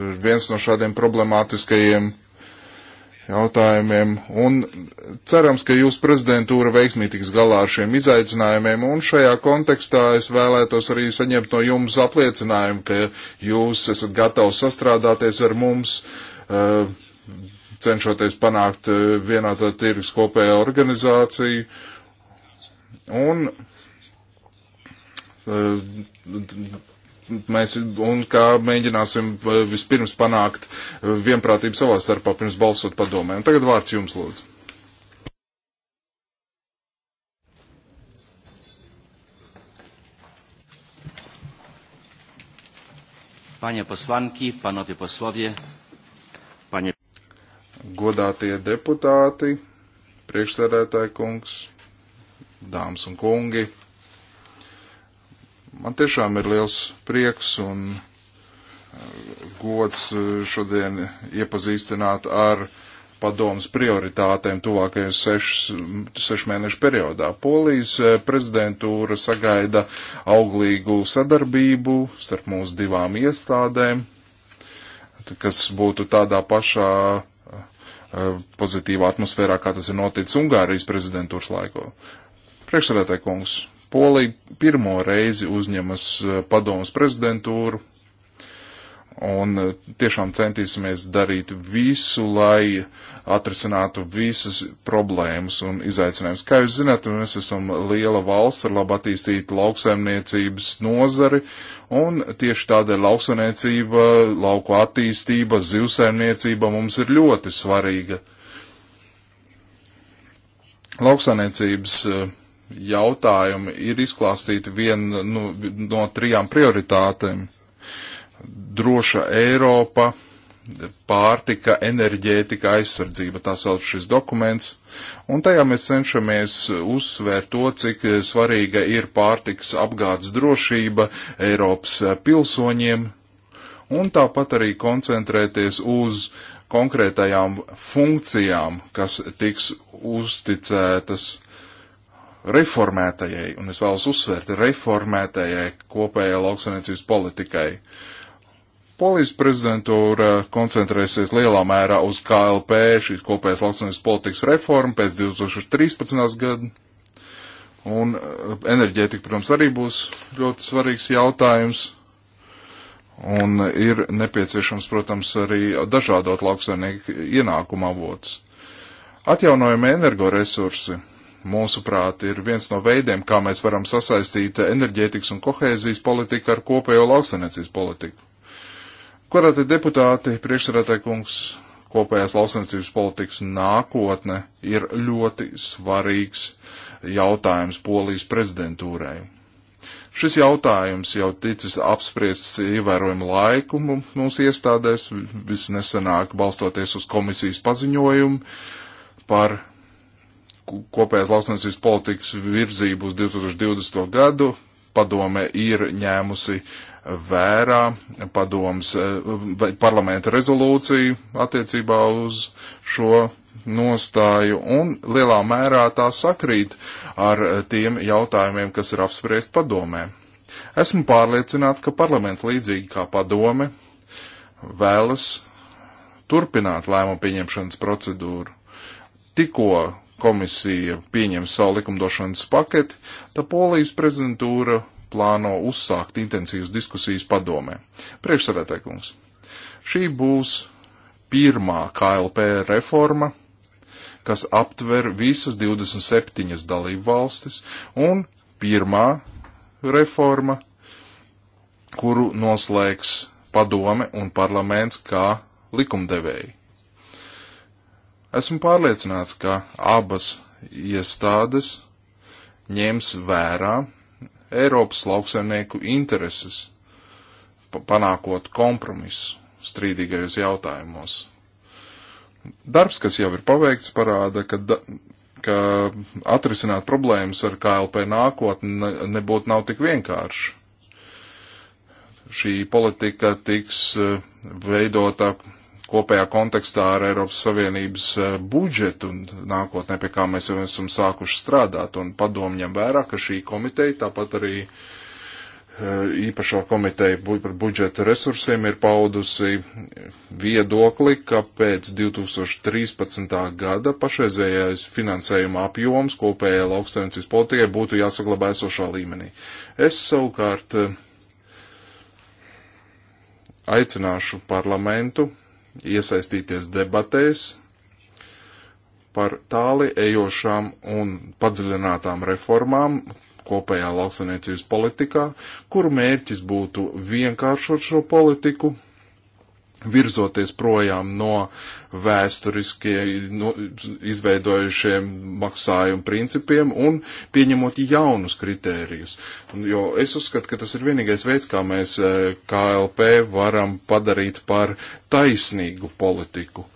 viens no šādiem problemātiskajiem jautājumiem. Un cerams, ka jūs prezidentūra veiksmīgi tiks galā ar šiem izaicinājumiem. Un šajā kontekstā es vēlētos arī saņemt no jums apliecinājumu, ka jūs esat gatavs sastrādāties ar mums, eh, cenšoties panākt eh, vienotā tirgus kopējā organizāciju. Un eh, mēs un kā mēģināsim eh, vispirms panākt eh, vienprātību savā starpā pirms balsot padomē. Un tagad vārds jums lūdzu. Panie posłanki, panowie posłowie, panie... Godātie deputāti, priekšsēdētāji kungs, dāmas un kungi, Man tiešām ir liels prieks un eh, gods eh, šodien iepazīstināt ar padomas prioritātēm tuvākajos mm, sešu seš mēnešu periodā. Polijas eh, prezidentūra sagaida auglīgu sadarbību starp mūsu divām iestādēm, kas būtu tādā pašā pozitīvā atmosfērā, kā tas ir noticis Ungārijas prezidentūras laiko. Priekšsēdētāji kungs, Polija pirmo reizi uzņemas eh, padomas prezidentūru un eh, tiešām centīsimies darīt visu, lai atrisinātu visas problēmas un izaicinājumus. Kā jūs zināt, mēs esam liela valsts ar labi attīstītu lauksaimniecības nozari, un tieši tādēļ lauksaimniecība, lauku attīstība, zivsaimniecība mums ir ļoti svarīga. Lauksaimniecības uh, jautājumi ir izklāstīti viena nu, no trijām prioritātēm - droša Eiropa, pārtika, enerģētika, aizsardzība. Tā sauc šis dokuments. Un tajā mēs cenšamies uzsvērt to, cik svarīga ir pārtiks apgādes drošība Eiropas pilsoņiem. Un tāpat arī koncentrēties uz konkrētajām funkcijām, kas tiks uzticētas reformētajai, un es vēlos uzsvērt, reformētajai kopējai lauksaimniecības politikai. Polijas prezidentūra koncentrēsies lielā mērā uz KLP, šīs kopējās lauksaimniecības politikas reformu pēc 2013. gada. Un eh, enerģētika, protams, arī būs ļoti svarīgs jautājums. Un ir nepieciešams, protams, arī dažādot lauksaimnieku ienākumu avots. Atjaunojami energoresursi mūsuprāt, ir viens no veidiem, kā mēs varam sasaistīt enerģētikas un kohēzijas politiku ar kopējo lauksaimniecības politiku. Korāti deputāti, priekšsarētāji kungs, kopējās lauksaimniecības politikas nākotne ir ļoti svarīgs jautājums Polijas prezidentūrai. Šis jautājums jau ticis apspriests ievērojumu laiku mūsu iestādēs, visnesenāk balstoties uz komisijas paziņojumu par kopējās lauksaimniecības politikas virzību uz 2020. gadu. Padome ir ņēmusi vērā padoms eh, parlamenta rezolūciju attiecībā uz šo nostāju, un lielā mērā tā sakrīt ar tiem jautājumiem, kas ir apspriest padomē. Esmu pārliecināts, ka parlaments līdzīgi kā padome vēlas turpināt lēmumu pieņemšanas procedūru. Tikko komisija pieņem savu likumdošanas paketi, tad polijas prezidentūra plāno uzsākt intensīvas diskusijas padomē. Priekšsēdētājkungs, šī būs pirmā KLP reforma, kas aptver visas 27 dalību valstis un pirmā reforma, kuru noslēgs padome un parlaments kā likumdevēji. Esmu pārliecināts, ka abas iestādes ņems vērā Eiropas lauksaimnieku intereses, panākot kompromisu strīdīgajos jautājumos. Darbs, kas jau ir paveikts, parāda, ka, da, ka atrisināt problēmas ar KLP nākotni nebūtu nav tik vienkārši. Šī politika tiks eh, veidota kopējā kontekstā ar Eiropas Savienības e, budžetu un nākotnē, pie kā mēs jau esam sākuši strādāt, un padomņam vērā, ka šī komiteja, tāpat arī e, īpašā komiteja par budžeta resursiem ir paudusi viedokli, ka pēc 2013. gada pašreizējais finansējuma apjoms kopējai lauksaimniecības politikai būtu jāsaglabā esošā līmenī. Es savukārt e, aicināšu parlamentu iesaistīties debatēs par tāli ejošām un padziļinātām reformām kopējā lauksaniecības politikā, kuru mērķis būtu vienkāršot šo politiku virzoties projām no vēsturiski no, izveidojušiem maksājumu principiem un pieņemot jaunus kritērijus. Jo es uzskatu, ka tas ir vienīgais veids, kā mēs eh, KLP varam padarīt par taisnīgu politiku.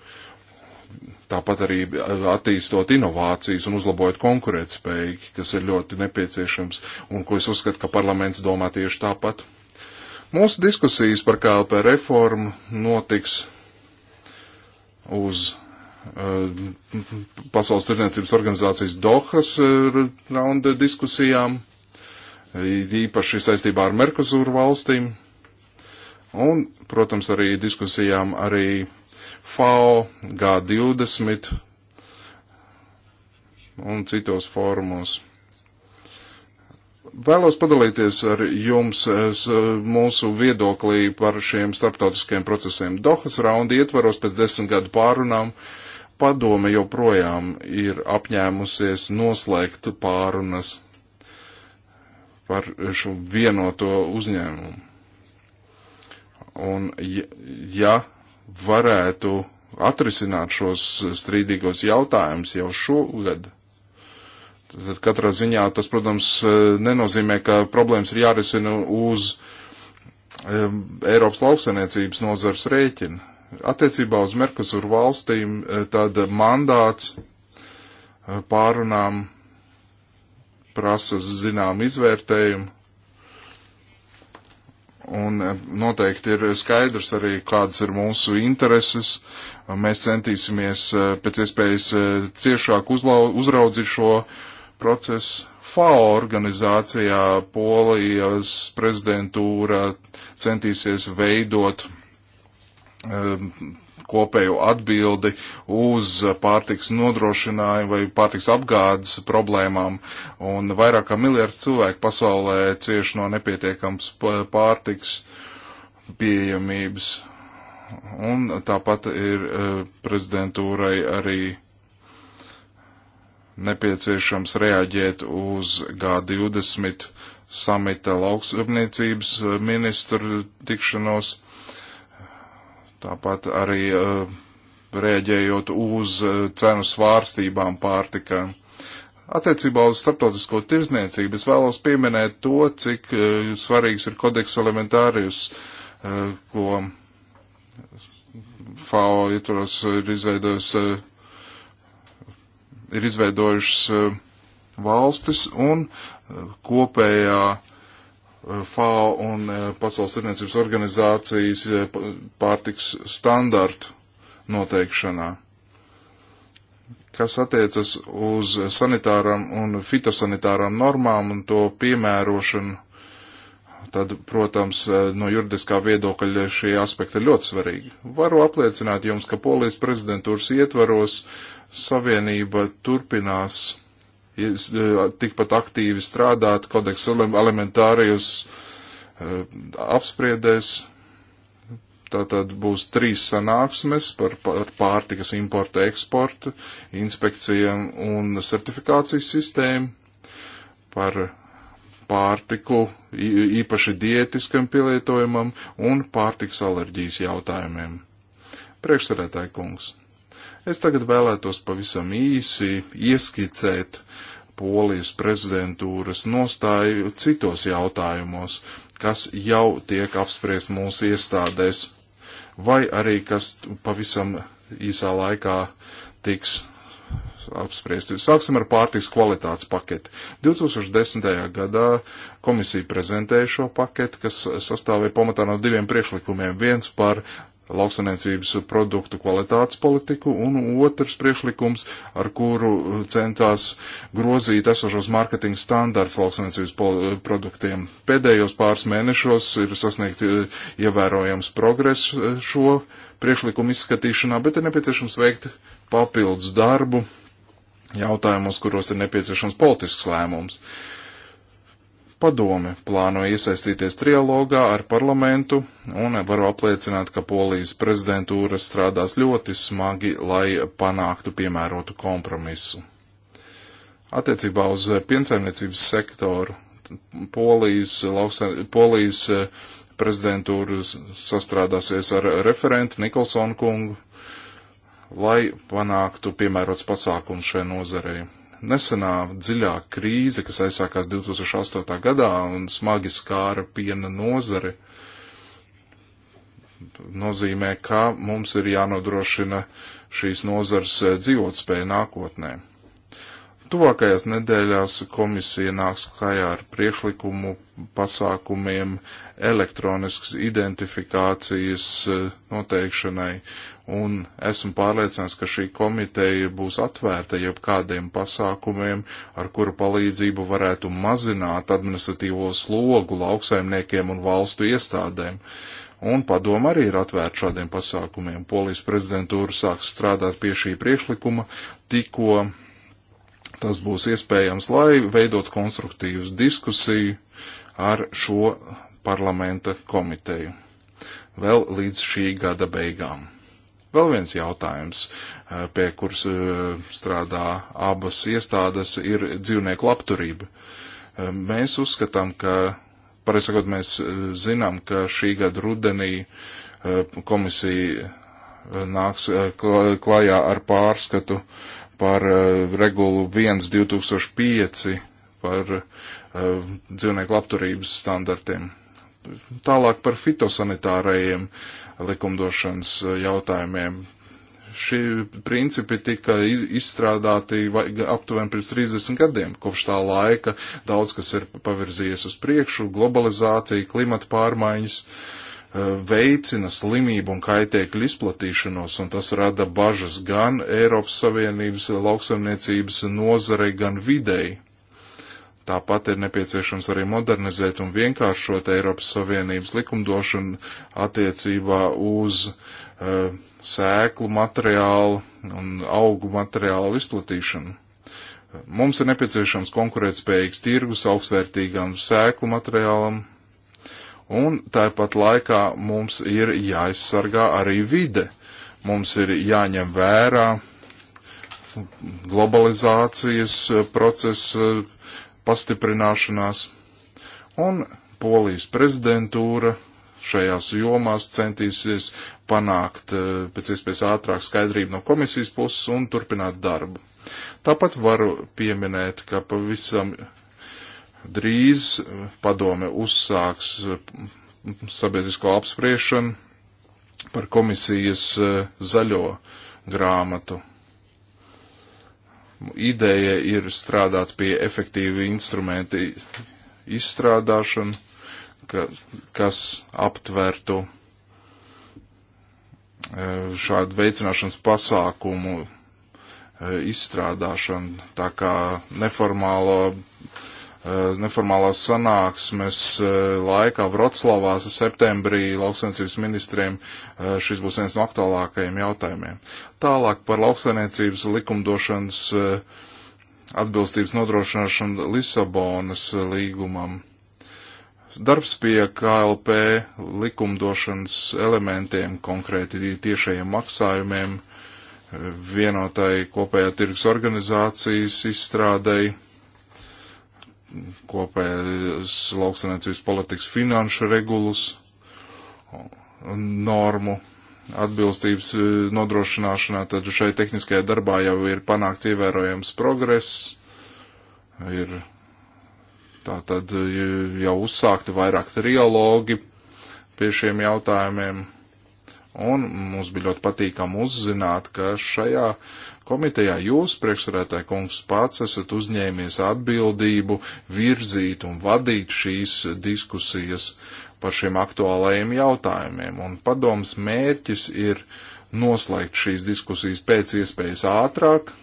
Tāpat arī eh, attīstot inovācijas un uzlabojot konkurētspēju, kas ir ļoti nepieciešams un ko es uzskatu, ka parlaments domā tieši tāpat. Mūsu diskusijas par KLP reformu notiks uz uh, Pasaules tirdzniecības organizācijas Dohas uh, raunda diskusijām, eh, īpaši saistībā ar Merkuzūru valstīm un, protams, arī diskusijām arī FAO, G20 un citos fórumos. Vēlos padalīties ar jums es, eh, mūsu viedoklī par šiem starptautiskajiem procesiem. Dohas raunda ietvaros pēc desmit gadu pārunām padome joprojām ir apņēmusies noslēgt pārunas par šo vienoto uzņēmumu. Un ja varētu atrisināt šos strīdīgos jautājumus jau šogad, Tad katrā ziņā tas, protams, eh, nenozīmē, ka problēmas ir jārisina uz um, Eiropas lauksaniecības nozars rēķina. Attiecībā uz Merkusur valstīm eh, tad mandāts eh, pārunām prasa zinām izvērtējumu. Un noteikti ir skaidrs arī, kādas ir mūsu intereses. Mēs centīsimies pēc iespējas ciešāk uzlau, uzraudzīt šo uh, process. FAO organizācijā Polijas prezidentūra centīsies veidot um, kopēju atbildi uz pārtiks nodrošinājumu vai pārtiks apgādes problēmām. Un vairāk kā miljards cilvēku pasaulē cieš no nepietiekams pārtiks pieejamības. Un tāpat ir eh, prezidentūrai arī nepieciešams reaģēt uz G20 samita lauksaimniecības eh, ministru tikšanos, tāpat arī uh, reaģējot uz eh, cenu svārstībām pārtikā. Attiecībā uz starptautisko tirzniecību es vēlos pieminēt to, cik uh, svarīgs ir kodeks elementārius, uh, ko FAO ietvaros ir izveidojusi ir izveidojušas eh, valstis un eh, kopējā eh, FAO un Pasaules tirniecības organizācijas pārtiks standartu noteikšanā. Kas attiecas uz sanitāram un fitosanitārām normām un to piemērošanu, tad, protams, no juridiskā viedokļa šie aspekti ir ļoti svarīgi. Varu apliecināt jums, ka Polijas prezidentūras ietvaros uh, Savienība turpinās e, tikpat aktīvi strādāt kodeks elementārijus e, apspriedēs. Tātad būs trīs sanāksmes par, par pārtikas importu, eksportu, inspekcijām un certifikācijas sistēmu, par pārtiku īpaši dietiskam pielietojumam un pārtikas alerģijas jautājumiem. Priekšsarētāji kungs! Es tagad vēlētos pavisam īsi ieskicēt Polijas prezidentūras nostāju citos jautājumos, kas jau tiek apspriest mūsu iestādēs, vai arī kas pavisam īsā laikā tiks apspriesti. Sāksim ar pārtiks kvalitātes paketi. 2010. gadā komisija prezentēja šo paketi, kas sastāvēja pamatā no diviem priekšlikumiem. Viens par lauksaimniecības produktu kvalitātes politiku, un otrs priekšlikums, ar kuru centās grozīt esošos mārketinga standārts lauksaimniecības produktiem. Pēdējos pāris mēnešos ir sasniegts eh, ievērojams progress eh, šo priekšlikumu izskatīšanā, bet ir nepieciešams veikt papildus darbu jautājumos, kuros ir nepieciešams politisks lēmums. Uh, Padome plāno iesaistīties trialogā ar parlamentu un varu apliecināt, ka Polijas prezidentūra strādās ļoti smagi, lai panāktu piemērotu kompromisu. Attiecībā uz piensaimniecības sektoru Polijas, lauksa, Polijas eh, prezidentūra sastrādāsies ar referentu Nikolsonu kungu, lai panāktu piemērots pasākums šai nozarei nesenā dziļā krīze, kas aizsākās 2008. gadā un smagi skāra piena nozari, nozīmē, ka mums ir jānodrošina šīs nozars eh, dzīvotspēja nākotnē. Tuvākajās nedēļās komisija nāks klajā ar priekšlikumu pasākumiem elektroniskas identifikācijas e, noteikšanai, un esmu pārliecināts, ka šī komiteja būs atvērta jebkādiem pasākumiem, ar kuru palīdzību varētu mazināt administratīvo slogu lauksaimniekiem un valstu iestādēm. Un padoma arī ir atvērta šādiem pasākumiem. Polijas prezidentūra sāks strādāt pie šī priekšlikuma tikko tas būs iespējams, lai veidot konstruktīvas diskusiju ar šo parlamenta komiteju vēl līdz šī gada beigām. Vēl viens jautājums, eh, pie kuras eh, strādā abas iestādes, ir dzīvnieku labturība. Eh, mēs uzskatām, ka, pareizi sakot, mēs zinām, ka šī gada rudenī komisija nāks klajā ar pārskatu par eh, regulu 1.2005 par eh, dzīvnieku labturības standartiem. Tālāk par fitosanitārajiem likumdošanas eh, jautājumiem. Šie principi tika izstrādāti aptuveni pirms 30 gadiem. Kopš tā laika daudz kas ir pavirzījies uz priekšu - globalizācija, klimata pārmaiņas. Uh, veicina slimību un kaitēkļu izplatīšanos, un tas rada bažas gan Eiropas Savienības lauksaimniecības nozarei, gan videi. Tāpat ir nepieciešams arī modernizēt un vienkāršot Eiropas Savienības likumdošanu attiecībā uz uh, sēklu materiālu un augu materiālu izplatīšanu. Mums ir nepieciešams konkurētspējīgs tirgus augstvērtīgam sēklu materiālam, un tāpat laikā mums ir jāizsargā arī vide. Mums ir jāņem vērā globalizācijas eh, procesa eh, pastiprināšanās, un Polijas prezidentūra šajās jomās centīsies panākt eh, pēc iespējas ātrāk skaidrību no komisijas puses un turpināt darbu. Tāpat varu pieminēt, ka pavisam drīz padome uzsāks mm, sabiedrisko apspriešanu par komisijas e, zaļo grāmatu. Ideja ir strādāt pie efektīvi instrumenti izstrādāšanu, ka, kas aptvertu e, šādu veicināšanas pasākumu e, izstrādāšanu, tā kā neformālo Eh, neformālās sanāksmes eh, laikā Vroclavā septembrī lauksaimniecības ministriem eh, šis būs viens no aktuālākajiem jautājumiem. Tālāk par lauksaimniecības likumdošanas atbilstības nodrošināšanu Lisabonas līgumam. Darbs pie KLP likumdošanas elementiem, konkrēti tiešajiem maksājumiem, vienotai kopējā tirgus organizācijas izstrādei kopējas lauksaimniecības politikas finanšu regulas normu atbilstības e, nodrošināšanā, tad šai tehniskajā darbā jau ir panākts ievērojams progress, ir tā tad e, jau uzsākti vairāk trialogi pie šiem jautājumiem, un mums bija ļoti patīkam uzzināt, ka šajā Komitejā jūs, priekšsarētāji kungs, pats esat uzņēmies atbildību virzīt un vadīt šīs diskusijas par šiem aktuālajiem jautājumiem, un padoms mērķis ir noslēgt šīs diskusijas pēc iespējas ātrāk,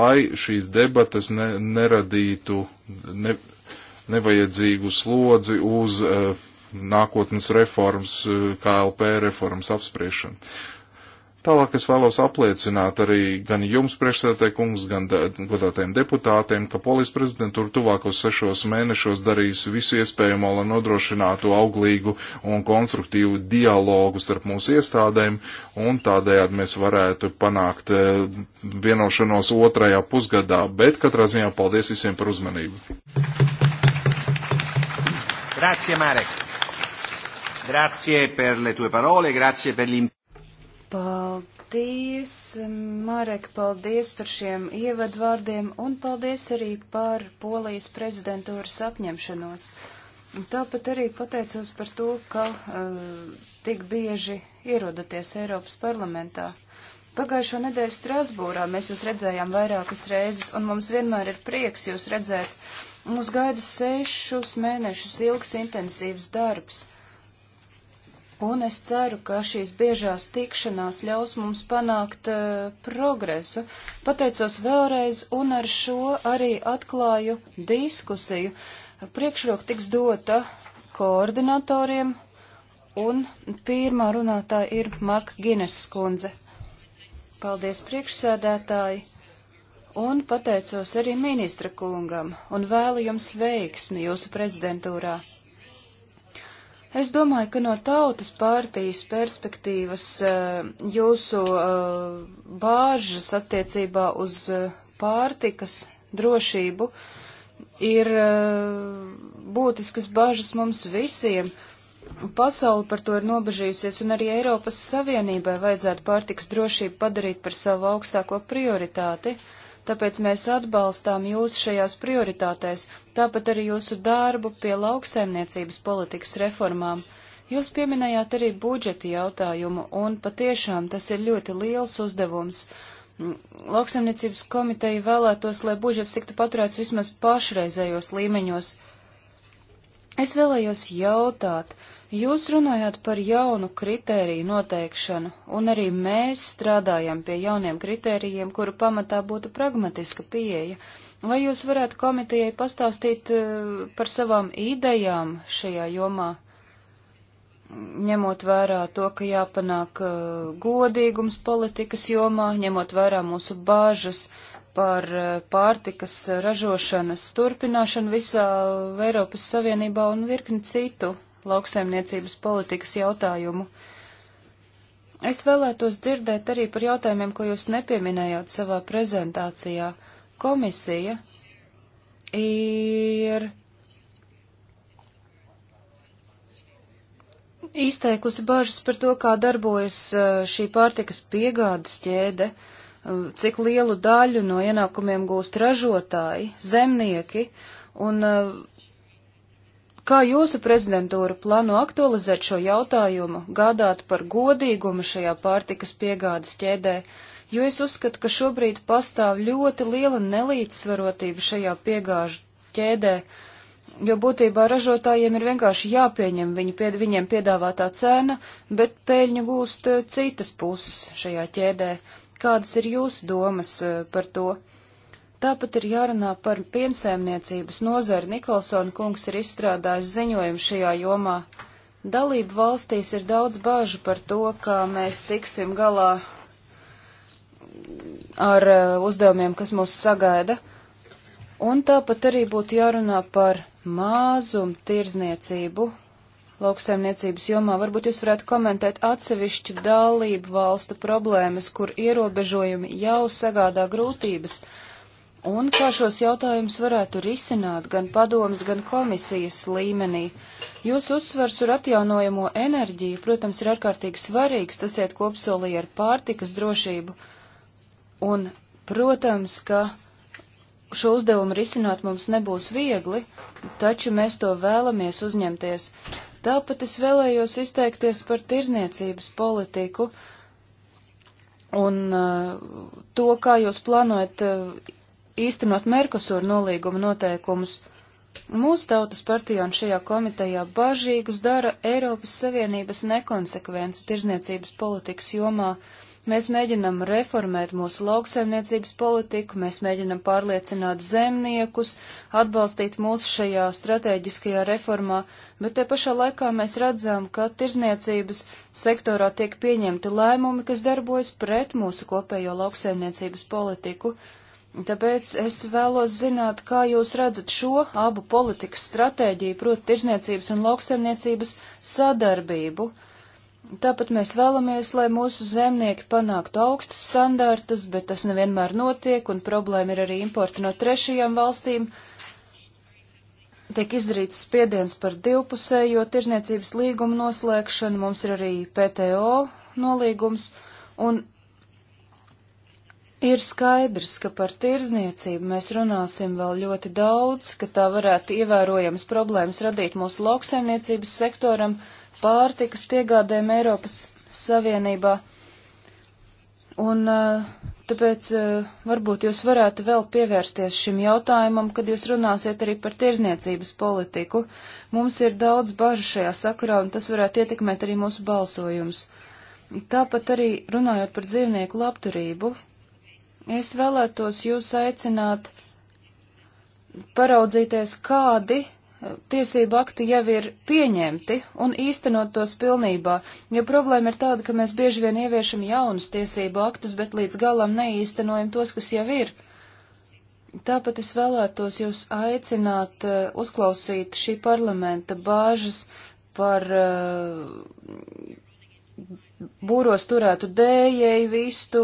lai šīs debatas ne, neradītu ne, nevajadzīgu slodzi uz uh, nākotnes reformas, uh, eh, KLP reformas apspriešanu. Tālāk es vēlos apliecināt arī gan jums, priekšsēdētāji kungs, gan godātajiem deputātiem, ka polijas prezidentūra tuvākos sešos mēnešos darīs visu iespējamo, lai nodrošinātu auglīgu un konstruktīvu dialogu starp mūsu iestādēm, un tādējādi mēs varētu panākt eh, vienošanos otrajā pusgadā, bet katrā ziņā paldies visiem par uzmanību. Grazie, Marek. Grazie per le tue parole, grazie per l'im... Paldies, Marek, paldies par šiem ievadvārdiem un paldies arī par Polijas prezidentūras apņemšanos. Tāpat arī pateicos par to, ka uh, tik bieži ierodaties Eiropas parlamentā. Pagājušo nedēļu Strasbūrā mēs jūs redzējām vairākas reizes, un mums vienmēr ir prieks jūs redzēt. Mums gaida sešus mēnešus ilgs intensīvs darbs. Uh, un es ceru, ka šīs biežās tikšanās ļaus mums panākt uh, progresu. Pateicos vēlreiz, un ar šo arī atklāju diskusiju. Priekšroka tiks dota koordinatoriem, un pirmā runātāja ir Mak Gines skundze. Paldies priekšsēdētāji, un pateicos arī ministra kungam, un vēlu jums veiksmi jūsu prezidentūrā. Es domāju, ka no tautas pārtīs perspektīvas eh, jūsu eh, bāžas attiecībā uz eh, pārtikas drošību ir būtiskas bāžas mums visiem. Pasauli par to ir nobežījusies, un arī Eiropas Savienībai vajadzētu pārtikas drošību padarīt par savu augstāko prioritāti. Uh, tāpēc mēs atbalstām jūs šajās prioritātēs, tāpat arī jūsu darbu pie lauksaimniecības politikas reformām. Jūs pieminējāt arī budžeta jautājumu, un patiešām tas ir ļoti liels uzdevums. Mm, lauksaimniecības komiteja vēlētos, lai budžets tiktu paturēts vismaz pašreizējos līmeņos. Es vēlējos jautāt, uh, Jūs runājāt par jaunu kritēriju noteikšanu, un arī mēs strādājam pie jauniem kritērijiem, kuru pamatā būtu pragmatiska pieeja. Vai jūs varētu komitejai pastāstīt eh, par savām idejām šajā jomā, ņemot vērā to, ka jāpanāk eh, godīgums politikas jomā, ņemot vērā mūsu bāžas par eh, pārtikas ražošanas turpināšanu visā Eiropas Savienībā un virkni citu lauksaimniecības politikas jautājumu. Es vēlētos dzirdēt arī par jautājumiem, ko jūs nepieminējāt savā prezentācijā. Komisija ir izteikusi bažas par to, kā darbojas eh, šī pārtikas piegādes ķēde, eh, cik lielu daļu no ienākumiem gūst ražotāji, zemnieki, un eh, Kā jūsu prezidentūra plāno aktualizēt šo jautājumu, gādāt par godīgumu šajā pārtikas piegādes ķēdē, jo es uzskatu, ka šobrīd pastāv ļoti liela nelīdzsvarotība šajā piegāžu ķēdē, jo būtībā ražotājiem ir vienkārši jāpieņem viņu, pie, viņiem piedāvātā cena, bet pēļņu gūst eh, citas puses šajā ķēdē. Kādas ir jūsu domas eh, par to? Tāpat ir jārunā par piensēmniecības nozari. Nikolsona kungs ir izstrādājis ziņojumu šajā jomā. Dalību valstīs ir daudz bāžu par to, kā mēs tiksim galā ar uh, uzdevumiem, kas mūs sagaida. Un tāpat arī būtu jārunā par māzumu tirzniecību lauksaimniecības jomā. Varbūt jūs varētu komentēt atsevišķu dalību valstu problēmas, kur ierobežojumi jau sagādā grūtības. Uh, un kā šos jautājumus varētu risināt gan padomas, gan komisijas līmenī. Jūsu uzsvars uz atjaunojamo enerģiju, protams, ir ārkārtīgi svarīgs, tas iet kopsolī ar pārtikas drošību, un, protams, ka šo uzdevumu risināt mums nebūs viegli, taču mēs to vēlamies uzņemties. Tāpat es vēlējos izteikties par tirzniecības politiku un uh, to, kā jūs plānojat uh, īstenot Merkosur nolīguma noteikumus. Mūsu tautas partija un šajā komitejā bažīgus dara Eiropas Savienības nekonsekvences tirzniecības politikas jomā. Mēs mēģinam reformēt mūsu lauksaimniecības politiku, mēs mēģinam pārliecināt zemniekus, atbalstīt mūsu šajā strateģiskajā reformā, bet te pašā laikā mēs redzam, ka tirzniecības sektorā tiek pieņemti lēmumi, kas darbojas pret mūsu kopējo lauksaimniecības politiku. Tāpēc es vēlos zināt, kā jūs redzat šo abu politikas stratēģiju, proti tirzniecības un lauksaimniecības sadarbību. Tāpat mēs vēlamies, lai mūsu zemnieki panāktu augstus standartus, bet tas nevienmēr notiek, un problēma ir arī importa no trešajām valstīm. Tiek izdarīts spiediens par divpusējo tirzniecības līgumu noslēgšanu, mums ir arī PTO nolīgums, un Ir skaidrs, ka par tirzniecību mēs runāsim vēl ļoti daudz, ka tā varētu ievērojams problēmas radīt mūsu lauksaimniecības sektoram, pārtikas piegādēm Eiropas Savienībā. Un eh, tāpēc eh, varbūt jūs varētu vēl pievērsties šim jautājumam, kad jūs runāsiet arī par tirzniecības politiku. Mums ir daudz bažu šajā sakarā, un tas varētu ietekmēt arī mūsu balsojumus. Tāpat arī runājot par dzīvnieku labturību, Es vēlētos jūs aicināt paraudzīties, kādi eh, tiesību akti jau ir pieņemti un īstenot tos pilnībā, jo problēma ir tāda, ka mēs bieži vien ieviešam jaunus tiesību aktus, bet līdz galam neīstenojam tos, kas jau ir. Tāpat es vēlētos jūs aicināt uh, uzklausīt šī parlamenta bāžas par uh, būros turētu dējēju vistu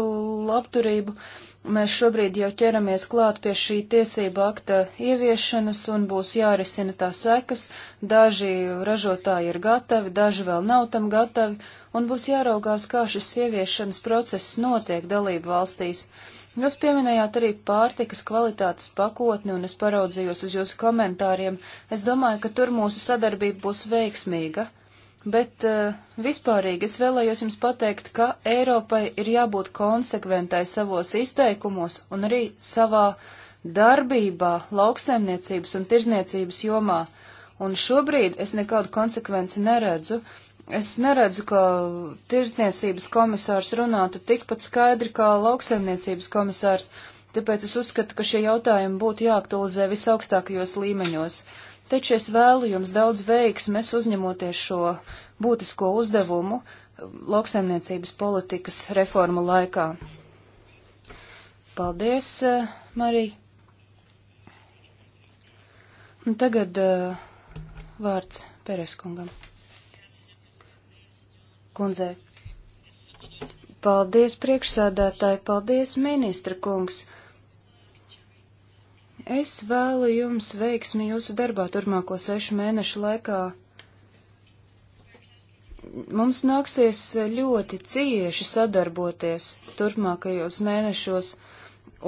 labturību. Uh, Mēs šobrīd jau ķeramies klāt pie šī tiesība akta ieviešanas un būs jārisina tā sekas. Daži ražotāji ir gatavi, daži vēl nav tam gatavi, un būs jāraugās, kā šis ieviešanas process notiek dalību valstīs. Jūs pieminējāt arī pārtikas kvalitātes pakotni, un es paraudzījos uz jūsu komentāriem. Es domāju, ka tur mūsu sadarbība būs veiksmīga. Bet uh, vispārīgi es vēlējos jums pateikt, ka Eiropai ir jābūt konsekventai savos izteikumos un arī savā darbībā lauksaimniecības un tirzniecības jomā. Un šobrīd es nekādu konsekvenci neredzu. Es neredzu, ka tirzniecības komisārs runātu tikpat skaidri kā lauksaimniecības komisārs, tāpēc es uzskatu, ka šie jautājumi būtu jāaktualizē visaugstākajos līmeņos. Uh, Taču es vēlu jums daudz veiksmes uzņemoties šo būtisko uzdevumu lauksaimniecības politikas reformu laikā. Paldies, Marija. Un tagad uh, vārds Pereskungam. Kundzei. Paldies, priekšsādātāji, paldies, ministra kungs. Es vēlu jums veiksmi jūsu darbā turmāko sešu mēnešu laikā. Mums nāksies ļoti cieši sadarboties turpmākajos mēnešos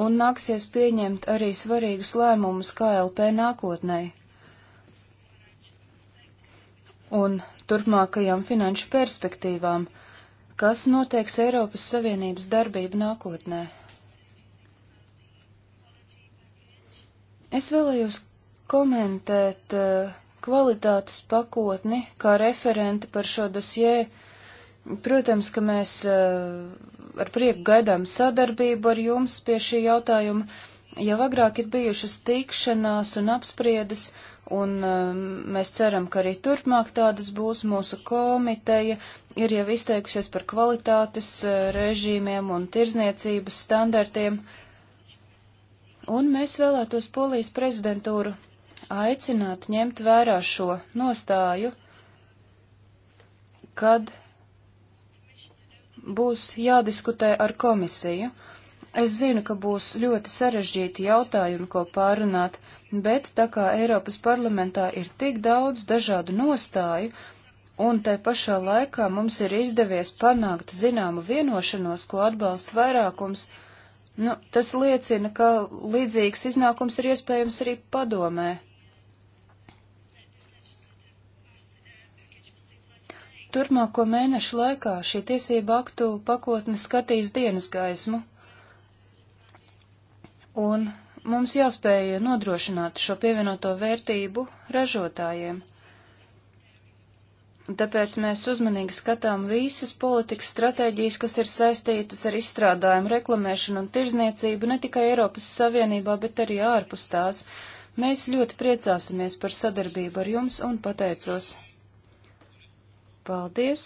un nāksies pieņemt arī svarīgus lēmumus KLP nākotnē un turpmākajām finanšu perspektīvām, kas noteiks Eiropas Savienības darbību nākotnē. Es vēlējos komentēt uh, kvalitātes pakotni kā referenti par šo dosjē. Protams, ka mēs uh, ar prieku gaidām sadarbību ar jums pie šī jautājuma. Jau agrāk ir bijušas tikšanās un apspriedes, un um, mēs ceram, ka arī turpmāk tādas būs. Mūsu komiteja ir jau izteikusies par kvalitātes uh, režīmiem un tirzniecības standartiem. Uh, un mēs vēlētos Polijas prezidentūru aicināt ņemt vērā šo nostāju, kad būs jādiskutē ar komisiju. Es zinu, ka būs ļoti sarežģīti jautājumi, ko pārunāt, bet tā kā Eiropas parlamentā ir tik daudz dažādu nostāju, un te pašā laikā mums ir izdevies panākt zināmu vienošanos, ko atbalsta vairākums, uh, Nu, tas liecina, ka līdzīgs iznākums ir iespējams arī padomē. Turmāko mēnešu laikā šī tiesība aktu pakotne skatīs dienas gaismu, un mums jāspēja nodrošināt šo pievienoto vērtību ražotājiem. Tāpēc mēs uzmanīgi skatām visas politikas stratēģijas, kas ir saistītas ar izstrādājumu, reklamēšanu un tirzniecību ne tikai Eiropas Savienībā, bet arī ārpus tās. Mēs ļoti priecāsimies par sadarbību ar jums un pateicos. Paldies!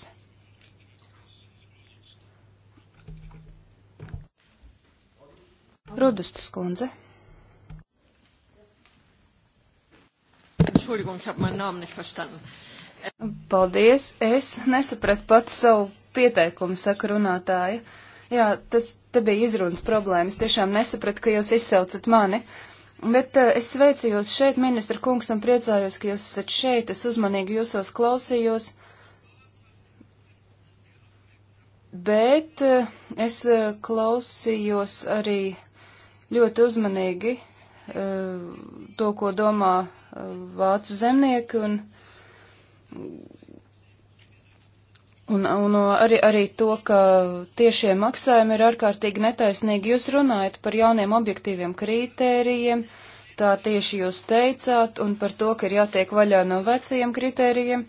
Rodustas kundze. Entschuldigung, ich habe meinen Namen nicht verstanden. Paldies, es nesapratu pats savu pieteikumu, saka runātāja. Jā, tas te bija izrunas problēmas, tiešām nesapratu, ka jūs izsaucat mani. Bet uh, es sveicu jūs šeit, ministra kungs, un priecājos, ka jūs esat šeit, es uzmanīgi jūsos klausījos. Bet uh, es uh, klausījos arī ļoti uzmanīgi to, ko domā vācu zemnieki, un Un, un arī, arī to, ka tiešie maksājumi ir ārkārtīgi netaisnīgi. Jūs runājat par jauniem objektīviem kritērijiem, tā tieši jūs teicāt, un par to, ka ir jātiek vaļā no vecajiem kritērijiem.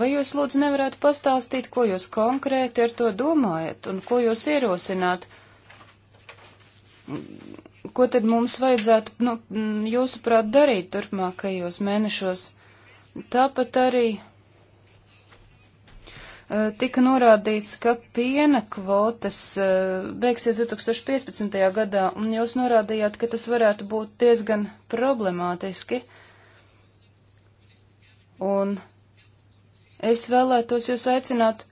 Vai jūs lūdzu nevarētu pastāstīt, ko jūs konkrēti ar to domājat un ko jūs ierosināt? Ko tad mums vajadzētu, nu, jūsuprāt, darīt turpmākajos mēnešos? Tāpat arī tika norādīts, ka piena kvotas e, beigsies 2015. gadā, un jūs norādījāt, ka tas varētu būt diezgan problemātiski. Un es vēlētos jūs aicināt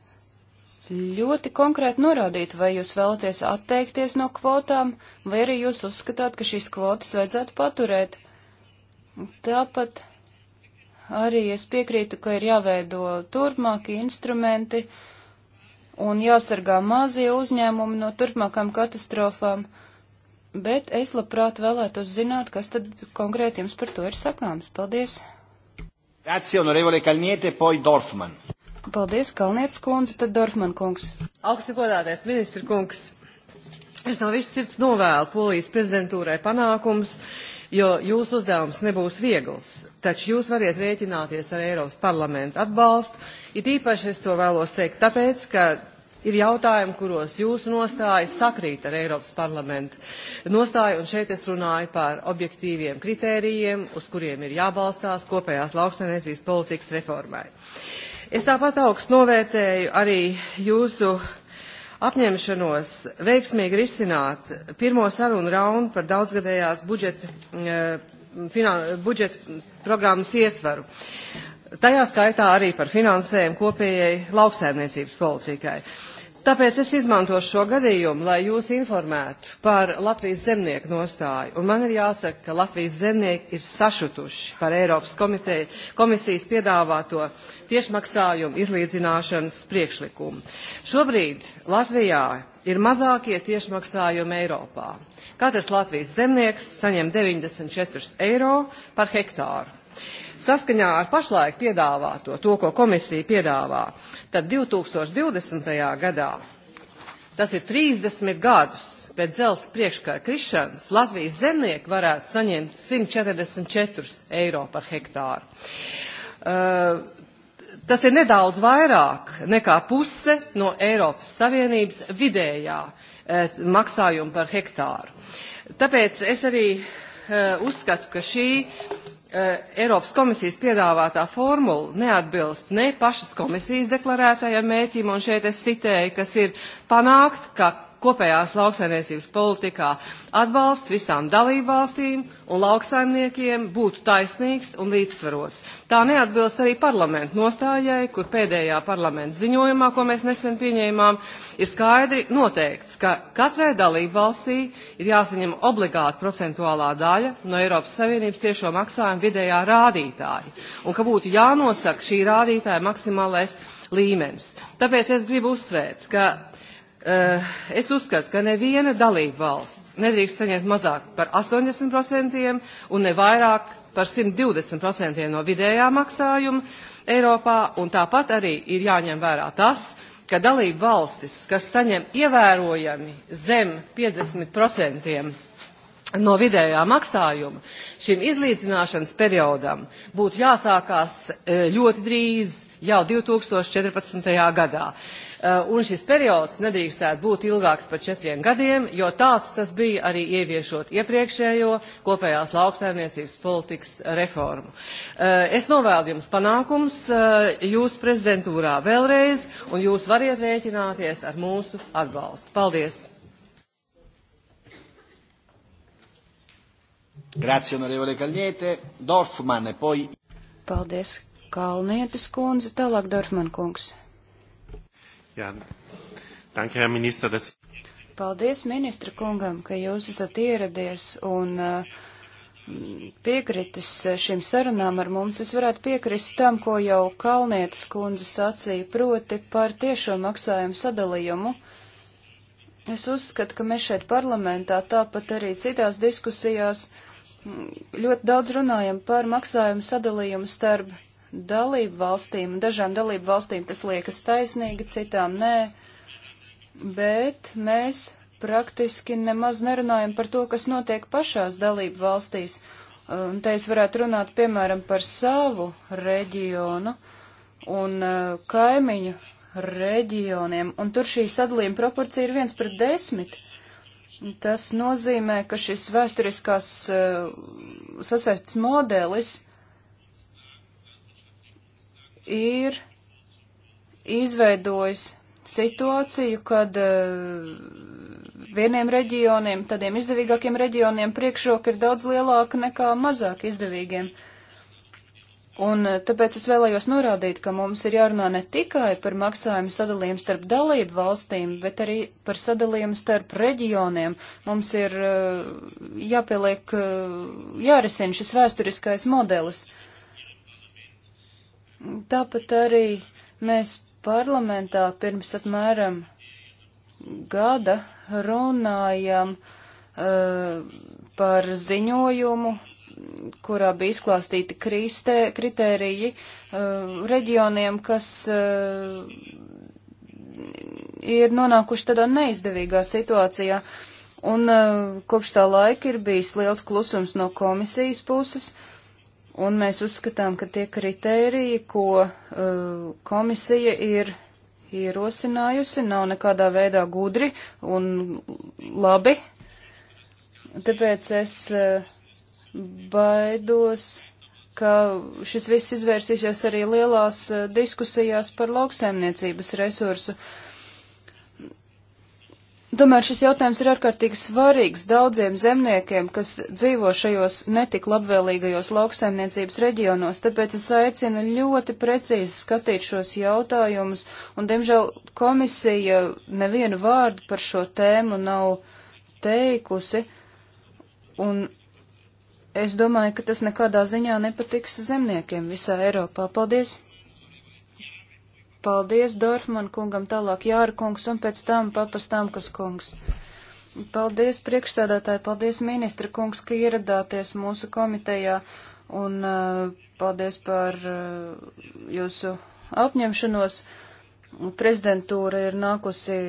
ļoti konkrēti norādīt, vai jūs vēlaties atteikties no kvotām, vai arī jūs uzskatāt, ka šīs kvotas vajadzētu paturēt. Tāpat arī es piekrītu, ka ir jāveido turpmākie instrumenti un jāsargā mazie uzņēmumi no turpmākām katastrofām, bet es labprāt vēlētos zināt, kas tad konkrēti jums par to ir sakāms. Paldies! Grazie, onorevole Kalniete, poi Dorfman. Paldies, Kalnietes kundze, tad Dorfman kungs. Augsti godātais ministra kungs, es no visas sirds novēlu Polijas prezidentūrai panākums, jo jūsu uzdevums nebūs viegls taču jūs variet rēķināties ar Eiropas parlamentu atbalstu. It īpaši es to vēlos teikt tāpēc, ka ir jautājumi, kuros jūsu nostāja sakrīt ar Eiropas parlamentu nostāju, un šeit es runāju par objektīviem kritērijiem, uz kuriem ir jābalstās kopējās lauksainiecības politikas reformai. Es tāpat augstu novērtēju arī jūsu apņemšanos veiksmīgi risināt pirmo sarunu raundu par daudzgadējās budžeta eh, finan, budžeta programmas ietvaru. Tajā skaitā arī par finansējumu kopējai lauksēmniecības politikai. Tāpēc es izmantošu šo gadījumu, lai jūs informētu par Latvijas zemnieku nostāju. Un man ir jāsaka, ka Latvijas zemnieki ir sašutuši par Eiropas komiteju, komisijas piedāvāto tiešmaksājumu izlīdzināšanas priekšlikumu. Šobrīd Latvijā ir mazākie tiešmaksājumi Eiropā. Katrs Latvijas zemnieks saņem 94 eiro par hektāru. Saskaņā ar pašlaik piedāvāto, to, ko komisija piedāvā, tad 2020. gadā, tas ir 30 gadus pēc dzels priekškara krišanas, Latvijas zemnieki varētu saņemt 144 eiro par hektāru. Uh, Tas ir nedaudz vairāk nekā puse no Eiropas Savienības vidējā eh, maksājuma par hektāru. Tāpēc es arī eh, uzskatu, ka šī e, Eiropas komisijas piedāvātā formula neatbilst ne pašas komisijas deklarētajam mēķim, un šeit es citēju, kas ir panākt, ka kopējās lauksainiecības politikā atbalsts visām dalībvalstīm un lauksaimniekiem būtu taisnīgs un līdzsvarots. Tā neatbilst arī parlamentu nostājai, kur pēdējā parlamenta ziņojumā, ko mēs nesen pieņēmām, ir skaidri noteikts, ka katrai dalībvalstī ir jāsaņem obligāti procentuālā daļa no Eiropas Savienības tiešo maksājumu vidējā rādītāja un ka būtu jānosaka šī rādītāja maksimālais līmenis. Tāpēc es gribu uzsvērt, ka Eh, es uzskatu, ka neviena dalība valsts nedrīkst saņemt mazāk par 80% un ne vairāk par 120% no vidējā maksājuma Eiropā, un tāpat arī ir jāņem vērā tas, ka dalība valstis, kas saņem ievērojami zem 50% no vidējā maksājuma, šim izlīdzināšanas periodam būtu jāsākās eh, ļoti drīz, jau 2014. gadā. Eh, un šis periods nedrīkstētu būt ilgāks par četriem gadiem, jo tāds tas bija arī ieviešot iepriekšējo kopējās lauksaimniecības politikas reformu. Eh, es novēlu jums panākums eh, jūsu prezidentūrā vēlreiz, un jūs variet rēķināties ar mūsu atbalstu. Paldies! Grazie, onorevole Kalniete. Dorfman, e poi... Paldies, Kalnietes kundze, tālāk Dorfman kungs. Jā, danke, Herr Minister. Das... Paldies ministra kungam, ka jūs esat ieradies un uh, piekritis šīm sarunām ar mums. Es varētu piekrist tam, ko jau Kalnietis kundze sacīja, proti par tiešo maksājumu sadalījumu. Es uzskatu, ka mēs šeit parlamentā, tāpat arī citās diskusijās, mm, ļoti daudz runājam par maksājumu sadalījumu starp dalību valstīm. Dažām dalību valstīm tas liekas taisnīgi, citām nē, bet mēs praktiski nemaz nerunājam par to, kas notiek pašās dalību valstīs. Un te es varētu runāt, piemēram, par savu reģionu un uh, kaimiņu reģioniem, un tur šī sadalījuma proporcija ir viens pret desmit. Tas nozīmē, ka šis vēsturiskās uh, sasaistes modelis ir izveidojis situāciju, kad eh, vieniem reģioniem, tādiem izdevīgākiem reģioniem priekšroka ir daudz lielāka nekā mazāk izdevīgiem. Un eh, tāpēc es vēlējos norādīt, ka mums ir jārunā ne tikai par maksājumu sadalījumu starp dalību valstīm, bet arī par sadalījumu starp reģioniem. Mums ir eh, jāpieliek, jārisina šis vēsturiskais modelis. Uh, Tāpat arī mēs parlamentā pirms apmēram gada runājam uh, par ziņojumu, kurā bija izklāstīti kristē, kritēriji uh, reģioniem, kas uh, ir nonākuši tādā neizdevīgā situācijā. Un uh, kopš tā laika ir bijis liels klusums no komisijas puses. Uh, Un mēs uzskatām, ka tie kriteriji, ko uh, komisija ir ierosinājusi, nav nekādā veidā gudri un labi. Tāpēc es uh, baidos, ka šis viss izvērsīsies arī lielās uh, diskusijās par lauksaimniecības resursu uh, Domāju, šis jautājums ir ārkārtīgi svarīgs daudziem zemniekiem, kas dzīvo šajos netik labvēlīgajos lauksaimniecības reģionos, tāpēc es aicinu ļoti precīzi skatīt šos jautājumus, un, diemžēl, komisija nevienu vārdu par šo tēmu nav teikusi, un es domāju, ka tas nekādā ziņā nepatiks zemniekiem visā Eiropā. Paldies! Paldies Dorfman kungam, tālāk Jāra kungs un pēc tam papastām, kas kungs. Paldies priekšsēdētāji, paldies ministra kungs, ka ieradāties mūsu komitejā un uh, paldies par uh, jūsu apņemšanos. Prezidentūra ir nākusi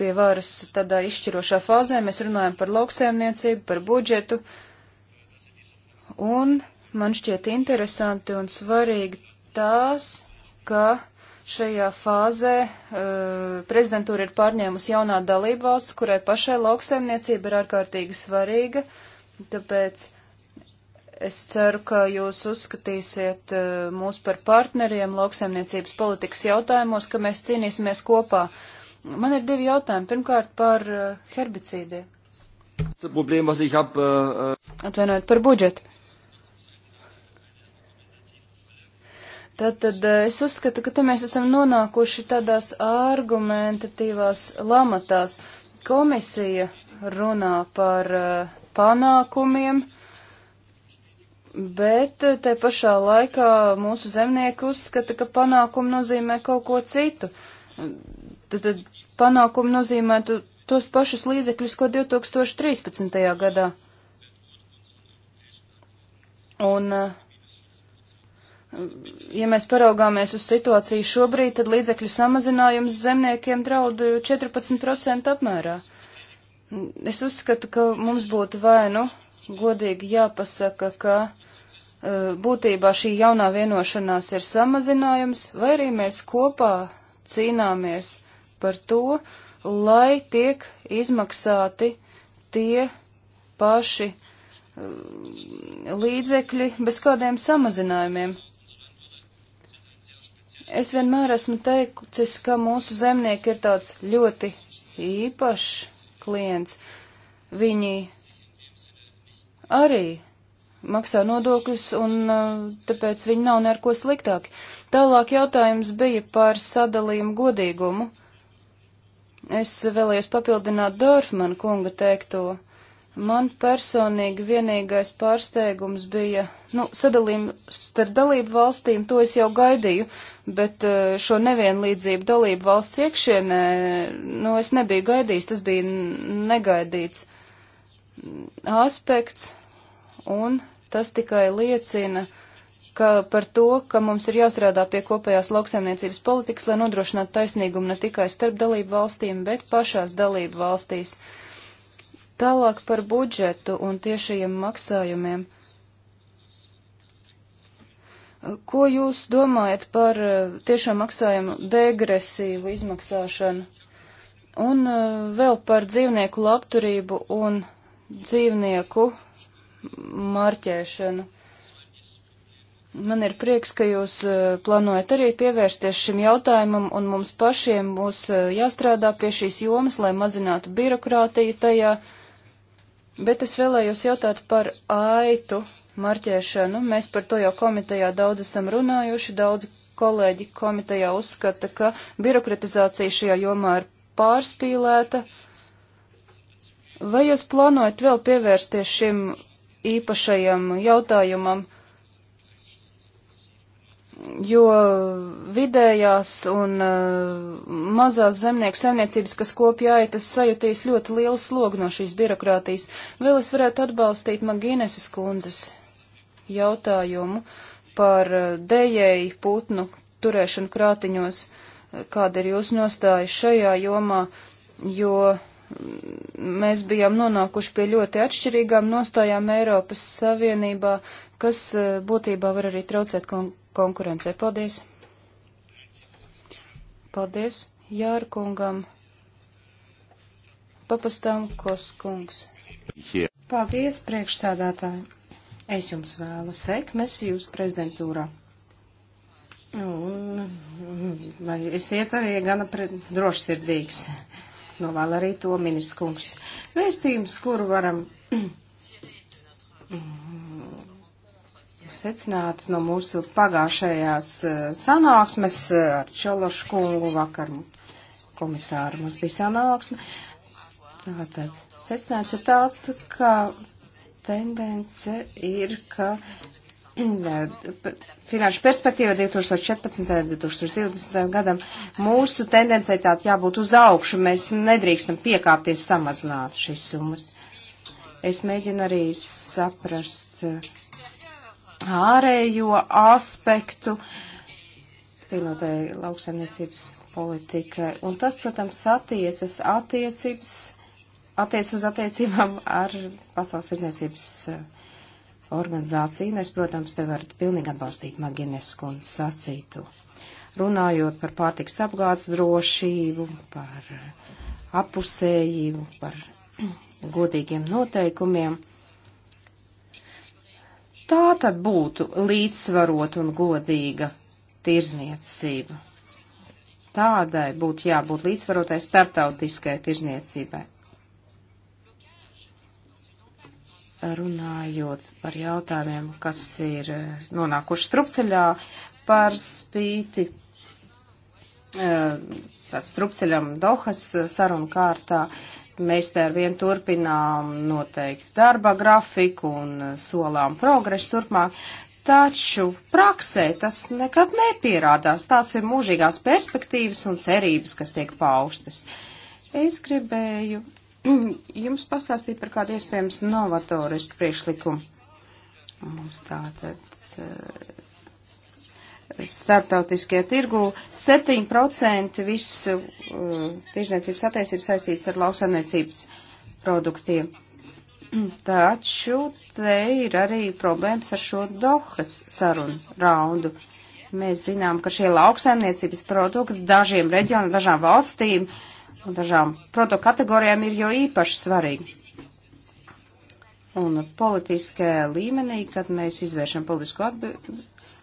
pie varas tādā izšķirošā fāzē. Mēs runājam par lauksēmniecību, par budžetu. Un man šķiet interesanti un svarīgi tās ka šajā fāzē uh, prezidentūra ir pārņēmusi jaunā dalība valsts, kurai pašai lauksaimniecība ir ārkārtīgi svarīga, tāpēc es ceru, ka jūs uzskatīsiet uh, mūs par partneriem lauksaimniecības politikas jautājumos, ka mēs cīnīsimies kopā. Man ir divi jautājumi. Pirmkārt par uh, herbicīdiem. Problēma, was ich hab, uh, Atvainojiet par budžetu. Tātad eh, es uzskatu, ka te mēs esam nonākuši tādās argumentatīvās lamatās. Komisija runā par uh, panākumiem, bet eh, te pašā laikā mūsu zemnieki uzskata, ka panākumi nozīmē kaut ko citu. Tad, tad panākumi nozīmē tu, tos pašus līdzekļus, ko 2013. gadā. Un uh, ja mēs paraugāmies uz situāciju šobrīd, tad līdzekļu samazinājums zemniekiem draudu 14% apmērā. Es uzskatu, ka mums būtu vai nu godīgi jāpasaka, ka uh, būtībā šī jaunā vienošanās ir samazinājums, vai arī mēs kopā cīnāmies par to, lai tiek izmaksāti tie paši uh, līdzekļi bez kādiem samazinājumiem. Es vienmēr esmu teikusis, ka mūsu zemnieki ir tāds ļoti īpašs klients. Viņi arī maksā nodokļus, un eh, tāpēc viņi nav ne ar ko sliktāki. Tālāk jautājums bija par sadalījumu godīgumu. Es vēlējos papildināt Dorfmanu kunga teikto. Man personīgi vienīgais pārsteigums bija, nu, sadalījums starp dalību valstīm, to es jau gaidīju, bet eh, šo nevienlīdzību dalību valsts iekšienē, nu, es nebiju gaidījis, tas bija negaidīts aspekts, un tas tikai liecina, ka par to, ka mums ir jāstrādā pie kopējās lauksaimniecības politikas, lai nodrošinātu taisnīgumu ne tikai starp dalību valstīm, bet pašās dalību valstīs. Uh, Tālāk par budžetu un tiešajiem maksājumiem. Ko jūs domājat par eh, tiešām maksājumu degresīvu izmaksāšanu? Un eh, vēl par dzīvnieku labturību un dzīvnieku marķēšanu. Man ir prieks, ka jūs eh, plānojat arī pievērsties šim jautājumam, un mums pašiem būs jāstrādā pie šīs jomas, lai mazinātu birokrātiju tajā. Uh, Bet es vēlējos jautāt par aitu marķēšanu. Mēs par to jau komitejā daudz esam runājuši, daudz kolēģi komitejā uzskata, ka birokratizācija šajā jomā ir pārspīlēta. Vai jūs plānojat vēl pievērsties šim īpašajam jautājumam? jo vidējās un eh, mazās zemnieku saimniecības, kas kopjā ir, tas sajutīs ļoti lielu slogu no šīs birokrātijas. Vēl es varētu atbalstīt Magīneses kundzes jautājumu par eh, dējēju putnu turēšanu krātiņos, kāda ir jūsu nostāja šajā jomā, jo mm, mēs bijām nonākuši pie ļoti atšķirīgām nostājām Eiropas Savienībā, kas eh, būtībā var arī traucēt kon konkurencei. Paldies! Paldies Jārkungam, papastām Koskungs. Paldies, priekšsādātāji! Es jums vēlu sekmes jūsu prezidentūrā. Un, vai esiet arī gana drošsirdīgs? Novēl nu, arī to ministrs kungs. Vēstījums, kuru varam mm secināt no mūsu pagājušajās eh, sanāksmes eh, ar Čološu kungu vakar komisāru mums bija sanāksme. Tātad secinājums ir tāds, ka tendence ir, ka finanšu perspektīva 2014. un 2020. gadam mūsu tendencei tāda jābūt uz augšu. Mēs nedrīkstam piekāpties samazināt šīs summas. Es mēģinu arī saprast, ārējo aspektu, pilotēja lauksaimniecības politika. Un tas, protams, attiecas attiecības, attiec uz attiecībām ar pasaules tirdzniecības eh, organizāciju. Mēs, protams, te varat pilnīgi atbalstīt Magines kundzes sacītu. Runājot par pārtiks apgādes drošību, par apusējību, par godīgiem noteikumiem. Tā tad būtu līdzsvarot un godīga tirzniecība. Tādai būtu jābūt līdzsvarotai starptautiskai tirzniecībai. Runājot par jautājumiem, kas ir eh, nonākuši strupceļā, par spīti uh, strupceļam Dohas sarunu kārtā, uh, Mēs te ar vien turpinām noteikti darba grafiku un eh, solām progresu turpmāk, taču praksē tas nekad nepierādās. Tās ir mūžīgās perspektīvas un cerības, kas tiek paustas. Es gribēju jums pastāstīt par kādu iespējams novatorisku priekšlikumu. Mums tātad eh, starptautiskajā tirgu 7% viss uh, tirzniecības attiecības saistīts ar lauksaimniecības produktiem. Taču te ir arī problēmas ar šo Dohas sarunu raundu. Mēs zinām, ka šie lauksaimniecības produkti dažiem reģionam, dažām valstīm un dažām produktu kategorijām ir jau īpaši svarīgi. Un politiskajā līmenī, kad mēs izvēršam politisko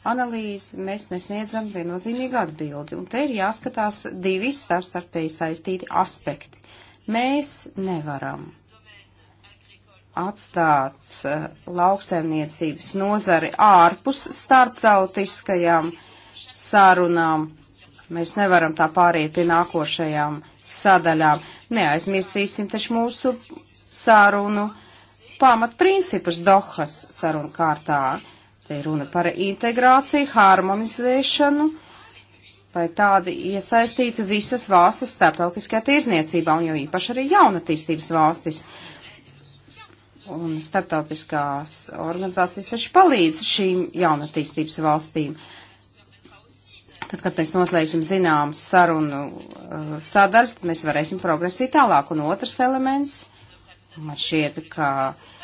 analīzi mēs nesniedzam viennozīmīgu atbildi. Un te ir jāskatās divi starpstarpēji saistīti aspekti. Mēs nevaram atstāt uh, lauksaimniecības nozari ārpus starptautiskajām sarunām. Mēs nevaram tā pāriet pie nākošajām sadaļām. Neaizmirsīsim taču mūsu sārunu pamatprincipus Dohas sarunu kārtā. Te ir runa par integrāciju, harmonizēšanu, lai tādi iesaistītu visas valstis starptautiskajā tirzniecībā, un jo īpaši arī jaunatīstības valstis. Un starptautiskās organizācijas taču palīdz šīm jaunatīstības valstīm. Tad, kad mēs noslēgsim zināmas sarunu uh, sadars, tad mēs varēsim progresīt tālāk. Un otrs elements, man šķiet, ka uh,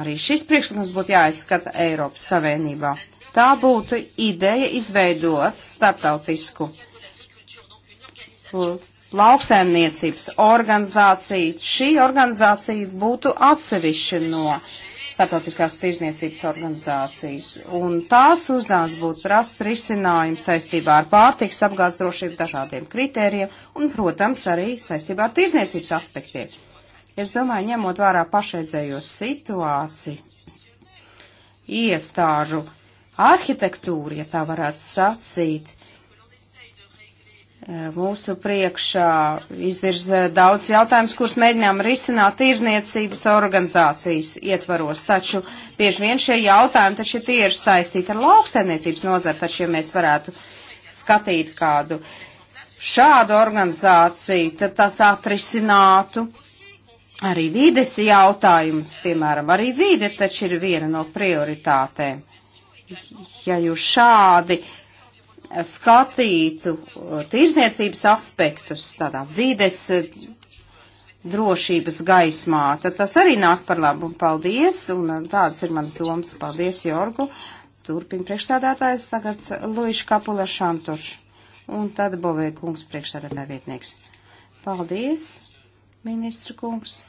arī šis priekšlikums būtu jāizskata Eiropas Savienībā. Tā būtu ideja izveidot starptautisku lauksēmniecības organizāciju. Šī organizācija būtu atsevišķa no starptautiskās tirzniecības organizācijas, un tās uzdevums būtu rast risinājumu saistībā ar pārtiks apgādes drošību dažādiem kritērijiem un, protams, arī saistībā ar tirzniecības aspektiem. Es domāju, ņemot vērā pašreizējo situāciju, iestāžu arhitektūru, ja tā varētu sacīt, eh, mūsu priekšā izvirz daudz jautājums, kurus mēģinām risināt tirzniecības organizācijas ietvaros, taču bieži vien šie jautājumi taču ir tieši saistīti ar lauksaimniecības nozaru, taču ja mēs varētu skatīt kādu šādu organizāciju, tad tas atrisinātu uh, arī vīdes jautājums, piemēram, arī vīde taču ir viena no prioritātēm. Ja jūs šādi skatītu uh, tirzniecības aspektus tādā vīdes uh, drošības gaismā, tad tas arī nāk par labu. Paldies, un uh, tāds ir mans domas. Paldies, Jorgu. Turpin priekšsādātājs tagad Luiša Kapula Šantoš, un tad Bovē kungs priekšsādātāja vietnieks. Paldies, ministra kungs.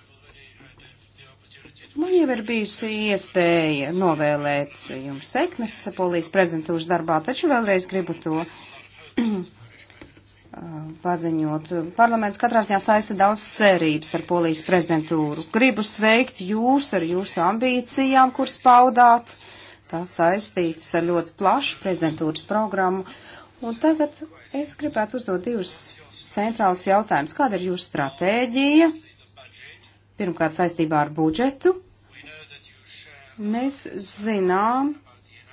Man jau ir bijusi iespēja novēlēt jums sekmes polijas prezentūras darbā, taču vēlreiz gribu to uh, paziņot. Parlaments katrā ziņā saista daudz cerības ar polijas prezidentūru. Gribu sveikt jūs ar jūsu ambīcijām, kuras paudāt. Tās saistītas ar ļoti plašu prezidentūras programmu. Un tagad es gribētu uzdot divus centrālus jautājumus. Kāda ir jūsu stratēģija? Pirmkārt, saistībā ar budžetu. Mēs zinām,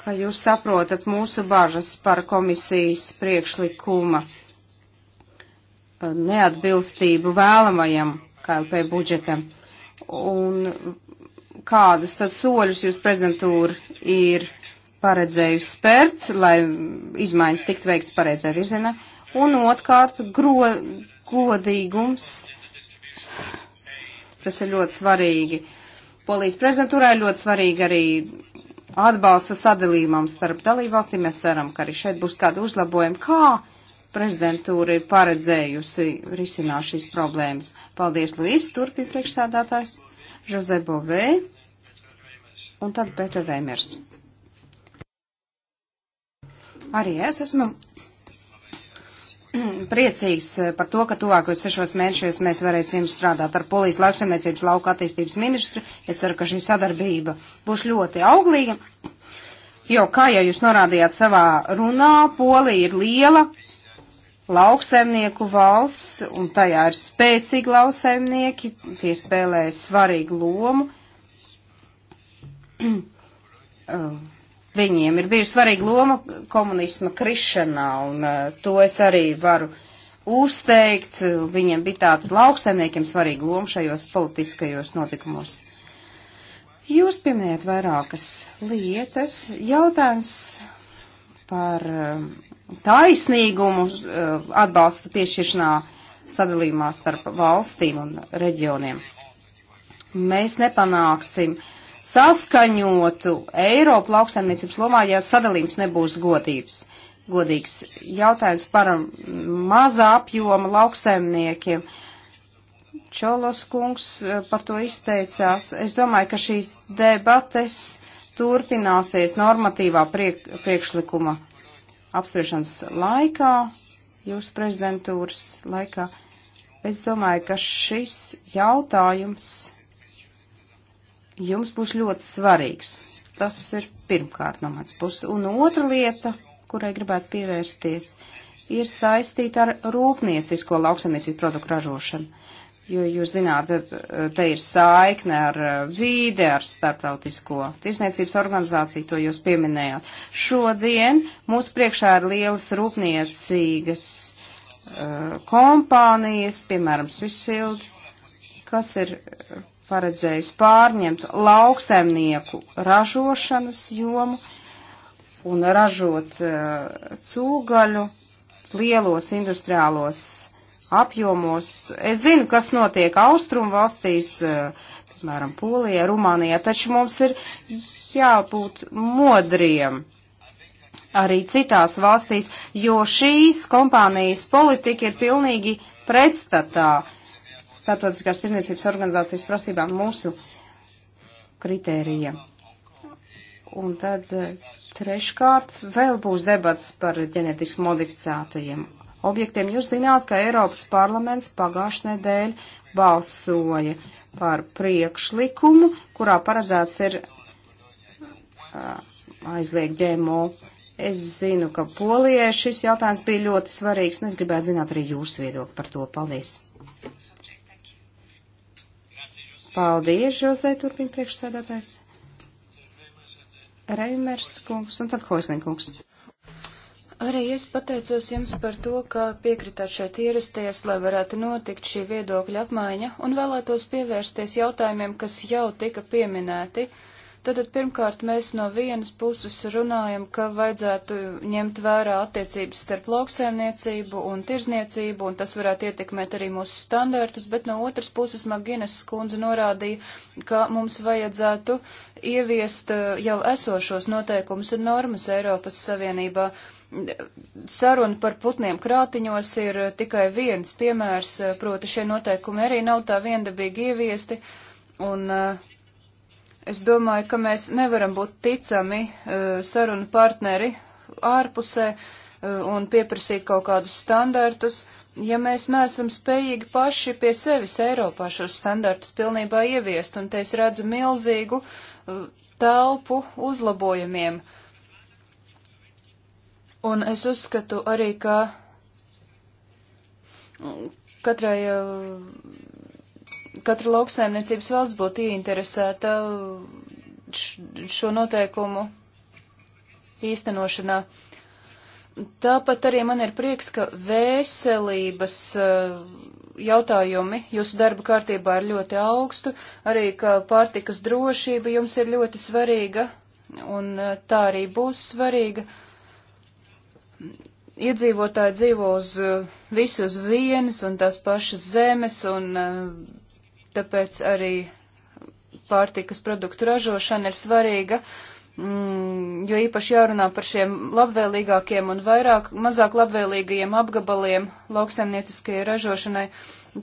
ka jūs saprotat mūsu bažas par komisijas priekšlikuma e, neatbilstību vēlamajam KLP budžetam. Un kādus tad soļus jūs prezentūra ir paredzējusi spērt, lai izmaiņas tiktu veikts pareizā virzienā. Un otrkārt, gro, godīgums Tas ir ļoti svarīgi. Polijas prezidentūrā ir ļoti svarīgi arī atbalsta sadalījumam starp dalībvalstīm. Mēs ceram, ka arī šeit būs kāda uzlabojuma. Kā prezidentūra ir paredzējusi risināt šīs problēmas? Paldies, Luis, turpina priekšsādātājs Jose Bovē un tad Petra Reimers. Arī es esmu priecīgs eh, par to, ka tuvākajos sešos mēnešos mēs varēsim strādāt ar Polijas lauksaimniecības lauka attīstības ministru. Es ceru, ka šī sadarbība būs ļoti auglīga, jo, kā jau jūs norādījāt savā runā, Polija ir liela lauksaimnieku valsts, un tajā ir spēcīgi lauksaimnieki, tie spēlē svarīgu lomu. Uh, Viņiem ir bijusi svarīga loma komunisma krišanā, un uh, to es arī varu uzteikt. Viņiem bija tāda lauksaimniekiem svarīga loma šajos politiskajos notikumos. Jūs pieminējat vairākas lietas. Jautājums par uh, taisnīgumu uh, atbalsta piešķiršanā sadalījumā starp valstīm un reģioniem. Mēs nepanāksim uh, saskaņotu Eiropu lauksaimniecības lomā, ja sadalījums nebūs godības. godīgs. Jautājums par mazā apjoma lauksaimniekiem. Čolos kungs eh, par to izteicās. Es domāju, ka šīs debates turpināsies normatīvā priek priekšlikuma apspriešanas laikā, jūsu prezidentūras laikā. Es domāju, ka šis jautājums jums būs ļoti svarīgs. Tas ir pirmkārt no mans puses. Un otra lieta, kurai gribētu pievērsties, ir saistīta ar rūpniecisko lauksaimniecības produktu ražošanu. Jo jūs zināt, eh, te ir saikne ar eh, vīde, ar starptautisko tirsniecības organizāciju, to jūs pieminējāt. Šodien mūsu priekšā ir lielas rūpniecīgas uh, kompānijas, piemēram, Swissfield, kas ir paredzējusi pārņemt lauksaimnieku ražošanas jomu un ražot uh, cūgaļu lielos industriālos apjomos. Es zinu, kas notiek austrumu valstīs, uh, piemēram, Polijā, Rumānijā, taču mums ir jābūt modriem arī citās valstīs, jo šīs kompānijas politika ir pilnīgi pretstatā uh, starptautiskās tirniecības organizācijas prasībām mūsu kritērija. Un tad eh, treškārt vēl būs debats par ģenetiski modificētajiem objektiem. Jūs zināt, ka Eiropas parlaments pagājušajā nedēļā balsoja par priekšlikumu, kurā paredzēts ir eh, aizliegt ģēmo. Es zinu, ka Polijai šis jautājums bija ļoti svarīgs, un es gribētu zināt arī jūsu viedokli par to. Paldies! Paldies, Žozai, turpina priekšsēdētājs. Reimers kungs un tad Hoisling kungs. Arī es pateicos jums par to, ka piekritāt šeit ierasties, lai varētu notikt šī viedokļa apmaiņa un vēlētos pievērsties jautājumiem, kas jau tika pieminēti. Uh, Tātad pirmkārt mēs no vienas puses runājam, ka vajadzētu ņemt vērā attiecības starp lauksaimniecību un tirzniecību, un tas varētu ietekmēt arī mūsu standartus, bet no otras puses Maginas skundze norādīja, ka mums vajadzētu ieviest eh, jau esošos noteikumus un normas Eiropas Savienībā saruna par putniem krātiņos ir eh, tikai viens piemērs, eh, proti šie noteikumi arī nav tā viendabīgi ieviesti, un uh, Es domāju, ka mēs nevaram būt ticami eh, sarunu partneri ārpusē eh, un pieprasīt kaut kādus standartus, ja mēs neesam spējīgi paši pie sevis Eiropā šos standartus pilnībā ieviest, un te es redzu milzīgu eh, telpu uzlabojumiem. Un es uzskatu arī, ka mm, katrai katra lauksaimniecības valsts būtu ieinteresēta šo noteikumu īstenošanā. Tāpat arī man ir prieks, ka veselības eh, jautājumi jūsu darba kārtībā ir ļoti augstu, arī ka pārtikas drošība jums ir ļoti svarīga, un eh, tā arī būs svarīga. Iedzīvotāji dzīvo uz eh, visu uz vienas un tās pašas zemes, un tāpēc arī pārtikas produktu ražošana ir svarīga, mm, jo īpaši jārunā par šiem labvēlīgākiem un vairāk, mazāk labvēlīgajiem apgabaliem lauksaimnieciskajai ražošanai,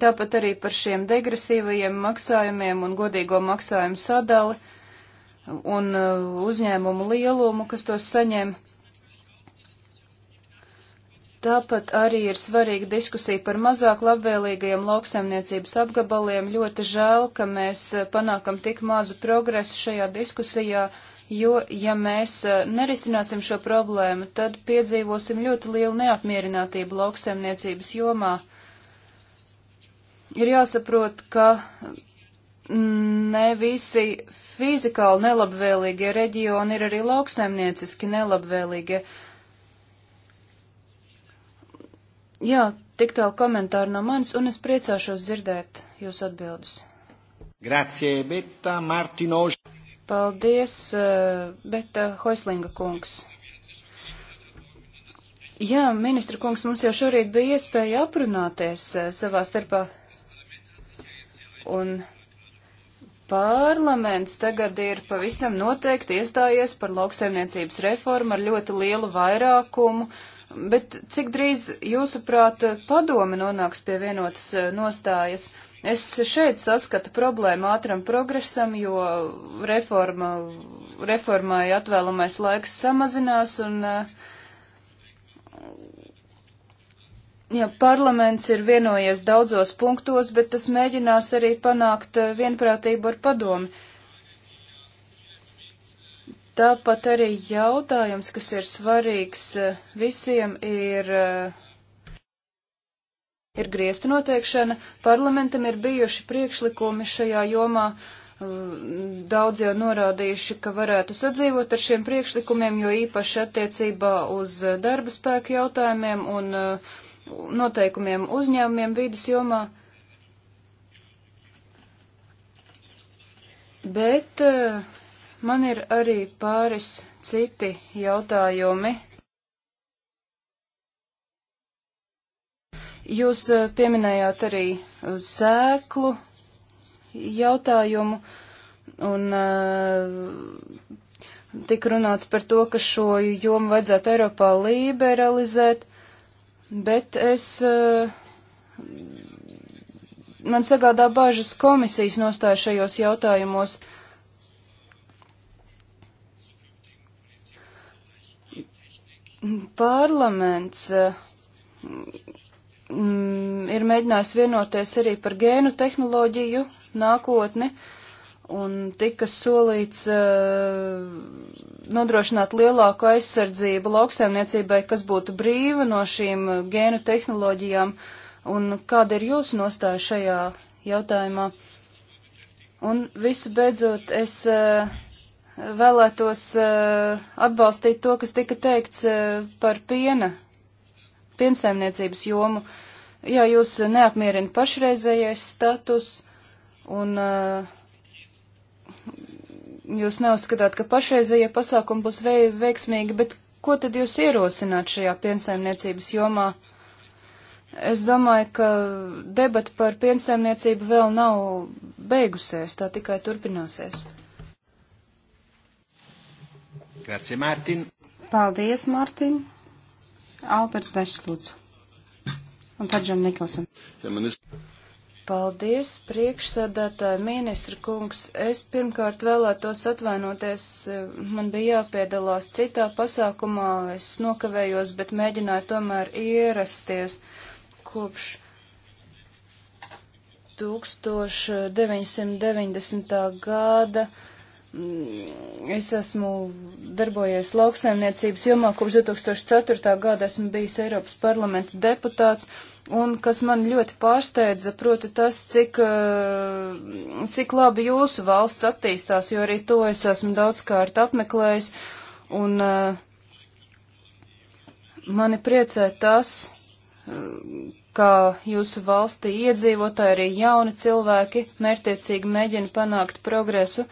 tāpat arī par šiem degresīvajiem maksājumiem un godīgo maksājumu sadali un uh, uzņēmumu lielumu, kas tos saņem. Tāpat arī ir svarīga diskusija par mazāk labvēlīgajiem lauksaimniecības apgabaliem. Ļoti žēl, ka mēs eh, panākam tik mazu progresu šajā diskusijā, jo, ja mēs eh, nerisināsim šo problēmu, tad piedzīvosim ļoti lielu neapmierinātību lauksaimniecības jomā. Ir jāsaprot, ka mm, ne visi fizikāli nelabvēlīgie reģioni ir arī lauksaimnieciski nelabvēlīgie. Uh, Jā, tik tālu komentāru no manis, un es priecāšos dzirdēt jūsu atbildes. Grazie, Beta Martinož. Paldies, eh, Beta Hoislinga kungs. Jā, ministra kungs, mums jau šorīt bija iespēja aprunāties eh, savā starpā. Un parlaments tagad ir pavisam noteikti iestājies par lauksaimniecības reformu ar ļoti lielu vairākumu. Uh, Bet cik drīz, jūsuprāt, padome nonāks pie vienotas e, nostājas? Es šeit saskatu problēmu ātram progresam, jo reforma, reformai atvēlamais laiks samazinās un e, ja, parlaments ir vienojies daudzos punktos, bet tas mēģinās arī panākt e, vienprātību ar padomi. Tāpat arī jautājums, kas ir svarīgs eh, visiem, ir, eh, ir griestu noteikšana. Parlamentam ir bijuši priekšlikumi šajā jomā. Eh, daudz jau norādījuši, ka varētu sadzīvot ar šiem priekšlikumiem, jo īpaši attiecībā uz darba spēku jautājumiem un noteikumiem uzņēmumiem vīdas jomā. Bet uh, Man ir arī pāris citi jautājumi. Jūs eh, pieminējāt arī eh, sēklu jautājumu, un eh, tika runāts par to, ka šo jomu vajadzētu Eiropā liberalizēt, bet es, man sagādā bāžas komisijas nostāja šajos jautājumos. Parlaments eh, mm, ir mēģinājis vienoties arī par gēnu tehnoloģiju nākotni un tika solīts uh, nodrošināt lielāku aizsardzību lauksaimniecībai, kas būtu brīva no šīm eh, gēnu tehnoloģijām. Un kāda ir jūsu nostāja šajā jautājumā? Un visu beidzot, es uh, vēlētos uh, atbalstīt to, kas tika teikts uh, par piena, piensaimniecības jomu. Jā, jūs neapmierina pašreizējais status un uh, jūs neuzskatāt, ka pašreizējie pasākumi būs vei veiksmīgi, bet ko tad jūs ierosināt šajā piensaimniecības jomā? Es domāju, ka debata par piensaimniecību vēl nav beigusies, tā tikai turpināsies. Grazie, Mārtiņ. Paldies, Mārtiņ. Alberts Dešs, lūdzu. Un tad Džan Nikolson. Ja manis... Paldies, priekšsēdētāji, ministra kungs. Es pirmkārt vēlētos atvainoties, man bija jāpiedalās citā pasākumā, es nokavējos, bet mēģināju tomēr ierasties kopš 1990. gada. Mm, es esmu darbojies lauksaimniecības jomā kopš 2004. gada, esmu bijis Eiropas parlamenta deputāts, un kas man ļoti pārsteidza, proti tas, cik, eh, cik labi jūsu valsts attīstās, jo arī to es esmu daudzkārt apmeklējis, un eh, mani priecē tas, eh, ka jūsu valstī iedzīvotāji, arī jauni cilvēki, mērtiecīgi mēģina panākt progresu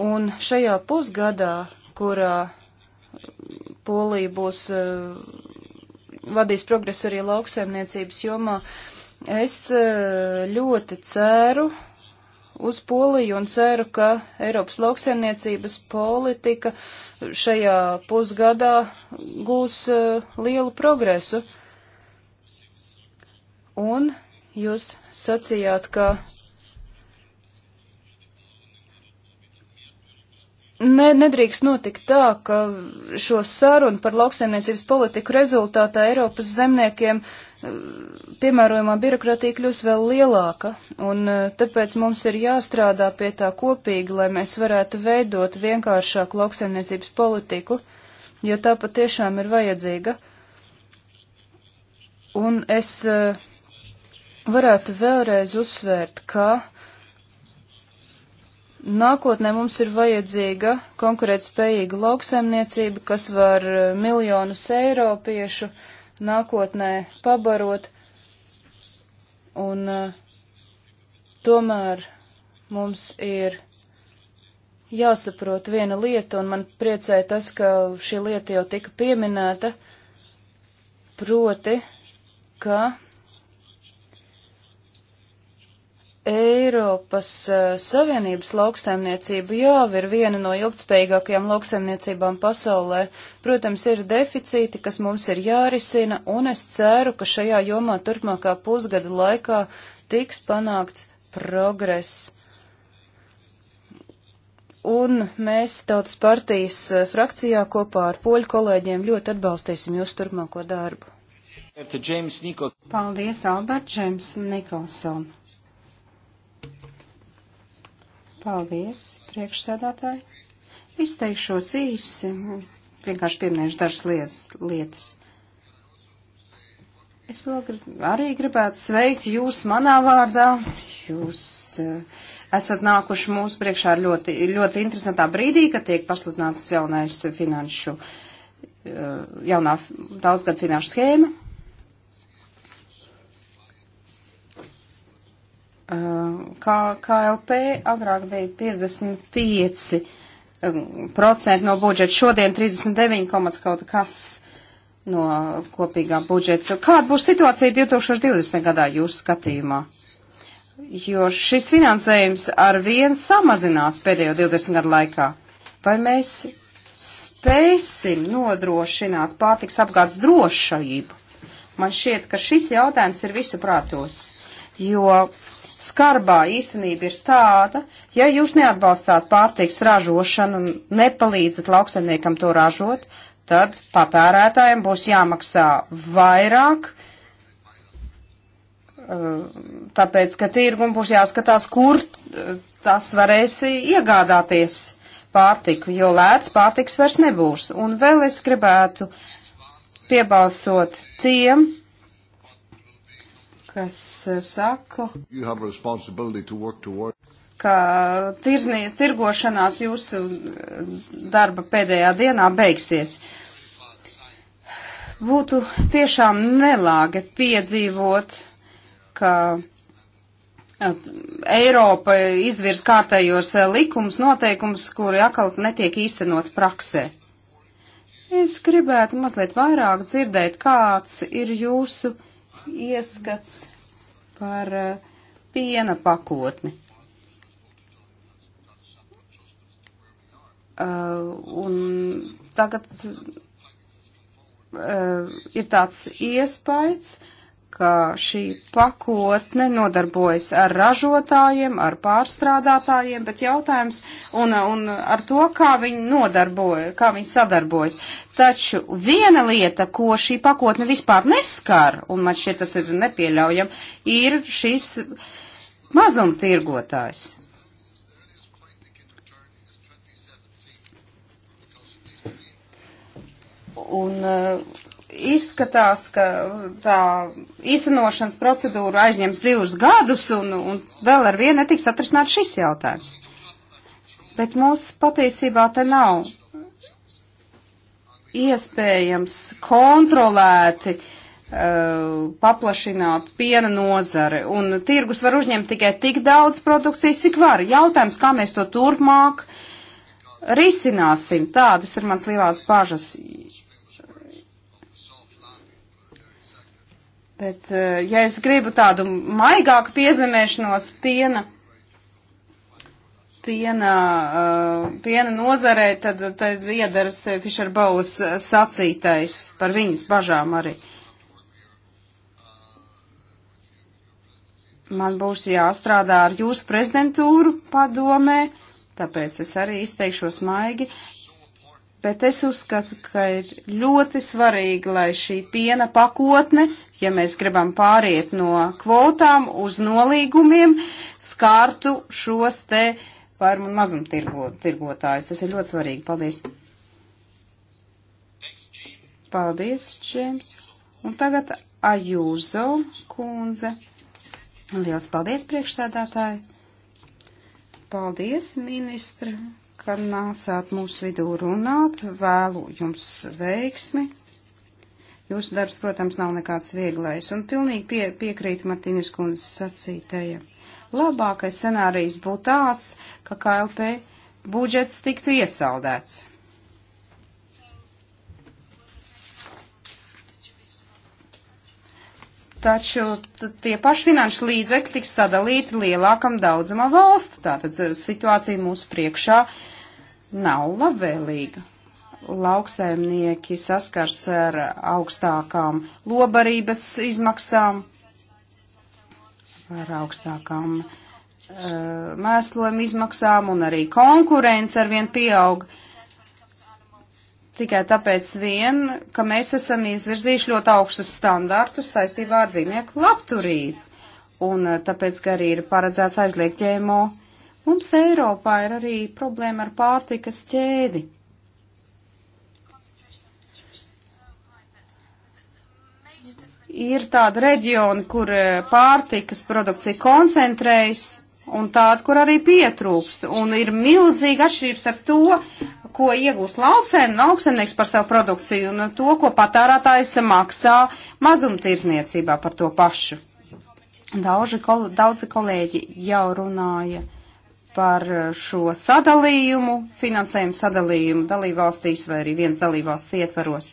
Un šajā pusgadā, kurā Polija būs eh, vadīs progresu arī lauksaimniecības jomā, es eh, ļoti ceru uz Poliju un ceru, ka Eiropas lauksaimniecības politika šajā pusgadā gūs eh, lielu progresu. Un jūs sacījāt, ka Ne, nedrīkst notikt tā, ka šo sarunu par lauksaimniecības politiku rezultātā Eiropas zemniekiem eh, piemērojumā birokratija kļūs vēl lielāka, un eh, tāpēc mums ir jāstrādā pie tā kopīgi, lai mēs varētu veidot vienkāršāku lauksaimniecības politiku, jo tā patiešām ir vajadzīga. Un es eh, varētu vēlreiz uzsvērt, ka Nākotnē mums ir vajadzīga konkurētspējīga lauksaimniecība, kas var eh, miljonus eiropiešu nākotnē pabarot, un eh, tomēr mums ir jāsaprot viena lieta, un man priecēja tas, ka šī lieta jau tika pieminēta, proti, ka Eiropas eh, Savienības lauksaimniecība jau ir viena no ilgtspējīgākajām lauksaimniecībām pasaulē. Protams, ir deficīti, kas mums ir jārisina, un es ceru, ka šajā jomā turpmākā pusgada laikā tiks panākts progress. Un mēs tautas partijas eh, frakcijā kopā ar poļu kolēģiem ļoti atbalstīsim jūsu turpmāko darbu. Paldies, Albert Džeims Nikolson. Paldies, priekšsēdētāji. Izteikšos īsi, vienkārši pieminēšu dažas lietas. Es vēl arī gribētu sveikt jūs manā vārdā. Jūs eh, esat nākuši mūsu priekšā ļoti, ļoti interesantā brīdī, kad tiek pasludināts jaunais finanšu, eh, jaunā daudzgad finanšu schēma. Kā KLP agrāk bija 55% um, no budžeta, šodien 39, kaut kas no kopīgā budžeta. Kāda būs situācija 2020. gadā jūsu skatījumā? Jo šis finansējums ar vienu samazinās pēdējo 20 gadu laikā. Vai mēs spēsim nodrošināt pārtiks apgādes drošību? Man šķiet, ka šis jautājums ir visu prātos, jo skarbā īstenība ir tāda, ja jūs neatbalstāt pārtiks ražošanu un nepalīdzat lauksaimniekam to ražot, tad patērētājiem būs jāmaksā vairāk, eh, tāpēc, ka tirgum būs jāskatās, kur eh, tas varēs iegādāties pārtiku, jo lēts pārtiks vairs nebūs. Un vēl es gribētu piebalsot tiem, kas saka, ka tirznie, tirgošanās jūsu eh, darba pēdējā dienā beigsies. Būtu tiešām nelāgi piedzīvot, ka eh, Eiropa izvirs kārtējos eh, likums, noteikums, kuri akal netiek īstenot praksē. Es gribētu mazliet vairāk dzirdēt, kāds ir jūsu ieskats par eh, piena pakotni. Uh, un tagad uh, ir tāds iespējas, uh, ka šī pakotne nodarbojas ar ražotājiem, ar pārstrādātājiem, bet jautājums un, un ar to, kā viņi nodarboja, kā viņi sadarbojas. Taču viena lieta, ko šī pakotne vispār neskar, un man šķiet tas ir nepieļaujam, ir šis mazumtirgotājs. Un uh, izskatās, ka tā īstenošanas procedūra aizņems divus gadus un, un vēl ar vienu netiks atrisināt šis jautājums. Bet mums patiesībā te nav iespējams kontrolēti uh, paplašināt piena nozare, un tirgus var uzņemt tikai tik daudz produkcijas, cik var. Jautājums, kā mēs to turpmāk risināsim, tādas ir mans lielās bažas, Bet, eh, ja es gribu tādu maigāku piezemēšanos piena, piena, eh, piena nozarē, tad, tad iedaras Fišerbaus eh, sacītais par viņas bažām arī. Man būs jāstrādā ar jūsu prezidentūru padomē, tāpēc es arī izteikšos maigi bet es uzskatu, ka ir ļoti svarīgi, lai šī piena pakotne, ja mēs gribam pāriet no kvotām uz nolīgumiem, skārtu šos te pārmu un mazumtirgotājus. Tas ir ļoti svarīgi. Paldies! Paldies, Čēms! Un tagad Ajūzo kundze. Liels paldies, priekšsēdētāji! Paldies, ministra ka nācāt mūsu vidū runāt. Vēlu jums veiksmi. Jūsu darbs, protams, nav nekāds vieglais, un pilnīgi pie, piekrīt Martīnas kundzes sacītajam. Labākais scenārijs būtu tāds, ka KLP budžets tiktu iesaldēts. Taču tie paši finanšu līdzekļi tiks sadalīti lielākam daudzumam valstu, tātad e, situācija mūsu priekšā uh, nav labvēlīga. Lauksaimnieki saskars ar augstākām lobarības izmaksām, ar augstākām uh, mēslojuma izmaksām un arī konkurence ar vien pieaug. Tikai tāpēc vien, ka mēs esam izvirzījuši ļoti augstus standartus saistībā ar dzīvnieku labturību. Un eh, tāpēc, ka arī ir paredzēts aizliegt ģēmo. Ja Mums Eiropā ir arī problēma ar pārtikas ķēdi. Ir tāda reģiona, kur eh, pārtikas produkts ir koncentrējis, un tāda, kur arī pietrūkst. Un ir milzīga atšķirības starp to, ko iegūst lauksēm, lauksēmnieks par savu produkciju un to, ko patērētājs maksā mazumtirzniecībā par to pašu. Daudzi, kol, daudzi kolēģi jau runāja par eh, šo sadalījumu, finansējumu sadalījumu dalībvalstīs vai arī viens dalībvalsts ietvaros.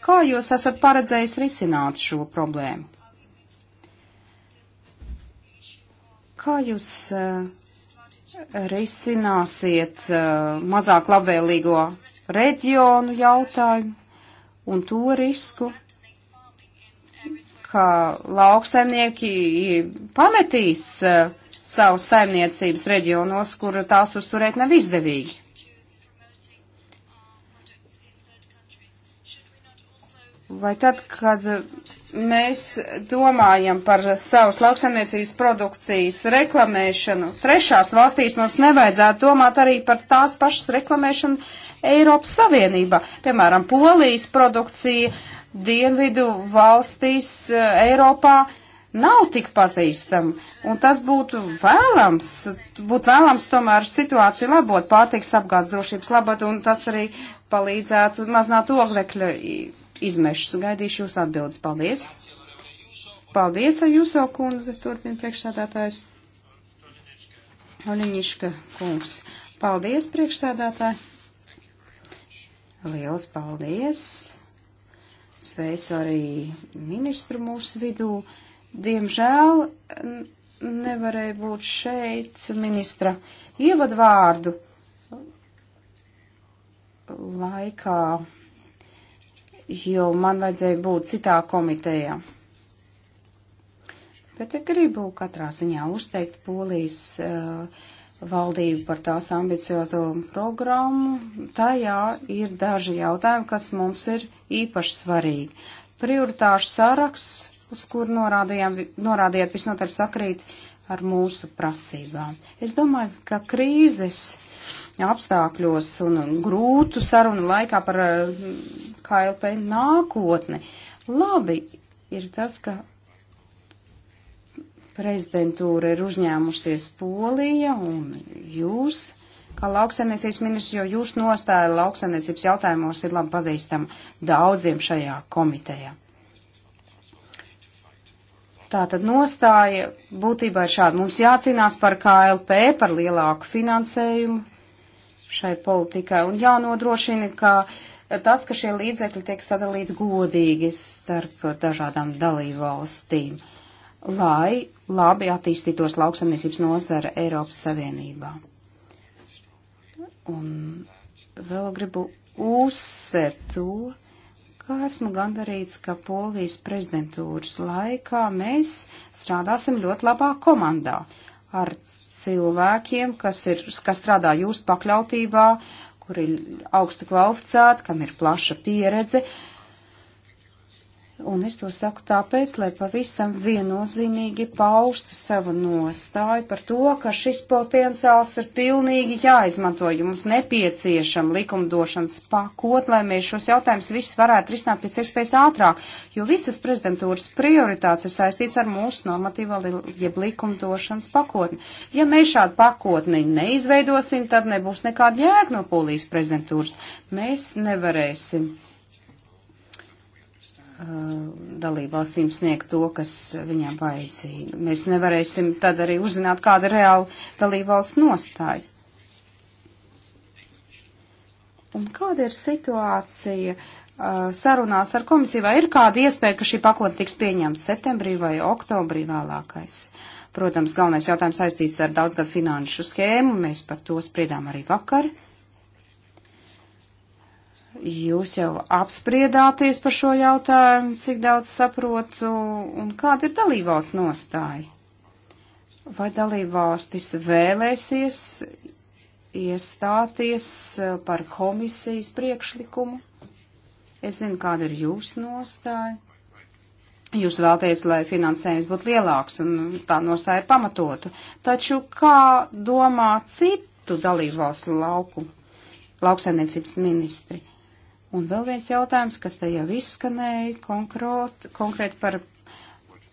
Kā jūs esat paredzējis risināt šo problēmu? Kā jūs eh, risināsiet eh, mazāk labvēlīgo reģionu jautājumu un to risku, ka lauksaimnieki pametīs uh, savas saimniecības reģionos, kur tās uzturēt nav izdevīgi. Vai tad, kad mēs domājam par savas lauksaimniecības produkcijas reklamēšanu, trešās valstīs mums nevajadzētu domāt arī par tās pašas reklamēšanu Eiropas Savienībā. Piemēram, Polijas produkcija Dienvidu valstīs eh, Eiropā uh, nav tik pazīstama, un tas būtu vēlams, būtu vēlams tomēr situāciju labot, pārtiks apgādes drošības labot, un tas arī palīdzētu mazināt oglekļa izmešus. Gaidīšu jūs atbildes. Paldies! Paldies, Ajuso kundze, turpina priekšsēdētājs. Oļiņiška kungs. Paldies, priekšsēdētāji. Liels paldies. Sveicu arī ministru mūsu vidū diemžēl nevarēja būt šeit ministra ievadvārdu laikā, jo man vajadzēja būt citā komitejā. Bet gribu katrā ziņā uzteikt polijas uh, valdību par tās ambiciozo programmu. Tajā ir daži jautājumi, kas mums ir īpaši svarīgi. Prioritāšu saraksts uz kur norādījāt visnotaļ sakrīt ar mūsu prasībām. Es domāju, ka krīzes apstākļos un grūtu sarunu laikā par eh, KLP nākotni labi ir tas, ka prezidentūra ir uzņēmusies Polija un jūs kā lauksaimniecības ministrs, jo jūsu nostāja lauksaimniecības jautājumos ir labi pazīstama daudziem šajā komitejā. Tātad nostāja būtībā ir šāda. Mums jācīnās par KLP, par lielāku finansējumu šai politikai un jānodrošina, ka tas, ka šie līdzekļi tiek sadalīti godīgi starp dažādām dalībvalstīm, lai labi attīstītos lauksamniecības nozara Eiropas Savienībā. Un vēl gribu uzsvērt to, ka esmu gandarīts, ka Polijas prezidentūras laikā mēs strādāsim ļoti labā komandā ar cilvēkiem, kas, ir, kas strādā jūsu pakļautībā, kuri ir augsti kvalificēti, kam ir plaša pieredze. Uh, Un es to saku tāpēc, lai pavisam viennozīmīgi paustu savu nostāju par to, ka šis potenciāls ir pilnīgi jāizmanto, jo mums nepieciešama likumdošanas pakot, lai mēs šos jautājumus visus varētu risināt pēc iespējas ātrāk, jo visas prezidentūras prioritātes ir saistīts ar mūsu normatīvo jeb likumdošanas pakotni. Ja mēs šādu pakotni neizveidosim, tad nebūs nekāda jēga no polijas prezidentūras. Mēs nevarēsim Uh, dalībvalstīm sniegt to, kas viņām vajadzīgi. Mēs nevarēsim tad arī uzzināt, kāda ir reāla dalībvalsts nostāja. Un kāda ir situācija uh, sarunās ar komisiju? Vai ir kāda iespēja, ka šī pakotne tiks pieņemta septembrī vai oktobrī vēlākais? Protams, galvenais jautājums saistīts ar daudzgadu finanšu schēmu. Mēs par to spriedām arī vakar. Uh, Jūs jau apspriedāties par šo jautājumu, cik daudz saprotu, un kāda ir dalībvalsts nostāja? Vai dalībvalstis vēlēsies iestāties eh, par komisijas priekšlikumu? Es zinu, kāda ir jūsu nostāja. Jūs vēlties, lai finansējums būtu lielāks, un tā nostāja pamatotu. Taču kā domā citu dalībvalstu lauku, lauksainiecības ministri? Un vēl viens jautājums, kas te jau izskanēja konkrot, konkrēti par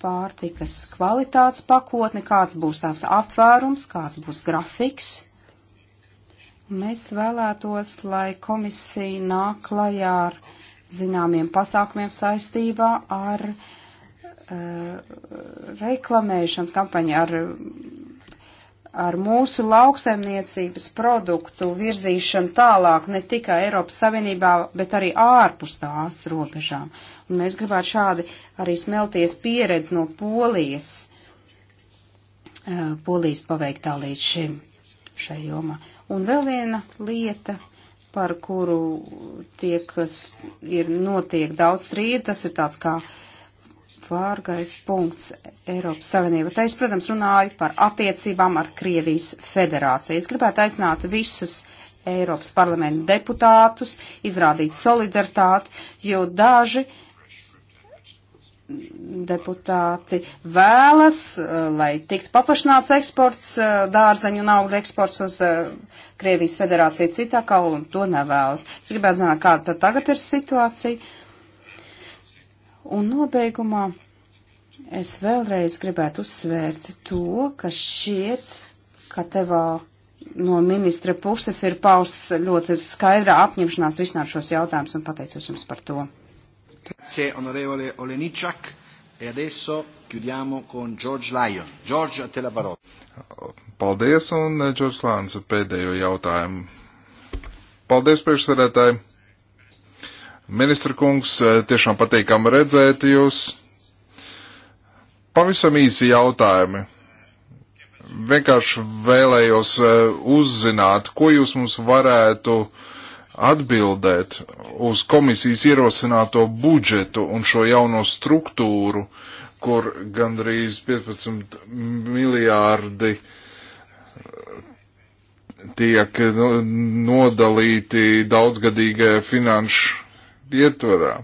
pārtikas kvalitātes pakotni, kāds būs tās aptvērums, kāds būs grafiks. Mēs vēlētos, lai komisija nāk klajā ar zināmiem pasākumiem saistībā ar uh, reklamēšanas kampaņu, ar ar mūsu lauksaimniecības produktu virzīšanu tālāk ne tikai Eiropas Savienībā, bet arī ārpus tās robežām. Un mēs gribētu šādi arī smelties pieredzi no Polijas, eh, Polijas paveiktā līdz šim šai jomā. Un vēl viena lieta, par kuru tiek, ir notiek daudz strīdu, tas ir tāds kā uh, vārgais punkts Eiropas Savienība. Tā es, protams, runāju par attiecībām ar Krievijas federāciju. Es gribētu aicināt visus Eiropas parlamenta deputātus izrādīt solidaritāti, jo daži deputāti vēlas, eh, lai tiktu paplašināts eksports, eh, dārzeņu un augļu eksports uz eh, Krievijas federāciju citā kaulu, un to nevēlas. Es gribētu zināt, kāda tad tagad ir situācija Un nobeigumā es vēlreiz gribētu uzsvērt to, ka šķiet, ka tevā no ministra puses ir pausts ļoti skaidrā apņemšanās risināt šos jautājumus un pateicos jums par to. Grazie, onorevole Oleničak. E adesso chiudiamo con George Lyon. George, a te la parola. Paldies, un eh, George Lāns pēdējo jautājumu. Paldies, priekšsēdētāji. Ministra kungs, eh, tiešām patīkam redzēt jūs. Pavisam īsi jautājumi. Vienkārši vēlējos eh, uzzināt, ko jūs mums varētu atbildēt uz komisijas ierosināto budžetu un šo jauno struktūru, kur gandrīz 15 miljārdi eh, tiek nu, nodalīti daudzgadīgajai finanšu ietvarā.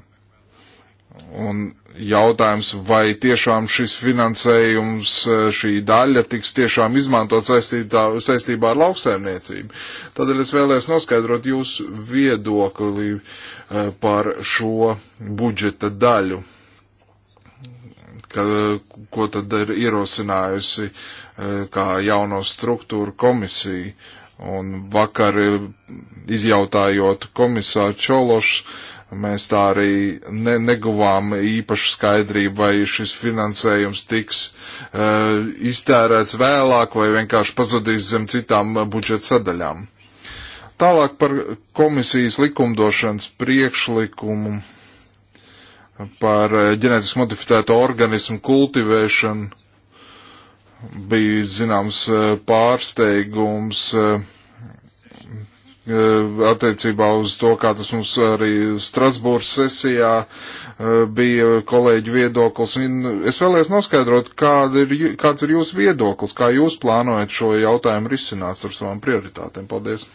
Un jautājums, vai tiešām šis finansējums, e, šī daļa tiks tiešām izmantot saistībā, saistībā ar lauksaimniecību. Tādēļ es vēlēs noskaidrot jūsu viedokli e, par šo budžeta daļu, ka, ko tad ir ierosinājusi e, kā jauno struktūru komisija. Un vakar izjautājot komisāru Čološu, Mēs tā arī ne, neguvām īpašu skaidrību, vai šis finansējums tiks uh, iztērēts vēlāk vai vienkārši pazudīs zem citām budžeta sadaļām. Tālāk par komisijas likumdošanas priekšlikumu par eh, ģenētiski modificēto organismu kultivēšanu bija zināms eh, pārsteigums. Uh, attiecībā uz to, kā tas mums arī Strasbūras sesijā bija kolēģi viedoklis. Es vēlēs noskaidrot, kāda ir, kāds ir jūsu viedoklis, kā jūs plānojat šo jautājumu risināt ar savām prioritātēm. Paldies!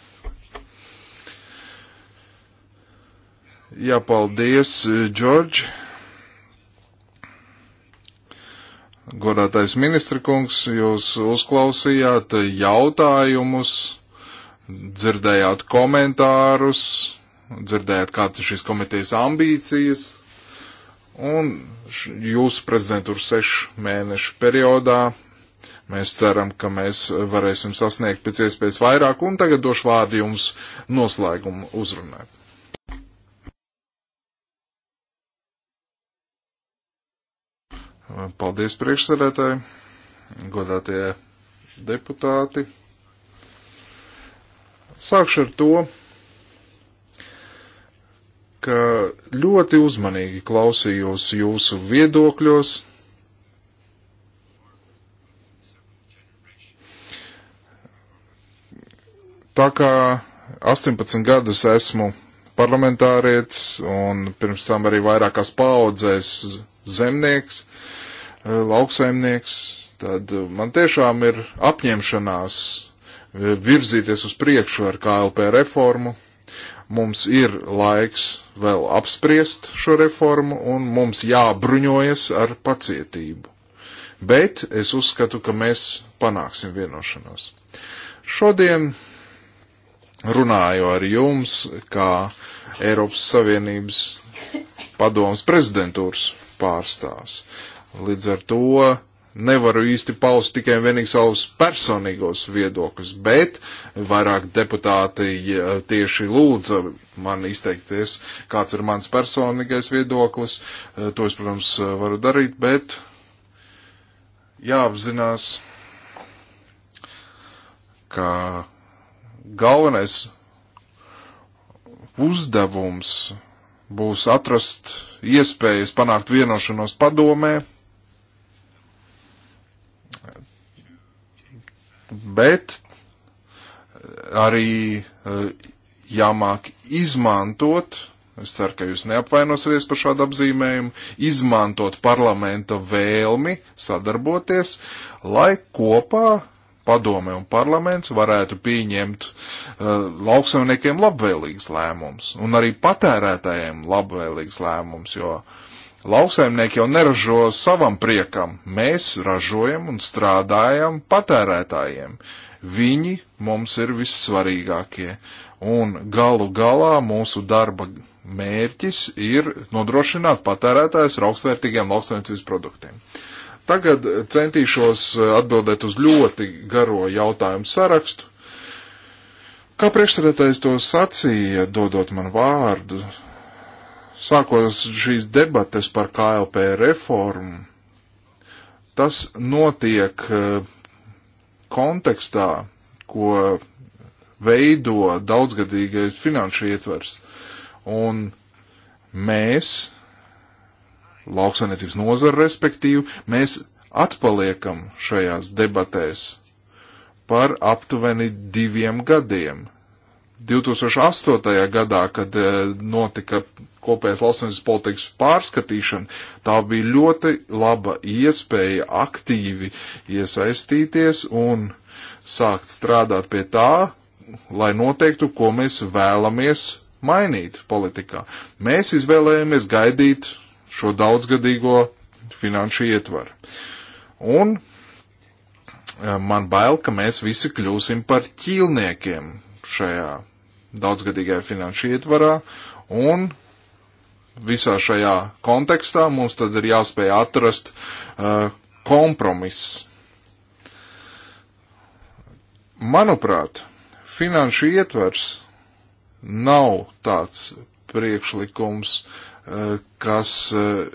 Jā, paldies, Džordž! Godātais ministra kungs, jūs uzklausījāt jautājumus dzirdējāt komentārus, dzirdējāt, kāds ir šīs komitejas ambīcijas, un jūsu prezidentūras sešu mēnešu periodā mēs ceram, ka mēs varēsim sasniegt pēc iespējas vairāk, un tagad došu vārdu jums noslēgumu uzrunēt. Paldies priekšsarētāji, godātie deputāti. Sākšu ar to, ka ļoti uzmanīgi klausījos jūsu viedokļos. Tā kā 18 gadus esmu parlamentārietis un pirms tam arī vairākās paudzēs zemnieks, lauksaimnieks, tad man tiešām ir apņemšanās virzīties uz priekšu ar KLP reformu. Mums ir laiks vēl apspriest šo reformu un mums jābruņojas ar pacietību. Bet es uzskatu, ka mēs panāksim vienošanos. Šodien runāju ar jums kā Eiropas Savienības padomas prezidentūras pārstāvs. Līdz ar to nevaru īsti paust tikai un vienīgi savus personīgos viedokļus, bet vairāk deputāti tieši lūdza man izteikties, kāds ir mans personīgais viedoklis. Eh, to es, protams, eh, varu darīt, bet jāapzinās, ka galvenais uzdevums būs atrast iespējas panākt vienošanos padomē bet eh, arī eh, jāmāk izmantot, es ceru, ka jūs neapvainosieties par šādu apzīmējumu, izmantot parlamenta vēlmi sadarboties, lai kopā padome un parlaments varētu pieņemt uh, lauksaimniekiem labvēlīgs lēmums un arī patērētājiem labvēlīgs lēmums, jo uh, Lauksaimnieki jau neražo savam priekam. Mēs ražojam un strādājam patērētājiem. Viņi mums ir vissvarīgākie. Un galu galā mūsu darba mērķis ir nodrošināt patērētājus ar augstvērtīgiem lauksaimniecības produktiem. Tagad centīšos atbildēt uz ļoti garo jautājumu sarakstu. Kā priekšsēdētājs to sacīja, dodot man vārdu, sākos šīs debates par KLP reformu, tas notiek e, kontekstā, ko veido daudzgadīgais finanšu ietvers. Un mēs, lauksainiecības nozara respektīvi, mēs atpaliekam šajās debatēs par aptuveni diviem gadiem 2008. gadā, kad e, notika kopējais lauksaimniecības politikas pārskatīšana, tā bija ļoti laba iespēja aktīvi iesaistīties un sākt strādāt pie tā, lai noteiktu, ko mēs vēlamies mainīt politikā. Mēs izvēlējāmies gaidīt šo daudzgadīgo finanšu ietvaru. Un e, man bail, ka mēs visi kļūsim par ķīlniekiem šajā daudzgadīgajā finanšu ietvarā, un visā šajā kontekstā mums tad ir jāspēj atrast uh, kompromiss. Manuprāt, finanšu ietvers nav tāds priekšlikums, uh, kas uh,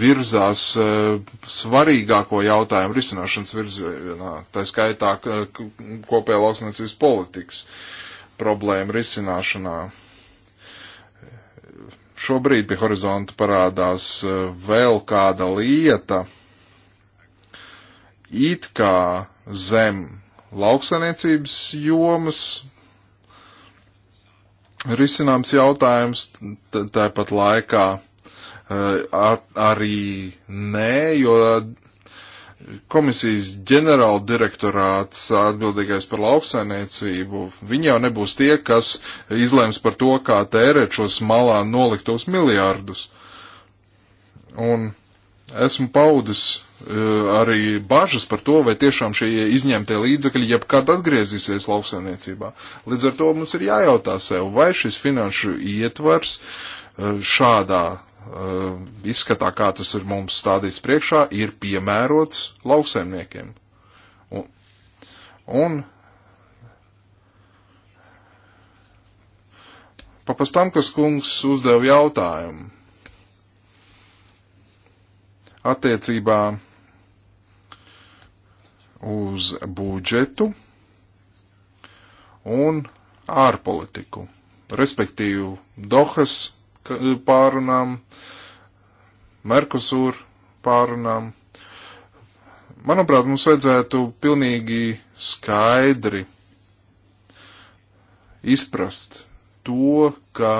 virzās uh, svarīgāko jautājumu risināšanas virzienā, tā skaitā kopējā lauksniecības politikas. Uh, problēmu risināšanā. Šobrīd pie horizonta parādās e, vēl kāda lieta, it kā zem lauksaniecības jomas risināms jautājums, tāpat laikā e, ar, arī nē, jo komisijas ģenerāla direktorāts atbildīgais par lauksainiecību, viņi jau nebūs tie, kas izlēms par to, kā tērēt šos malā noliktos miljārdus. Un esmu paudis eh, arī bažas par to, vai tiešām šie izņemtie līdzekļi jebkad atgriezīsies lauksainiecībā. Līdz ar to mums ir jājautā sev, vai šis finanšu ietvars eh, šādā Uh, izskatā, kā tas ir mums stādīts priekšā, ir piemērots lauksaimniekiem. Un, un papastam, kas kungs uzdeva jautājumu attiecībā uz budžetu un ārpolitiku, respektīvi Dohas pārunām, Merkusūra pārunām. Manuprāt, mums vajadzētu pilnīgi skaidri izprast to, ka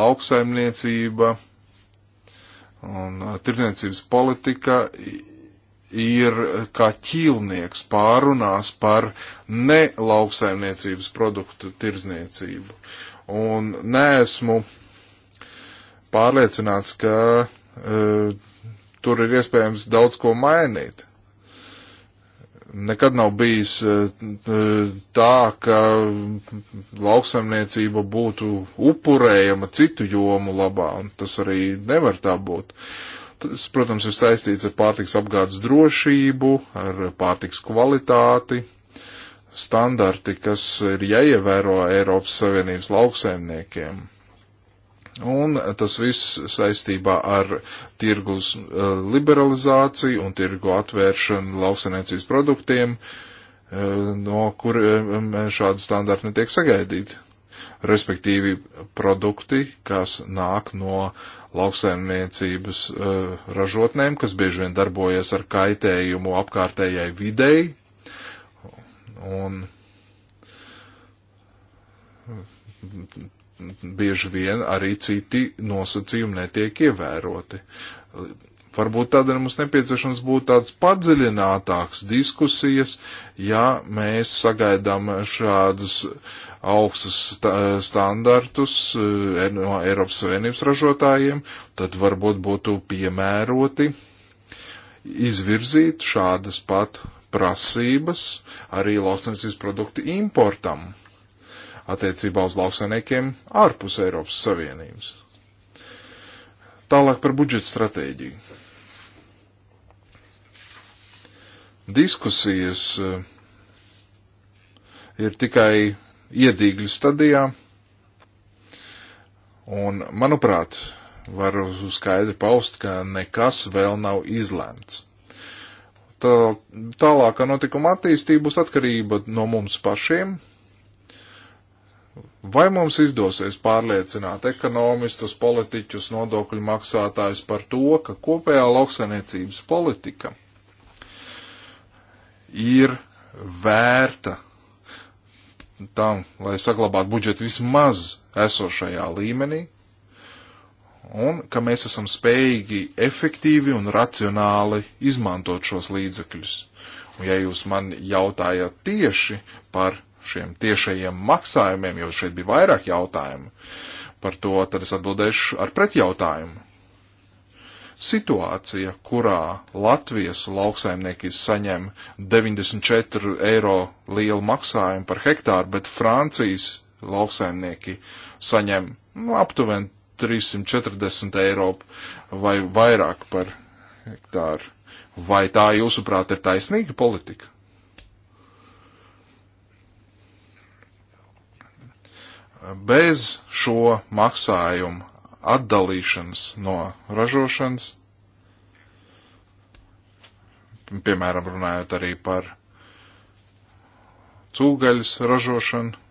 lauksaimniecība un uh, tirniecības politika ir kā ķīlnieks pārunās par nelauksaimniecības produktu tirzniecību. Un neesmu pārliecināts, ka uh, tur ir iespējams daudz ko mainīt. Nekad nav bijis uh, tā, ka lauksaimniecība būtu upurējama citu jomu labā, un tas arī nevar tā būt. Tas, protams, ir saistīts ar pārtiks apgādes drošību, ar pārtiks kvalitāti, standarti, kas ir jāievēro Eiropas Savienības lauksaimniekiem Un tas viss saistībā ar tirgus eh, liberalizāciju un tirgu atvēršanu lauksaimniecības produktiem, eh, no kuriem eh, šādi standarti netiek sagaidīti. Respektīvi produkti, kas nāk no lauksaimniecības ražotnēm, kas bieži vien darbojas ar kaitējumu apkārtējai videi. Un bieži vien arī citi nosacījumi netiek ievēroti. Varbūt tādēļ mums nepieciešams būt tāds padziļinātāks diskusijas, ja mēs sagaidām šādus augstus standartus eh, no Eiropas Savienības ražotājiem, tad varbūt būtu piemēroti izvirzīt šādas pat prasības arī lauksniecības produktu importam attiecībā uz lauksaimniekiem ārpus Eiropas Savienības. Tālāk par budžeta stratēģiju. Diskusijas eh, ir tikai iedīgļu stadijā, un, manuprāt, varu skaidri paust, ka nekas vēl nav izlēmts. Tā, tālākā notikuma attīstība būs atkarība no mums pašiem Vai mums izdosies pārliecināt ekonomistus, politiķus, nodokļu maksātājus par to, ka kopējā lauksainiecības politika ir vērta tam, lai saglabātu budžetu vismaz esošajā līmenī, un ka mēs esam spējīgi efektīvi un racionāli izmantot šos līdzekļus. Un ja jūs man jautājat tieši par šiem tiešajiem maksājumiem, jo šeit bija vairāk jautājumu par to, tad es atbildēšu ar pretjautājumu. Situācija, kurā Latvijas lauksaimnieki saņem 94 eiro lielu maksājumu par hektāru, bet Francijas lauksaimnieki saņem nu, aptuveni 340 eiro vai vairāk par hektāru. Vai tā, jūsuprāt, ir taisnīga politika? bez šo maksājumu atdalīšanas no ražošanas, piemēram, runājot arī par cūgaļas ražošanu,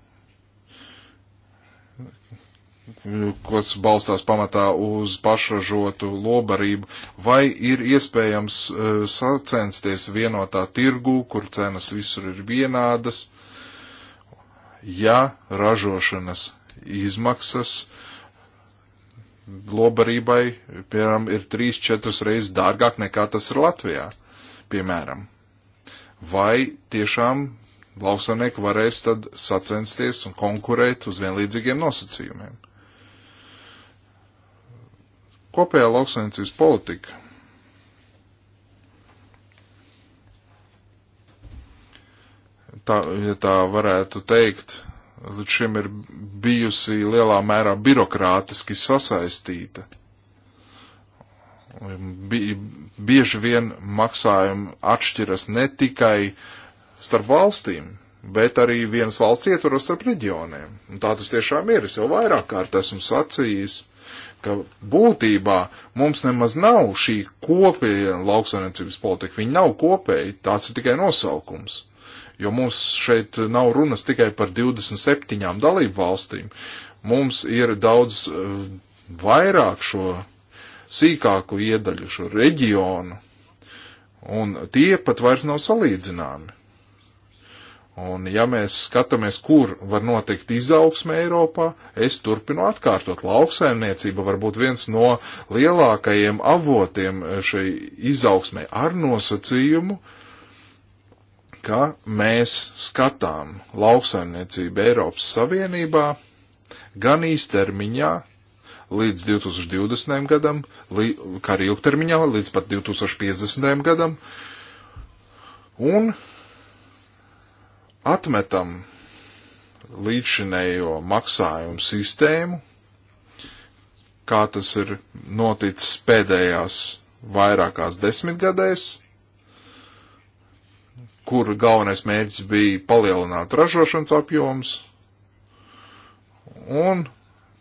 kas balstās pamatā uz pašražotu lobarību, vai ir iespējams eh, sacensties vienotā tirgū, kur cenas visur ir vienādas, ja ražošanas izmaksas lobarībai, piemēram, ir 3-4 reizes dārgāk nekā tas ir Latvijā, piemēram. Vai tiešām lauksaimnieki varēs tad sacensties un konkurēt uz vienlīdzīgiem nosacījumiem? Kopējā lauksaimniecības politika tā, ja tā varētu teikt, līdz šim ir bijusi lielā mērā birokrātiski sasaistīta. Bi, bieži vien maksājumi atšķiras ne tikai starp valstīm, bet arī vienas valsts ietvaros starp reģioniem. Un tā tas tiešām ir. Es jau vairāk kārt esmu sacījis, ka būtībā mums nemaz nav šī kopēja lauksaimniecības politika. Viņa nav kopēja, tāds ir tikai nosaukums jo mums šeit nav runas tikai par 27 dalību valstīm. Mums ir daudz eh, vairāk šo sīkāku iedaļu, šo reģionu, un tie pat vairs nav salīdzināmi. Un ja mēs skatāmies, kur var notikt izaugsme Eiropā, es turpinu atkārtot. Lauksaimniecība var būt viens no lielākajiem avotiem šai izaugsmē ar nosacījumu, ka mēs skatām lauksaimniecību Eiropas Savienībā gan īstermiņā līdz 2020. gadam, kā arī ilgtermiņā līdz pat 2050. gadam, un atmetam līdzinējo maksājumu sistēmu, kā tas ir noticis pēdējās vairākās desmitgadēs, kur galvenais mērķis bija palielināt ražošanas apjoms. Un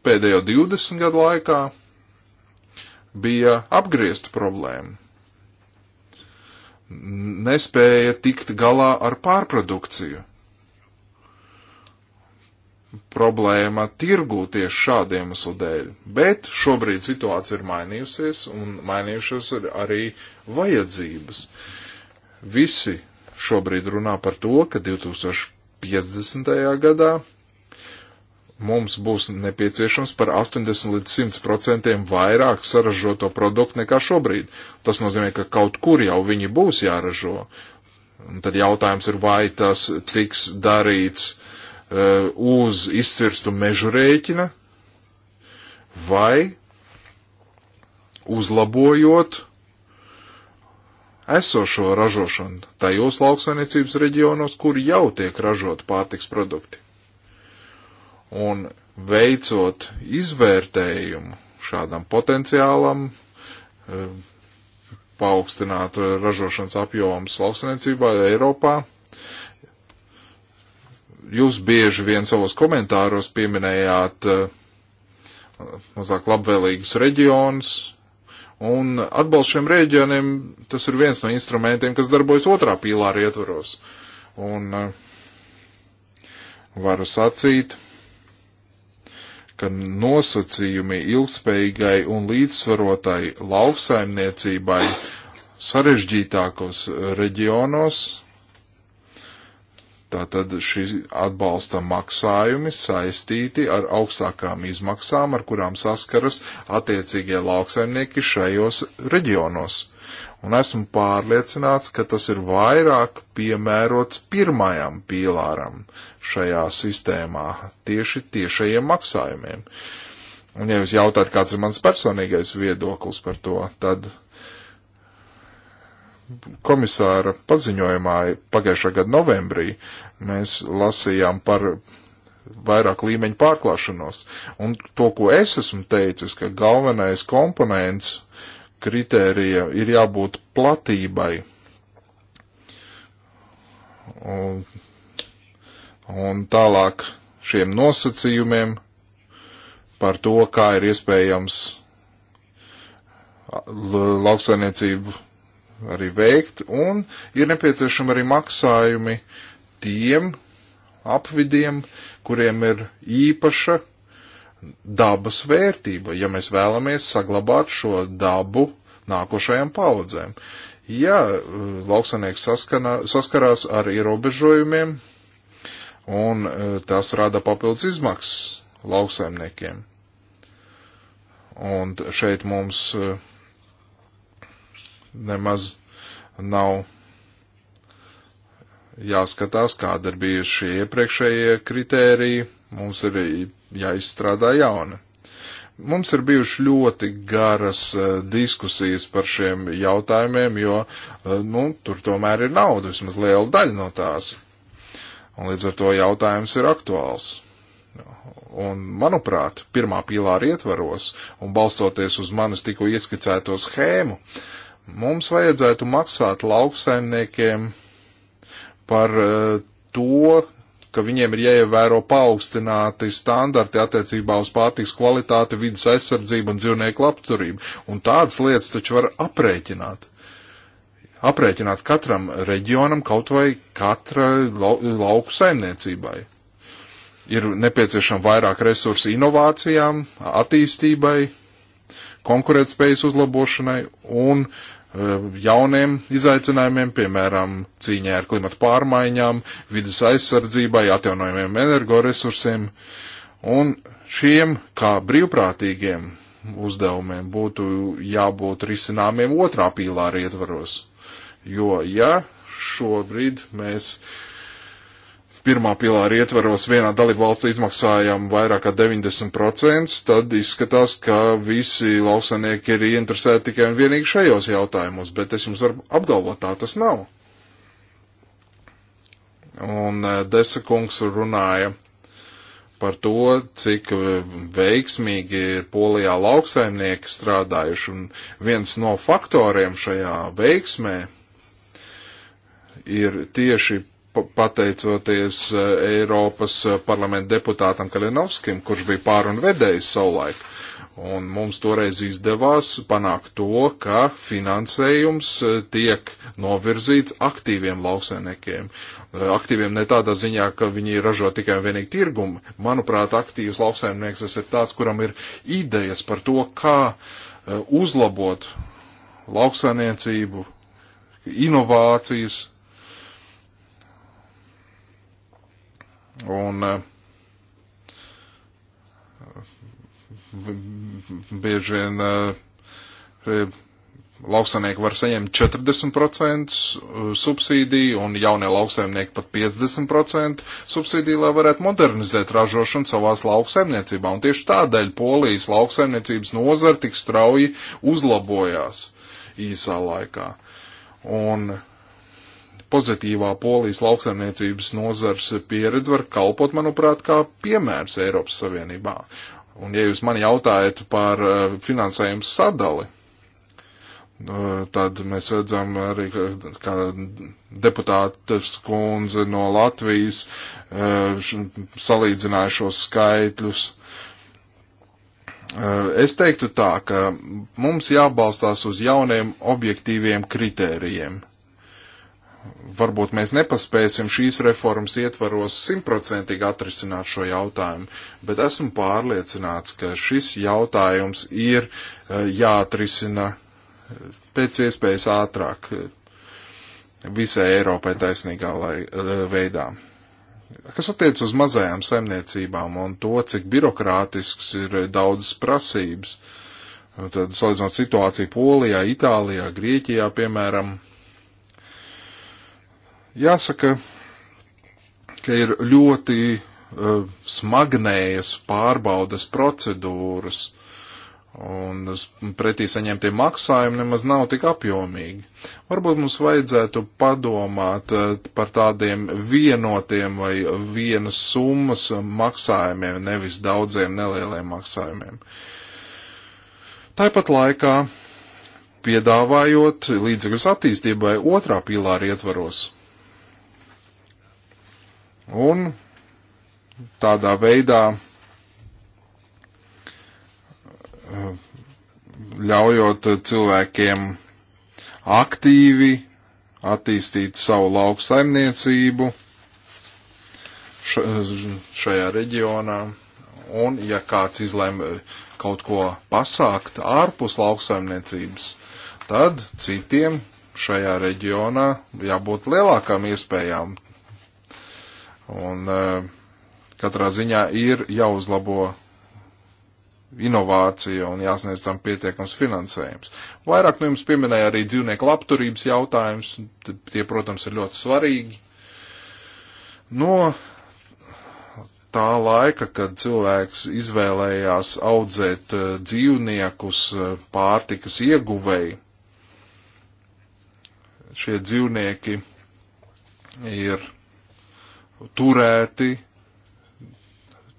pēdējo 20 gadu laikā bija apgriezta problēma. Nespēja tikt galā ar pārprodukciju. Problēma tirgū tieši šādiem uslu dēļ, bet šobrīd situācija ir mainījusies un mainījušas arī vajadzības. Visi šobrīd runā par to, ka 2050. gadā mums būs nepieciešams par 80 līdz 100 procentiem vairāk saražoto produktu nekā šobrīd. Tas nozīmē, ka kaut kur jau viņi būs jāražo. Un tad jautājums ir, vai tas tiks darīts uh, uz izcirstu mežu rēķina vai uzlabojot uh, esošo ražošanu tajos lauksainiecības reģionos, kur jau tiek ražot pārtiks produkti. Un veicot izvērtējumu šādam potenciālam, e, paaugstināt ražošanas apjomus lauksainiecībā Eiropā. Jūs bieži vien savos komentāros pieminējāt e, mazāk labvēlīgus reģionus, Un atbalsts šiem reģioniem, tas ir viens no instrumentiem, kas darbojas otrā pīlāra ietvaros. Un eh, varu sacīt, ka nosacījumi ilgspējīgai un līdzsvarotai lauksaimniecībai sarežģītākos reģionos Tātad šī atbalsta maksājumi saistīti ar augstākām izmaksām, ar kurām saskaras attiecīgie lauksaimnieki šajos reģionos. Un esmu pārliecināts, ka tas ir vairāk piemērots pirmajam pīlāram šajā sistēmā, tieši tiešajiem maksājumiem. Un ja jūs jautājat, kāds ir mans personīgais viedoklis par to, tad komisāra paziņojumā pagājušā gada novembrī mēs lasījām par vairāk līmeņu pārklāšanos. Un to, ko es esmu teicis, ka galvenais komponents kritērija ir jābūt platībai. Un, un tālāk šiem nosacījumiem par to, kā ir iespējams lauksainiecību arī veikt, un ir nepieciešami arī maksājumi tiem apvidiem, kuriem ir īpaša dabas vērtība, ja mēs vēlamies saglabāt šo dabu nākošajām paudzēm. Ja eh, lauksanieks saskana, saskarās ar ierobežojumiem, un eh, tas rada papildus izmaksas lauksaimniekiem. Un šeit mums uh, nemaz nav jāskatās, kāda ir bijuši iepriekšējie kritēriji, mums ir jāizstrādā jauna. Mums ir bijuši ļoti garas uh, diskusijas par šiem jautājumiem, jo, uh, nu, tur tomēr ir nauda, vismaz liela daļa no tās. Un līdz ar to jautājums ir aktuāls. Un, manuprāt, pirmā pīlāra ietvaros un balstoties uz manis tikko ieskicēto schēmu, uh, Mums vajadzētu maksāt lauksaimniekiem par eh, to, ka viņiem ir jāievēro paaugstināti standarti attiecībā uz pārtiks kvalitāti, vidas aizsardzību un dzīvnieku labturību. Un tādas lietas taču var aprēķināt. Aprēķināt katram reģionam kaut vai katrai lau, lauku saimniecībai. Ir nepieciešama vairāk resursu inovācijām, attīstībai, konkurētspējas uzlabošanai un e, jauniem izaicinājumiem, piemēram, cīņai ar klimatu pārmaiņām, vidas aizsardzībai, atjaunojumiem energoresursiem. Un šiem, kā brīvprātīgiem uzdevumiem, būtu jābūt risināmiem otrā pīlāra ietvaros. Jo, ja šobrīd mēs uh, pirmā pilāra ietvaros vienā dalību valstī izmaksājam vairāk kā 90%, tad izskatās, ka visi lauksanieki ir ieinteresēti tikai un vienīgi šajos jautājumos, bet es jums varu apgalvot, tā tas nav. Un eh, Desa kungs runāja par to, cik eh, veiksmīgi ir polijā lauksaimnieki strādājuši. Un viens no faktoriem šajā veiksmē ir tieši pateicoties e, Eiropas e, parlamenta deputātam Kalinovskim, kurš bija pārunu vedējs savulaik. Un mums toreiz izdevās panākt to, ka finansējums e, tiek novirzīts aktīviem lauksainiekiem. Aktīviem ne tādā ziņā, ka viņi ražo tikai un vienīgi tirgumu. Manuprāt, aktīvs lauksaimnieks tas ir tāds, kuram ir idejas par to, kā uzlabot lauksainiecību, inovācijas, Un eh, bieži vien eh, eh, lauksanieki var saņemt 40% subsīdiju un jaunie lauksaimnieki pat 50% subsīdiju, lai varētu modernizēt ražošanu savās lauksaimniecībā. Un tieši tādēļ Polijas lauksaimniecības nozara tik strauji uzlabojās īsā laikā. Un pozitīvā polijas lauksaimniecības nozars pieredze var kalpot, manuprāt, kā piemērs Eiropas Savienībā. Un ja jūs mani jautājat par eh, finansējumu sadali, eh, tad mēs redzam arī, kā deputātas kundze no Latvijas eh, salīdzināja šos skaitļus. Es teiktu tā, ka mums jābalstās uz jauniem objektīviem kritērijiem varbūt mēs nepaspēsim šīs reformas ietvaros simtprocentīgi atrisināt šo jautājumu, bet esmu pārliecināts, ka šis jautājums ir eh, jāatrisina eh, pēc iespējas ātrāk eh, visai Eiropai taisnīgā lai, veidā. Kas attiec uz mazajām saimniecībām un to, cik birokrātisks ir daudzas prasības, tad salīdzinot situāciju Polijā, Itālijā, Grieķijā, piemēram, Jāsaka, ka ir ļoti uh, eh, smagnējas pārbaudas procedūras, un pretī saņemtie maksājumi nemaz nav tik apjomīgi. Varbūt mums vajadzētu padomāt eh, par tādiem vienotiem vai vienas summas maksājumiem, nevis daudziem nelieliem maksājumiem. Tāpat laikā piedāvājot līdzekļus attīstībai otrā pīlāra ietvaros Un tādā veidā eh, ļaujot cilvēkiem aktīvi attīstīt savu lauksaimniecību šajā reģionā. Un, ja kāds izlēma kaut ko pasākt ārpus lauksaimniecības, tad citiem šajā reģionā jābūt lielākām iespējām Un e, katrā ziņā ir jāuzlabo inovācija un jāsniedz tam pietiekams finansējums. Vairāk no nu, jums pieminēja arī dzīvnieku labturības jautājums, tie, protams, ir ļoti svarīgi. No tā laika, kad cilvēks izvēlējās audzēt e, dzīvniekus e, pārtikas ieguvēji, šie dzīvnieki ir turēti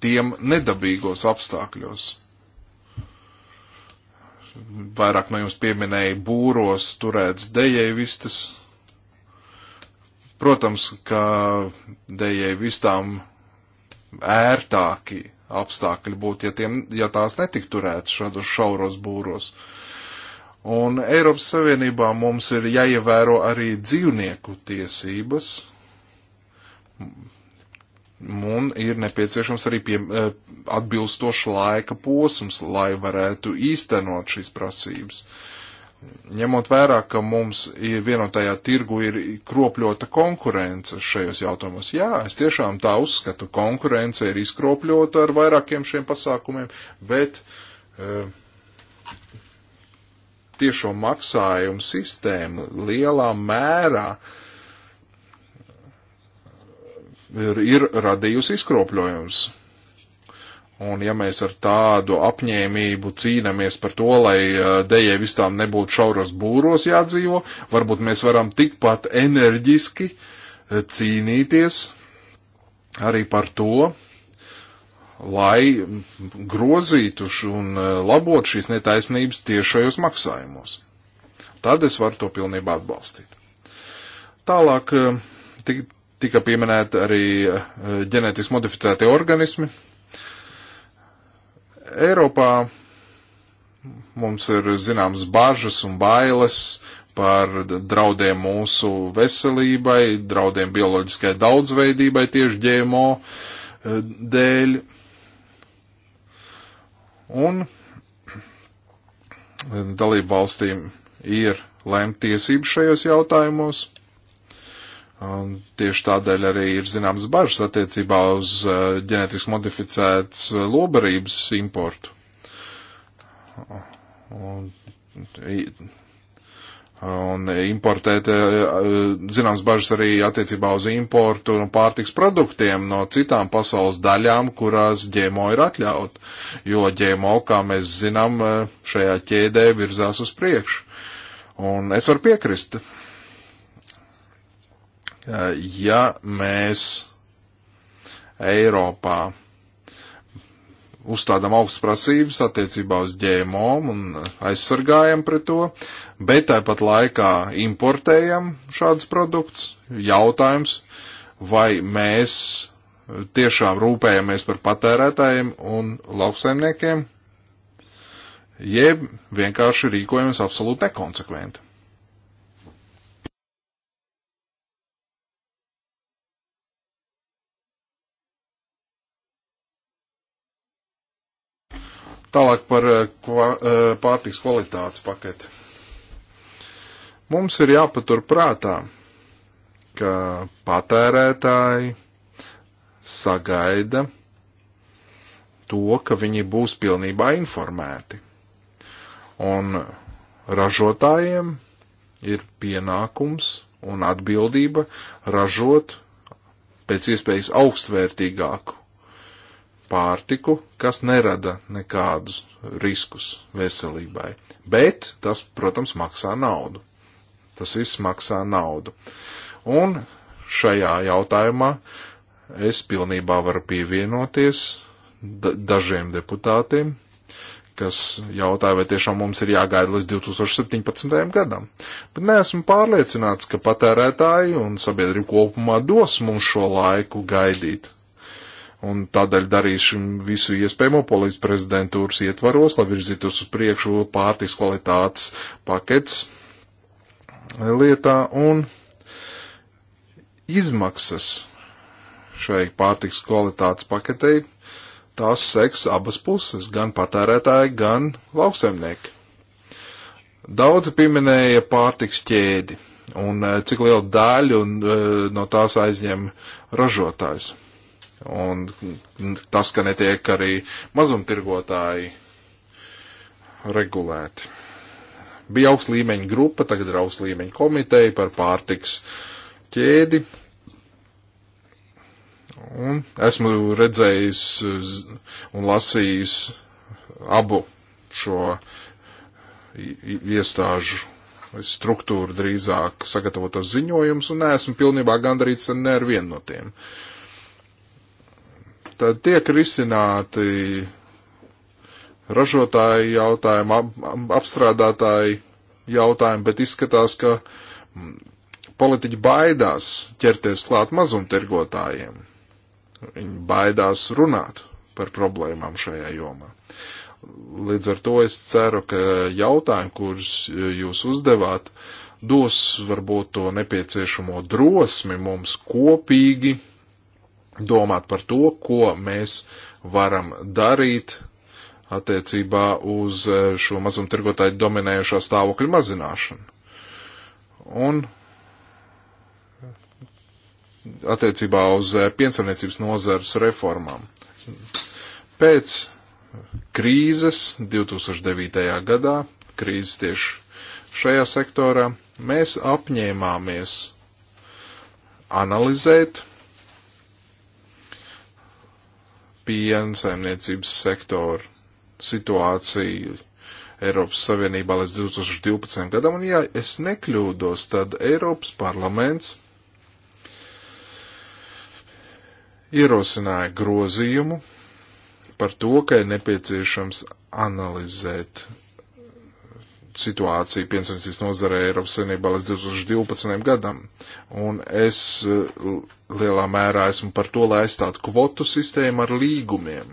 tiem nedabīgos apstākļos. Vairāk no jums pieminēja būros turēts dejēvistas. Protams, ka dejēvistām ērtāki apstākļi būtu, ja, tiem, ja tās netiktu turētas šādos šauros būros. Un Eiropas Savienībā mums ir jāievēro arī dzīvnieku tiesības, Un ir nepieciešams arī pie, e, atbilstoši laika posms, lai varētu īstenot šīs prasības. Ņemot vērā, ka mums ir vienotajā tirgu ir kropļota konkurence šajos jautājumos. Jā, es tiešām tā uzskatu, konkurence ir izkropļota ar vairākiem šiem pasākumiem, bet uh, tiešo maksājumu sistēma lielā mērā uh, ir, ir radījusi izkropļojums. Un ja mēs ar tādu apņēmību cīnāmies par to, lai dejai vistām nebūtu šauros būros jādzīvo, varbūt mēs varam tikpat enerģiski cīnīties arī par to, lai grozītu un labotu šīs netaisnības tiešajos maksājumos. Tad es varu to pilnībā atbalstīt. Tālāk tik, Tika pieminēta arī eh, ģenētiski modificēti organismi. Eiropā mums ir zināmas bažas un bailes par draudiem mūsu veselībai, draudiem bioloģiskai daudzveidībai tieši GMO eh, dēļ. Un dalību valstīm ir lēmt tiesības šajos jautājumos. Un tieši tādēļ arī ir zināmas bažas attiecībā uz uh, ģenetiski modificētas uh, lobarības importu. Un, un importēt, uh, zināms, bažas arī attiecībā uz importu un pārtiks produktiem no citām pasaules daļām, kurās ģēmo ir atļaut. Jo ģēmo, kā mēs zinām, šajā ķēdē virzās uz priekšu. Un es varu piekrist ja mēs Eiropā uzstādām augstas prasības attiecībā uz ģēmo un aizsargājam pret to, bet tāpat laikā importējam šādus produktus. Jautājums, vai mēs tiešām rūpējamies par patērētājiem un lauksaimniekiem, jeb vienkārši rīkojamies absolūti nekonsekventi. Tālāk par eh, kva, eh, pārtiks kvalitātes paketi. Mums ir jāpatur prātā, ka patērētāji sagaida to, ka viņi būs pilnībā informēti. Un ražotājiem ir pienākums un atbildība ražot pēc iespējas augstvērtīgāku pārtiku, kas nerada nekādus riskus veselībai. Bet tas, protams, maksā naudu. Tas viss maksā naudu. Un šajā jautājumā es pilnībā varu pievienoties dažiem deputātiem, kas jautāja, vai tiešām mums ir jāgaida līdz 2017. gadam. Bet neesmu pārliecināts, ka patērētāji un sabiedrība kopumā dos mums šo laiku gaidīt. Un tādēļ darīsim visu iespējamo polijas prezidentūras ietvaros, lai virzītos uz priekšu pārtiks kvalitātes pakets lietā un izmaksas šai pārtiks kvalitātes paketei. Tās seks abas puses, gan patērētāji, gan lauksaimnieki. Daudzi pieminēja pārtiks ķēdi un eh, cik lielu daļu eh, no tās aizņem ražotājs Un tas, ka netiek arī mazumtirgotāji regulēti. Bija augsts līmeņa grupa, tagad ir augsts līmeņa komiteja par pārtiks ķēdi. Un esmu redzējis un lasījis abu šo iestāžu struktūru drīzāk sagatavotos ziņojumus, un neesmu pilnībā gandarīts ne ar vienu no tiem. Uh, Tad tiek risināti ražotāji jautājumi, ap, apstrādātāji jautājumi, bet izskatās, ka mm, politiķi baidās ķerties klāt mazumtirgotājiem. Viņi baidās runāt par problēmām šajā jomā. Līdz ar to es ceru, ka jautājumi, kurus jūs uzdevāt, dos varbūt to nepieciešamo drosmi mums kopīgi domāt par to, ko mēs varam darīt attiecībā uz eh, šo mazumtirgotāju dominējošā stāvokļa mazināšanu. Un attiecībā uz eh, piensaimniecības nozares reformām. Pēc krīzes 2009. gadā, krīzes tieši šajā sektorā, mēs apņēmāmies analizēt piensaimniecības sektoru situāciju Eiropas Savienībā līdz 2012. gadam, un ja es nekļūdos, tad Eiropas parlaments ierosināja grozījumu par to, ka ir nepieciešams analizēt situāciju piensaimniecības nozarē Eiropas Savienībā līdz 2012. gadam. Un es eh, lielā mērā esmu par to, lai aizstātu kvotu sistēmu ar līgumiem.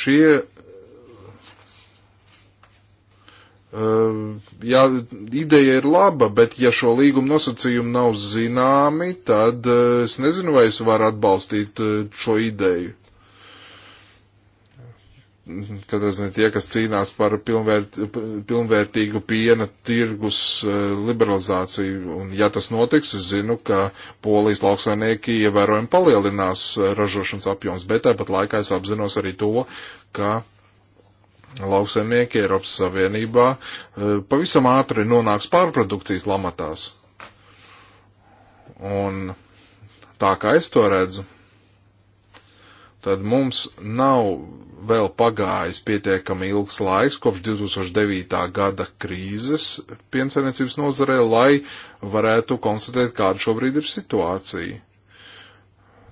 Šie eh, Jā, ideja ir laba, bet ja šo līgumu nosacījumu nav zināmi, tad eh, es nezinu, vai es varu atbalstīt šo ideju katrā ziņā tie, kas cīnās par pilnvērt, pilnvērtīgu piena tirgus eh, liberalizāciju. Un ja tas notiks, es zinu, ka polijas lauksainieki ievērojami palielinās eh, ražošanas apjoms, bet tāpat laikā es apzinos arī to, ka lauksainieki Eiropas Savienībā eh, pavisam ātri nonāks pārprodukcijas lamatās. Un tā kā es to redzu, tad mums nav vēl pagājis pietiekami ilgs laiks kopš 2009. gada krīzes piensainiecības nozarē, lai varētu konstatēt, kāda šobrīd ir situācija.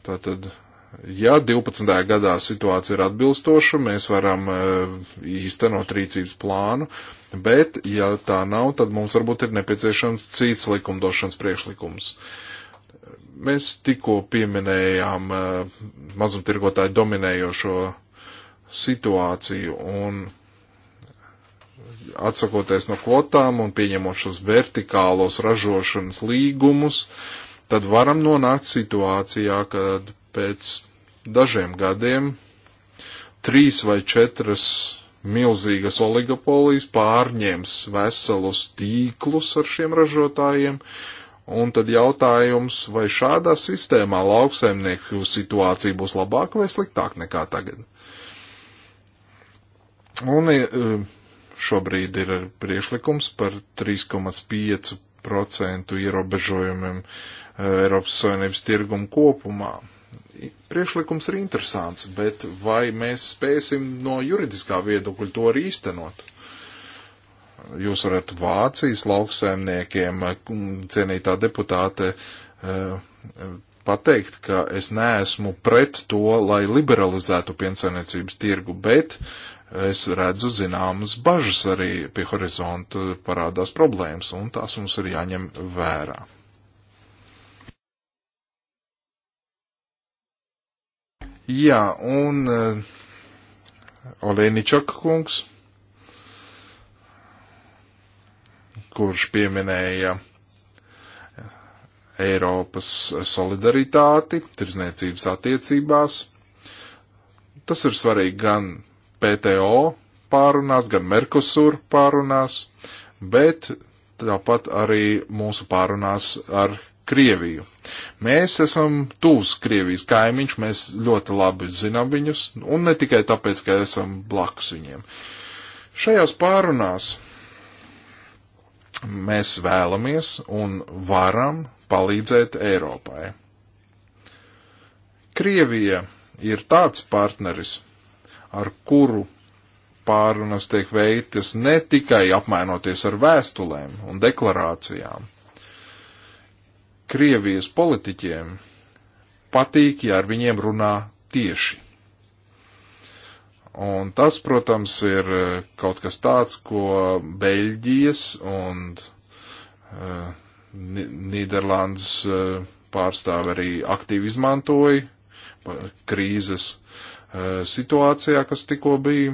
Tātad, ja 12. gadā situācija ir atbilstoša, mēs varam e, īstenot rīcības plānu, bet, ja tā nav, tad mums varbūt ir nepieciešams cits likumdošanas priekšlikums mēs tikko pieminējām e, mazumtirgotāju dominējošo situāciju un atsakoties no kvotām un pieņemot šos vertikālos ražošanas līgumus, tad varam nonākt situācijā, kad pēc dažiem gadiem trīs vai četras milzīgas oligopolijas pārņems veselus tīklus ar šiem ražotājiem, un tad jautājums, vai šādā sistēmā lauksaimnieku situācija būs labāka vai sliktāka nekā tagad. Un e, šobrīd ir priešlikums par 3,5% ierobežojumiem e, Eiropas Savienības tirgumu kopumā. Priekšlikums ir interesants, bet vai mēs spēsim no juridiskā viedokļa to arī īstenot? Jūs varat Vācijas lauksēmniekiem, cienītā deputāte, e, pateikt, ka es neesmu pret to, lai liberalizētu piensaimniecības tirgu, bet uh, es redzu zināmas bažas arī pie horizonta parādās problēmas, un tās mums ir jāņem vērā. Jā, un uh, eh, Olēničak kungs, kurš pieminēja Eiropas solidaritāti tirzniecības attiecībās. Tas ir svarīgi gan PTO pārunās, gan Merkusur pārunās, bet tāpat arī mūsu pārunās ar Krieviju. Mēs esam tūs Krievijas kaimiņš, mēs ļoti labi zinām viņus, un ne tikai tāpēc, ka esam blakus viņiem. Šajās pārunās mēs vēlamies un varam palīdzēt Eiropai. Krievija ir tāds partneris, ar kuru pārunas tiek veiktas ne tikai apmainoties ar vēstulēm un deklarācijām. Krievijas politiķiem patīk, ja ar viņiem runā tieši. Un tas, protams, ir eh, kaut kas tāds, ko Beļģijas un uh, Nīderlandes uh, pārstāvi arī aktīvi izmantoja krīzes Eh, situācijā, kas tikko bija,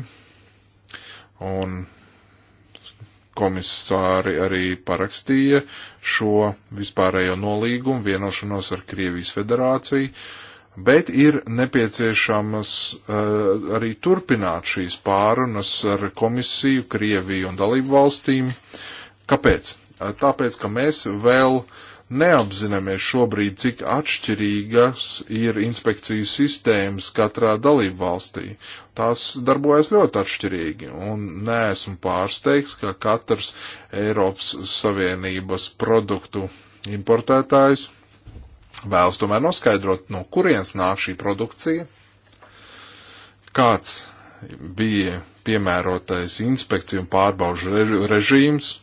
un komisāri arī parakstīja šo vispārējo nolīgumu vienošanos ar Krievijas federāciju, bet ir nepieciešamas uh, arī turpināt šīs pārunas ar komisiju, Krieviju un dalību valstīm. Kāpēc? Eh, tāpēc, ka mēs vēl neapzināmies šobrīd, cik atšķirīgas ir inspekcijas sistēmas katrā dalību valstī. Tās darbojas ļoti atšķirīgi, un neesmu pārsteigts, ka katrs Eiropas Savienības produktu importētājs vēlas tomēr noskaidrot, no kurienes nāk šī produkcija, kāds bija piemērotais inspekciju un pārbaužu režīms,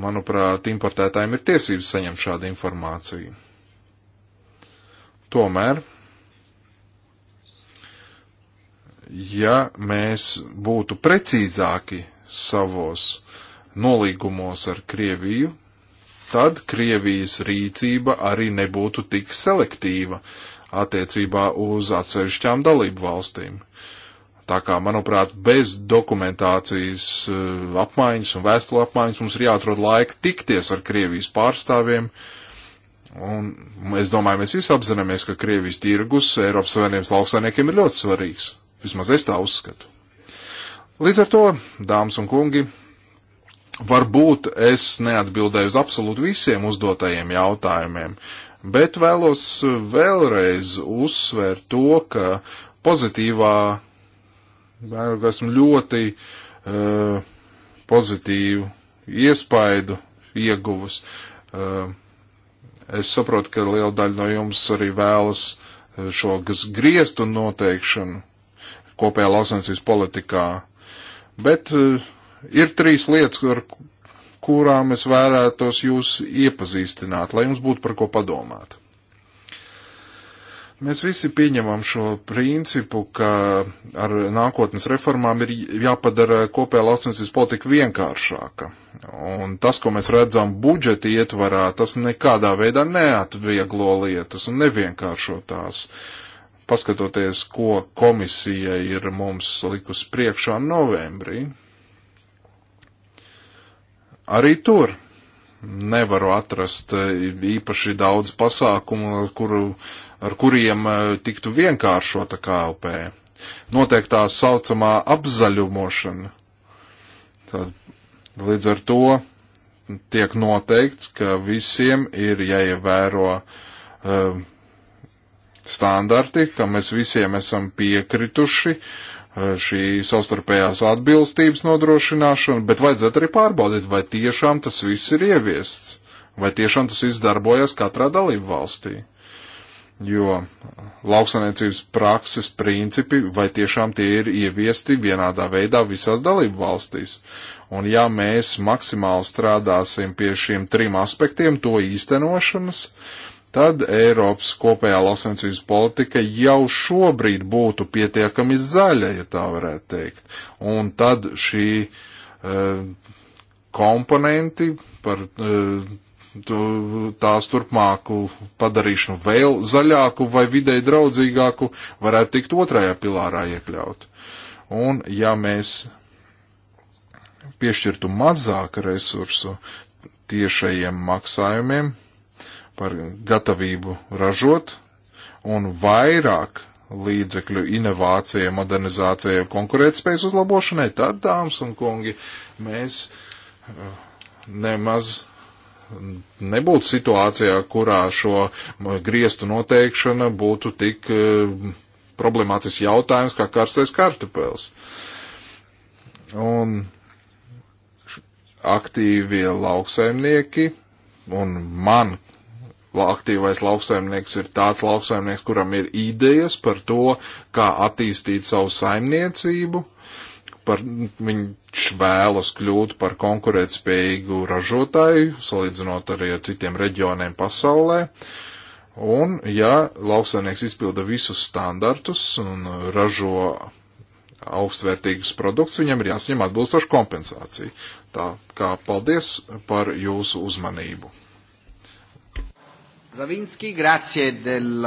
Manuprāt, importētājiem ir tiesības saņemt šādu informāciju. Tomēr, ja mēs būtu precīzāki savos nolīgumos ar Krieviju, tad Krievijas rīcība arī nebūtu tik selektīva attiecībā uz atsevišķām dalību valstīm. Uh, Tā kā, manuprāt, bez dokumentācijas eh, apmaiņas un vēstule apmaiņas mums ir jāatrod laika tikties ar Krievijas pārstāvjiem. Un es domāju, mēs visi apzināmies, ka Krievijas tirgus Eiropas Savienības lauksainiekiem ir ļoti svarīgs. Vismaz es tā uzskatu. Līdz ar to, dāmas un kungi, varbūt es neatbildēju uz absolūti visiem uzdotajiem jautājumiem, bet vēlos eh, vēlreiz uzsvērt to, ka pozitīvā esmu ļoti uh, pozitīvu iespaidu ieguvusi. Uh, eh, es saprotu, ka liela daļa no jums arī vēlas eh, šo griestu noteikšanu kopējā lausansības politikā. Bet uh, ir trīs lietas, ar kurām es vērētos jūs iepazīstināt, lai jums būtu par ko padomāt. Mēs visi pieņemam šo principu, ka ar nākotnes reformām ir jāpadara kopējā lauksnesības politika vienkāršāka. Un tas, ko mēs redzam budžeta ietvarā, tas nekādā veidā neatvieglo lietas un nevienkāršo tās. Paskatoties, ko komisija ir mums likus priekšā novembrī, arī tur nevaru atrast e, īpaši daudz pasākumu, ar, kuru, ar kuriem e, tiktu vienkāršota KLP. Noteikti tā saucamā apzaļumošana. Tad, līdz ar to tiek noteikts, ka visiem ir jāievēro uh, standarti, ka mēs visiem esam piekrituši, uh, šī savstarpējās atbilstības nodrošināšana, bet vajadzētu arī pārbaudīt, vai tiešām tas viss ir ieviests, vai tiešām tas viss darbojas katrā dalību valstī. Jo lauksaniecības prakses principi, vai tiešām tie ir ieviesti vienādā veidā visās dalību valstīs. Un ja mēs maksimāli strādāsim pie šiem trim aspektiem to īstenošanas, uh, tad Eiropas kopējā lauksaimniecības politika jau šobrīd būtu pietiekami zaļa, ja tā varētu teikt. Un tad šī uh, komponenti par uh, tās turpmāku padarīšanu vēl zaļāku vai videi draudzīgāku varētu tikt otrajā pilārā iekļaut. Un ja mēs piešķirtu mazāk resursu tiešajiem maksājumiem, par gatavību ražot un vairāk līdzekļu inovācijai, modernizācijai un konkurētspējas uzlabošanai, tad, dāmas un kungi, mēs eh, nemaz nebūtu situācijā, kurā šo griestu noteikšana būtu tik eh, problemātisks jautājums kā karstais kartupēls. Un aktīvie lauksaimnieki un man aktīvais lauksaimnieks ir tāds lauksaimnieks, kuram ir idejas par to, kā attīstīt savu saimniecību, par, viņš vēlas kļūt par konkurētspējīgu ražotāju, salīdzinot arī ar citiem reģioniem pasaulē. Un, ja lauksaimnieks izpilda visus standartus un ražo augstvērtīgus produktus, viņam ir jāsaņem atbilstoša kompensācija. Tā kā paldies par jūsu uzmanību. Zavinski, grazie del.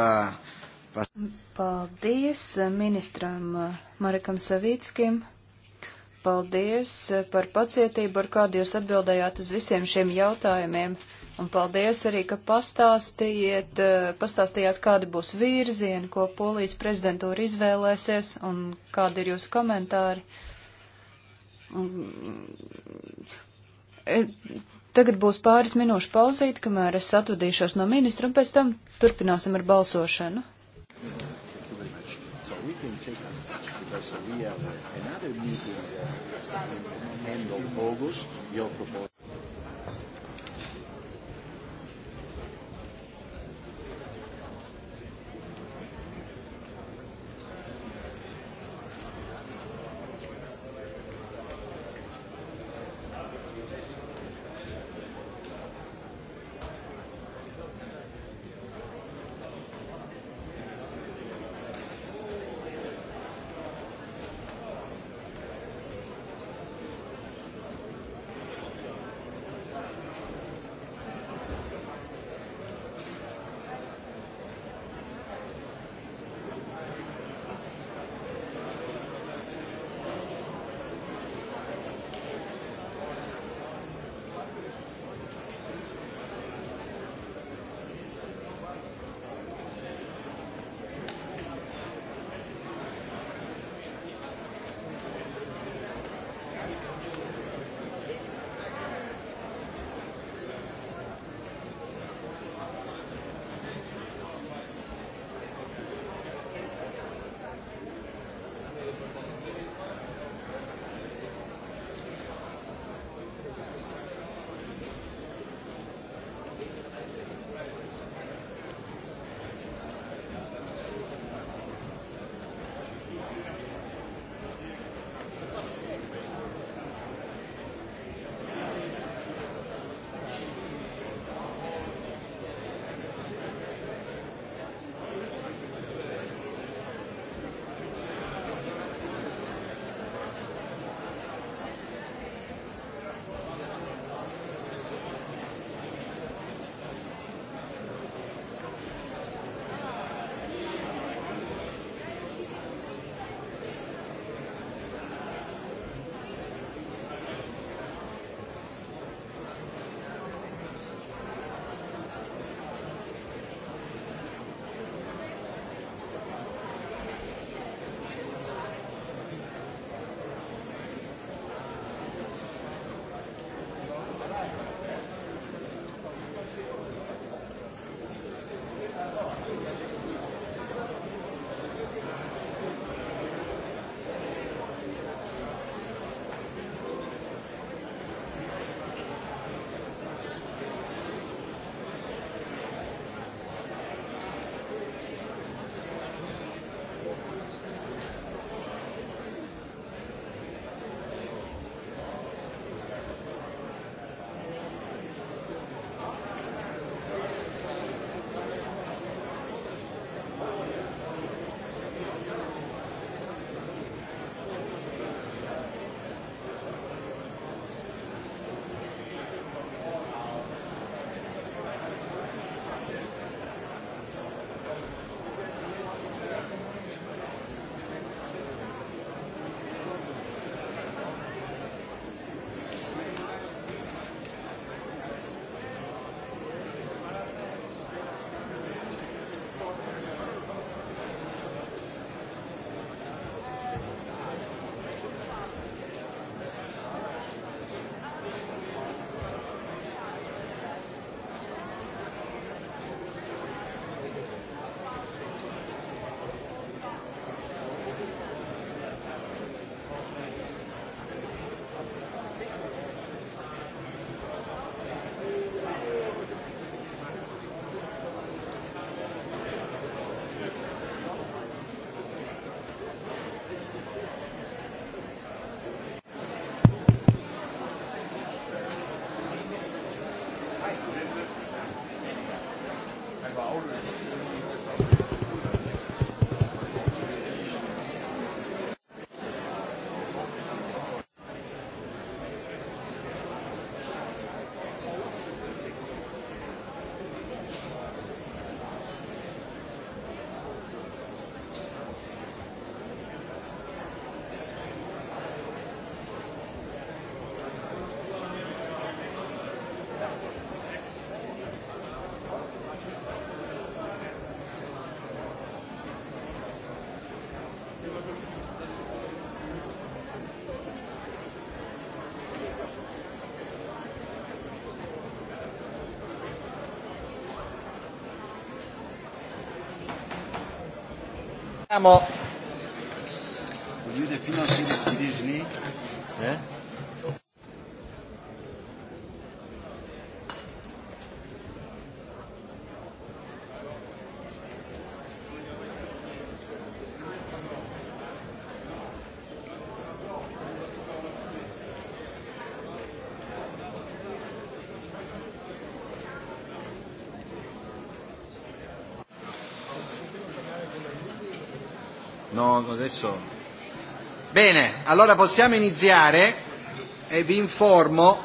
Paldies eh, ministram eh, Marekam Savickim. Paldies eh, par pacietību, ar kādu jūs atbildējāt uz visiem šiem jautājumiem. Un paldies arī, ka pastāstījiet, pastāstījāt, kādi būs virzieni, ko polijas prezidentūra izvēlēsies un kādi ir jūsu komentāri. Tagad būs pāris minūšu pauzīt, kamēr es atvadīšos no ministra, un pēc tam turpināsim ar balsošanu. So uh, August, your proposal. Siamo No, adesso. Bene, allora possiamo iniziare e vi informo.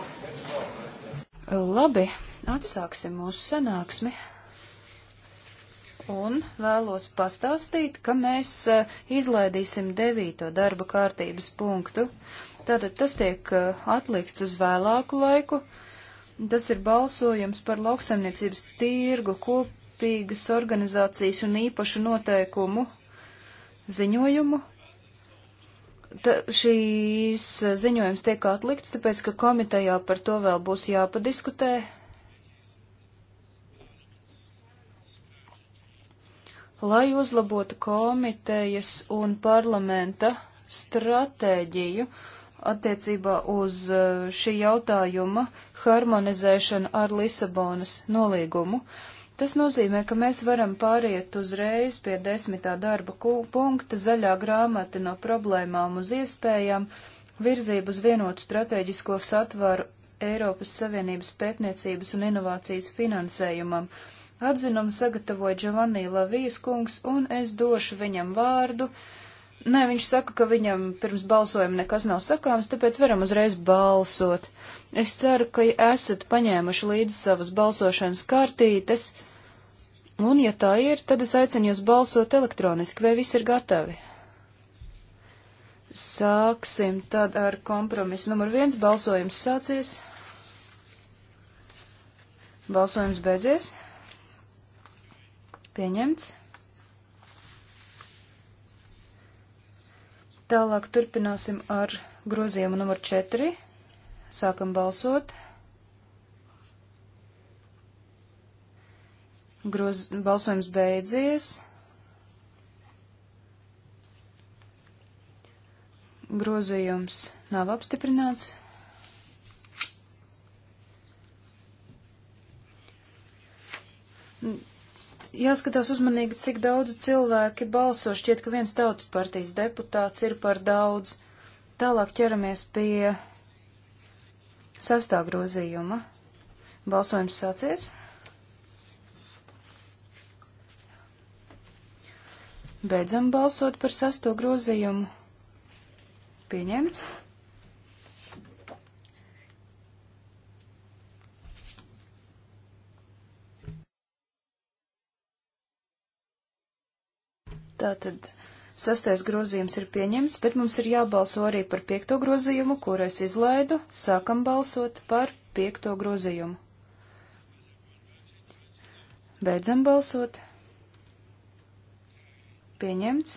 Labi, atsāksim mūsu sanāksmi. Un vēlos pastāstīt, ka mēs eh, izlaidīsim devīto darba kārtības punktu. Tātad tas tiek eh, atlikts uz vēlāku laiku. Tas ir balsojums par lauksaimniecības tirgu kopīgas organizācijas un īpašu noteikumu ziņojumu. Ta, šīs ziņojums tiek atlikts, tāpēc, ka komitejā par to vēl būs jāpadiskutē. Lai uzlabotu komitejas un parlamenta stratēģiju attiecībā uz eh, šī jautājuma harmonizēšanu ar Lisabonas nolīgumu, uh, Tas nozīmē, ka mēs varam pāriet uzreiz pie desmitā darba punkta zaļā grāmata no problēmām uz iespējām, virzību uz vienotu strateģisko satvaru Eiropas Savienības pētniecības un inovācijas finansējumam. Atzinumu sagatavoja Giovanni Lavijas kungs, un es došu viņam vārdu. Nē, viņš saka, ka viņam pirms balsojuma nekas nav sakāms, tāpēc varam uzreiz balsot. Es ceru, ka esat paņēmuši līdzi savas balsošanas kartītes. Un, ja tā ir, tad es aicinu jūs balsot elektroniski, vai viss ir gatavi. Sāksim tad ar kompromisu. Numur viens balsojums sācies. Balsojums beidzies. Pieņemts. Tālāk turpināsim ar grozījumu numur 4. Sākam balsot. Groz, balsojums beidzies. Grozījums nav apstiprināts. Jāskatās uzmanīgi, cik daudz cilvēki balso. Šķiet, ka viens tautas partijas deputāts ir par daudz. Tālāk ķeramies pie sastā grozījuma. Balsojums sācies. Beidzam balsot par sesto grozījumu. Pieņemts. Tātad sastais grozījums ir pieņemts, bet mums ir jābalso arī par piekto grozījumu, kur es izlaidu. Sākam balsot par piekto grozījumu. Beidzam balsot. Pieņemts.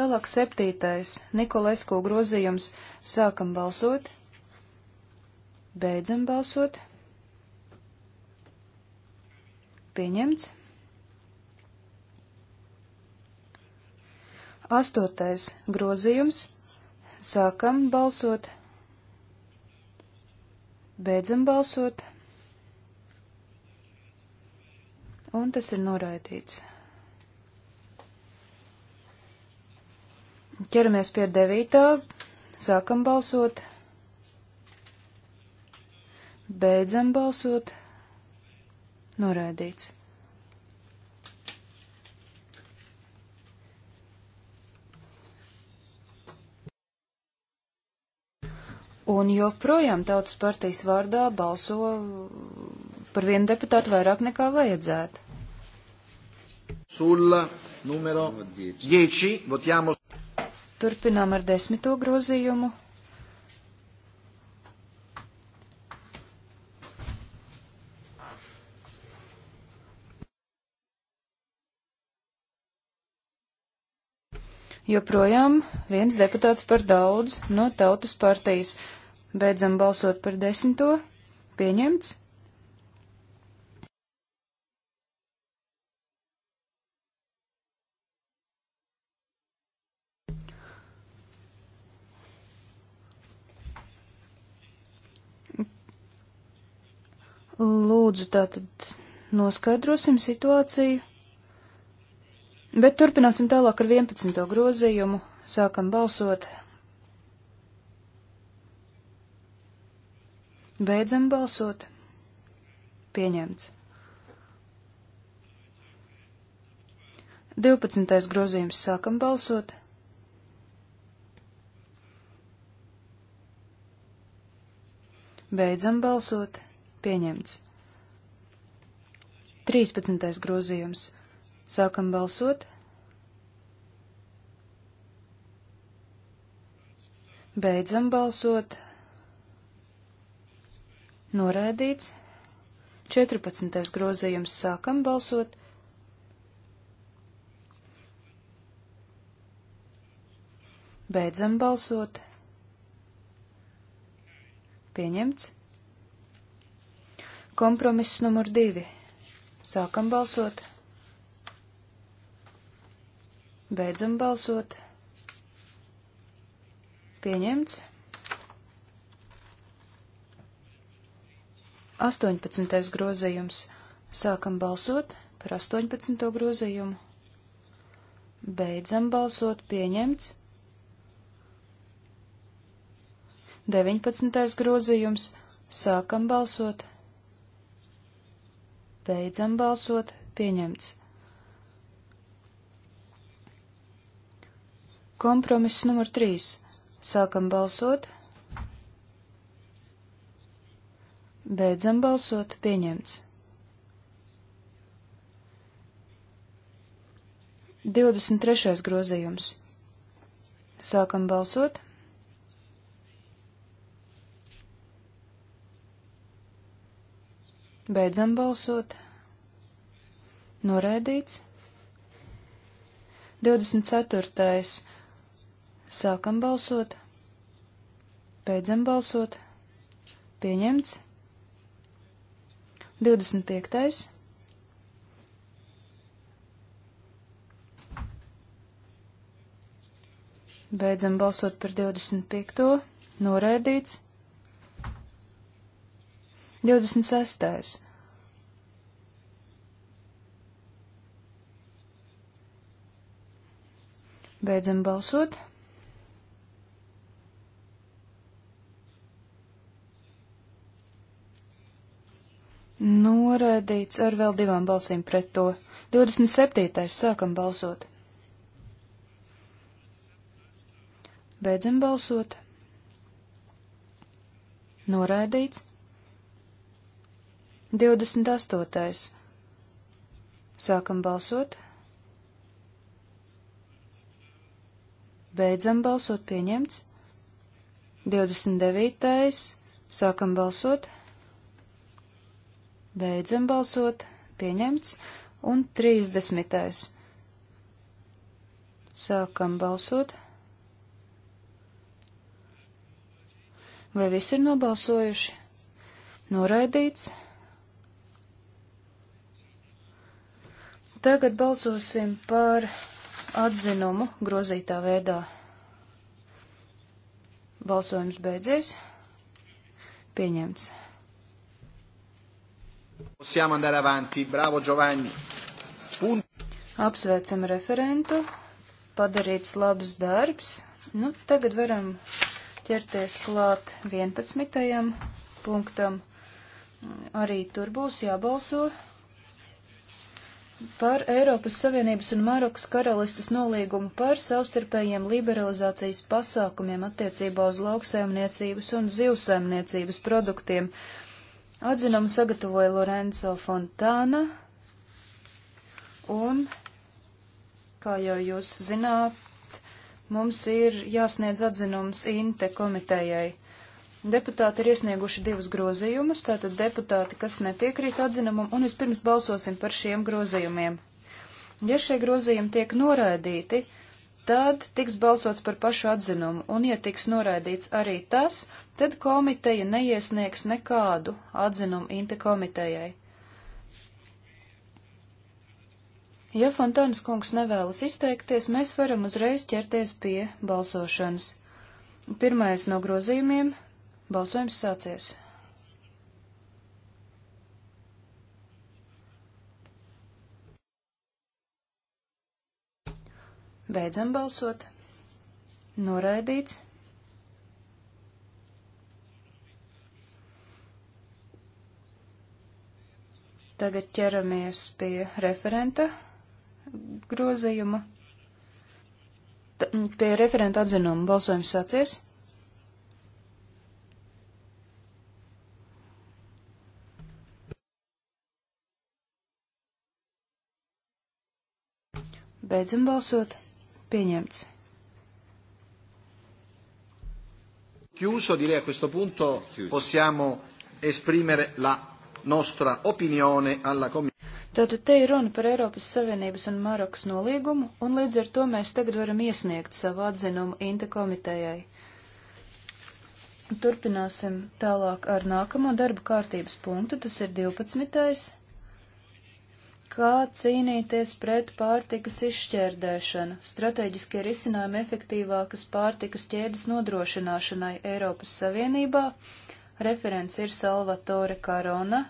Tālāk septītais Nikolaisko grozījums. Sākam balsot. Beidzam balsot. Pieņemts. Astotais grozījums. Sākam balsot. Beidzam balsot. un tas ir noraidīts. Ķeramies pie devītā, sākam balsot, beidzam balsot, noraidīts. Un joprojām tautas partijas vārdā balso par vienu deputātu vairāk nekā vajadzētu. Sulla numero 10, votiamo. Turpinām ar desmito grozījumu. Joprojām viens deputāts par daudz no tautas partijas. Beidzam balsot par desmito. Pieņemts. Lūdzu, tātad noskaidrosim situāciju. Bet turpināsim tālāk ar 11. grozījumu. Sākam balsot. Beidzam balsot. Pieņemts. 12. grozījums sākam balsot. Beidzam balsot. Pieņemts. 13. grozījums. Sākam balsot. Beidzam balsot. Noraidīts. 14. grozījums. Sākam balsot. Beidzam balsot. Pieņemts. Kompromiss numur divi. Sākam balsot. Beidzam balsot. Pieņemts. 18. grozījums. Sākam balsot par 18. grozījumu. Beidzam balsot pieņemts. 19. grozījums. Sākam balsot. Beidzam balsot. Pieņemts. Kompromiss numur 3. Sākam balsot. Beidzam balsot. Pieņemts. 23. grozījums. Sākam balsot. Beidzam balsot. Noraidīts. 24. Sākam balsot. Beidzam balsot. Pieņemts. 25. Beidzam balsot par 25. Noraidīts. 26. Beidzam balsot. Noraidīts ar vēl divām balsīm pret to. 27. sākam balsot. Beidzam balsot. Noraidīts. 28. Sākam balsot. Beidzam balsot pieņemts. 29. Sākam balsot. Beidzam balsot pieņemts. Un 30. Sākam balsot. Vai visi ir nobalsojuši? Noraidīts. Tagad balsosim par atzinumu grozītā veidā. Balsojums beidzies. Pieņemts. Possiamo andare avanti. Bravo Giovanni. Punt. Apsveicam referentu. Padarīts labs darbs. Nu, tagad varam ķerties klāt 11. punktam. Arī tur būs jābalso par Eiropas Savienības un Marokas karalistas nolīgumu par savstarpējiem liberalizācijas pasākumiem attiecībā uz lauksaimniecības un zivsaimniecības produktiem. Atzinumu sagatavoja Lorenzo Fontana un, kā jau jūs zināt, mums ir jāsniedz atzinums INTE komitejai. Deputāti ir iesnieguši divus grozījumus, tātad deputāti, kas nepiekrīt atzinumam, un vispirms balsosim par šiem grozījumiem. Ja šie grozījumi tiek noraidīti, tad tiks balsots par pašu atzinumu, un ja tiks noraidīts arī tas, tad komiteja neiesniegs nekādu atzinumu Inte komitejai. Ja Fontāns kungs nevēlas izteikties, mēs varam uzreiz ķerties pie balsošanas. Pirmais no grozījumiem Balsojums sācies. Beidzam balsot. Noraidīts. Tagad ķeramies pie referenta grozījuma. T pie referenta atzinuma balsojums sācies. Beidzam balsot. Pieņemts. Chiuso, direi a questo punto possiamo esprimere la nostra opinione alla Commissione. Tātad te ir runa par Eiropas Savienības un Marokas nolīgumu, un līdz ar to mēs tagad varam iesniegt savu atzinumu Inta komitejai. Turpināsim tālāk ar nākamo darba kārtības punktu, tas ir 12 kā cīnīties pret pārtikas izšķērdēšanu, strateģiskie risinājumi efektīvākas pārtikas ķēdes nodrošināšanai Eiropas Savienībā. Referents ir Salvatore Karona.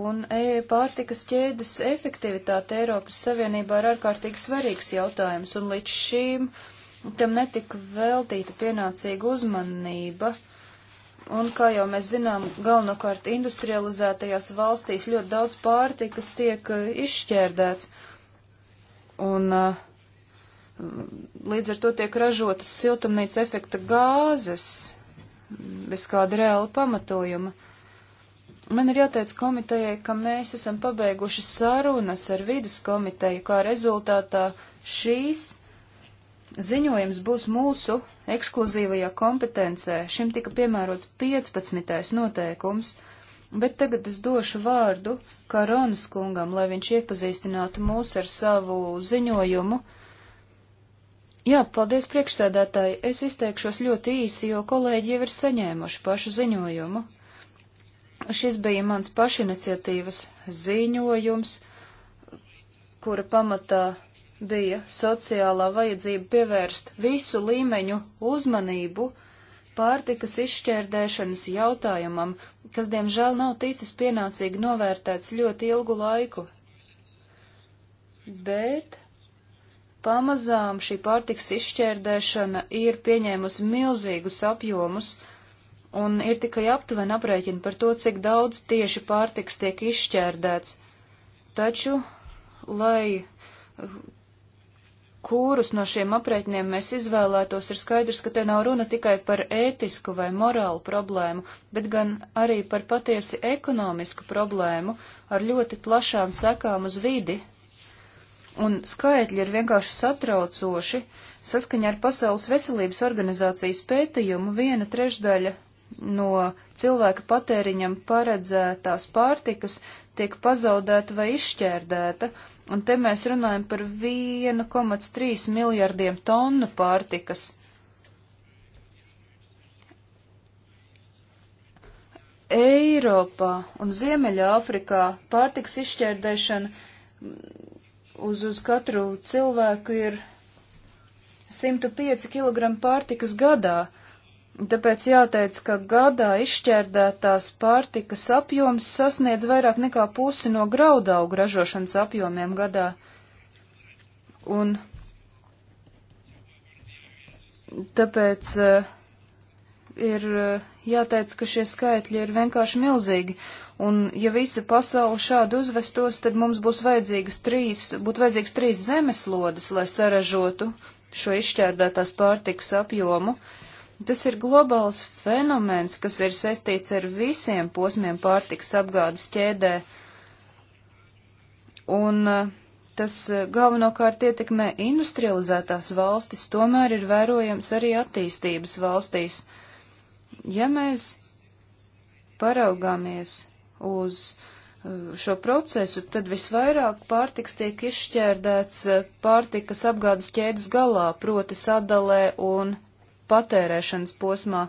Un e, pārtikas ķēdes efektivitāte Eiropas Savienībā ir ārkārtīgi svarīgs jautājums, un līdz šīm tam netika veltīta pienācīga uzmanība. Uh, Un, kā jau mēs zinām, galvenokārt industrializētajās valstīs ļoti daudz pārtikas tiek eh, izšķērdēts. Un eh, līdz ar to tiek ražotas siltumnīca efekta gāzes bez kāda reāla pamatojuma. Man ir jāteic komitejai, ka mēs esam pabeiguši sarunas ar vidas komiteju, kā rezultātā šīs ziņojums būs mūsu ekskluzīvajā kompetencē. Šim tika piemērots 15. noteikums, bet tagad es došu vārdu Karonas kungam, lai viņš iepazīstinātu mūs ar savu ziņojumu. Jā, paldies priekšsēdētāji, es izteikšos ļoti īsi, jo kolēģi jau ir saņēmuši pašu ziņojumu. Šis bija mans pašiniciatīvas ziņojums, kura pamatā bija sociālā vajadzība pievērst visu līmeņu uzmanību pārtikas izšķērdēšanas jautājumam, kas diemžēl nav ticis pienācīgi novērtēts ļoti ilgu laiku. Bet pamazām šī pārtikas izšķērdēšana ir pieņēmusi milzīgus apjomus, un ir tikai aptuveni aprēķini par to, cik daudz tieši pārtiks tiek izšķērdēts. Taču, lai kurus no šiem aprēķiniem mēs izvēlētos, ir skaidrs, ka te nav runa tikai par ētisku vai morālu problēmu, bet gan arī par patiesi ekonomisku problēmu ar ļoti plašām sekām uz vidi. Un skaitļi ir vienkārši satraucoši. Saskaņā ar Pasaules veselības organizācijas pētījumu viena trešdaļa no cilvēka patēriņam paredzētās pārtikas tiek pazaudēta vai izšķērdēta, Un te mēs runājam par 1,3 miljardiem tonu pārtikas. Eiropā un Ziemeļāfrikā pārtiks izšķērdēšana uz, uz katru cilvēku ir 105 kg pārtikas gadā. Tāpēc jāteic, ka gadā izšķērdētās pārtikas apjoms sasniedz vairāk nekā pusi no graudaugu ražošanas apjomiem gadā. Un tāpēc uh, ir uh, jāteic, ka šie skaitļi ir vienkārši milzīgi. Un ja visa pasaule šādi uzvestos, tad mums būs vajadzīgas trīs, būtu vajadzīgas trīs zemeslodes, lai saražotu šo izšķērdētās pārtikas apjomu. Uh, Tas ir globāls fenomens, kas ir saistīts ar visiem posmiem pārtiks apgādes ķēdē. Un eh, tas eh, galvenokārt ietekmē industrializētās valstis, tomēr ir vērojams arī attīstības valstīs. Ja mēs paraugāmies uz eh, šo procesu, tad visvairāk pārtiks tiek izšķērdēts pārtikas apgādes ķēdes galā, proti sadalē un patērēšanas posmā.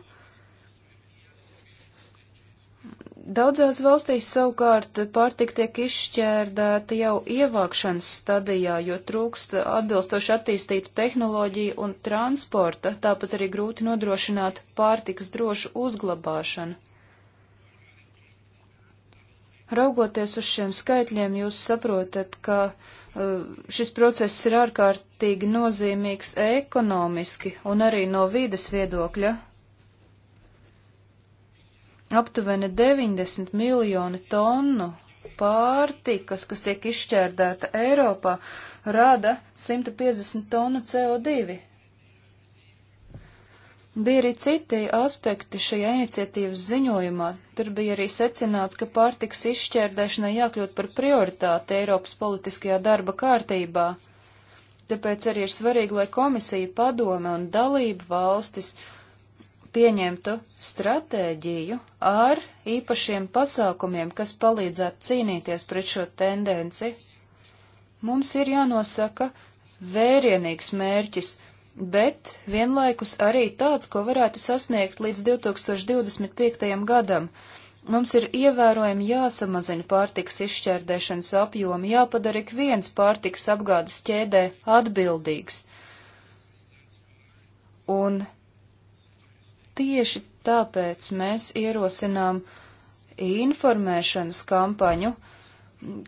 Daudzās valstīs savukārt pārtika tiek izšķērdēta jau ievākšanas stadijā, jo trūkst atbilstoši attīstītu tehnoloģiju un transporta, tāpat arī grūti nodrošināt pārtikas drošu uzglabāšanu. Raugoties uz šiem skaitļiem, jūs saprotat, ka uh, Eh, šis process ir ārkārtīgi nozīmīgs ekonomiski un arī no vīdes viedokļa. Aptuveni 90 miljoni tonu pārtikas, kas tiek izšķērdēta Eiropā, rada 150 tonu CO2. Bija arī citi aspekti šajā iniciatīvas ziņojumā. Tur bija arī secināts, ka pārtiks izšķērdēšanai jākļūt par prioritāti Eiropas politiskajā darba kārtībā. Tāpēc arī ir svarīgi, lai komisija, padome un dalību valstis pieņemtu stratēģiju ar īpašiem pasākumiem, kas palīdzētu cīnīties pret šo tendenci. Mums ir jānosaka vērienīgs mērķis bet vienlaikus arī tāds, ko varētu sasniegt līdz 2025. gadam. Mums ir ievērojami jāsamazina pārtikas izšķērdēšanas apjomi, jāpadara ik viens pārtikas apgādes ķēdē atbildīgs. Un tieši tāpēc mēs ierosinām informēšanas kampaņu,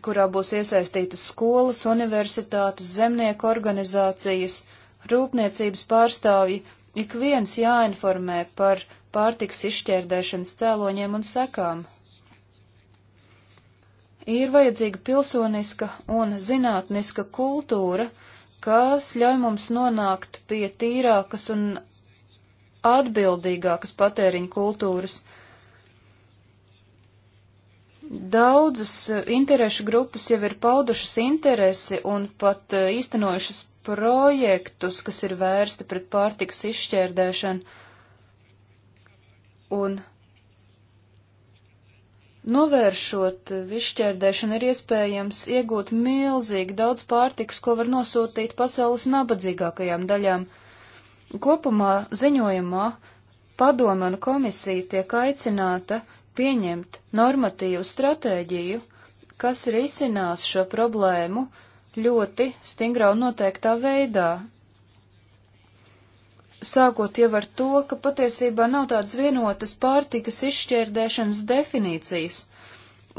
kurā būs iesaistītas skolas, universitātes, zemnieku organizācijas, uh, rūpniecības pārstāvji ik viens jāinformē par pārtiks izšķērdēšanas cēloņiem un sekām. Ir vajadzīga pilsoniska un zinātniska kultūra, kas ļauj mums nonākt pie tīrākas un atbildīgākas patēriņa kultūras. Daudzas eh, interešu grupas jau ir paudušas interesi un pat eh, īstenojušas projektus, kas ir vērsti pret pārtikas izšķērdēšanu. Un Novēršot višķērdēšanu eh, ir iespējams iegūt milzīgi daudz pārtikas, ko var nosūtīt pasaules nabadzīgākajām daļām. Kopumā ziņojumā padome un komisija tiek aicināta pieņemt normatīvu stratēģiju, kas risinās šo problēmu ļoti stingrā un noteiktā veidā. Sākot jau ar to, ka patiesībā nav tādas vienotas pārtikas izšķērdēšanas definīcijas,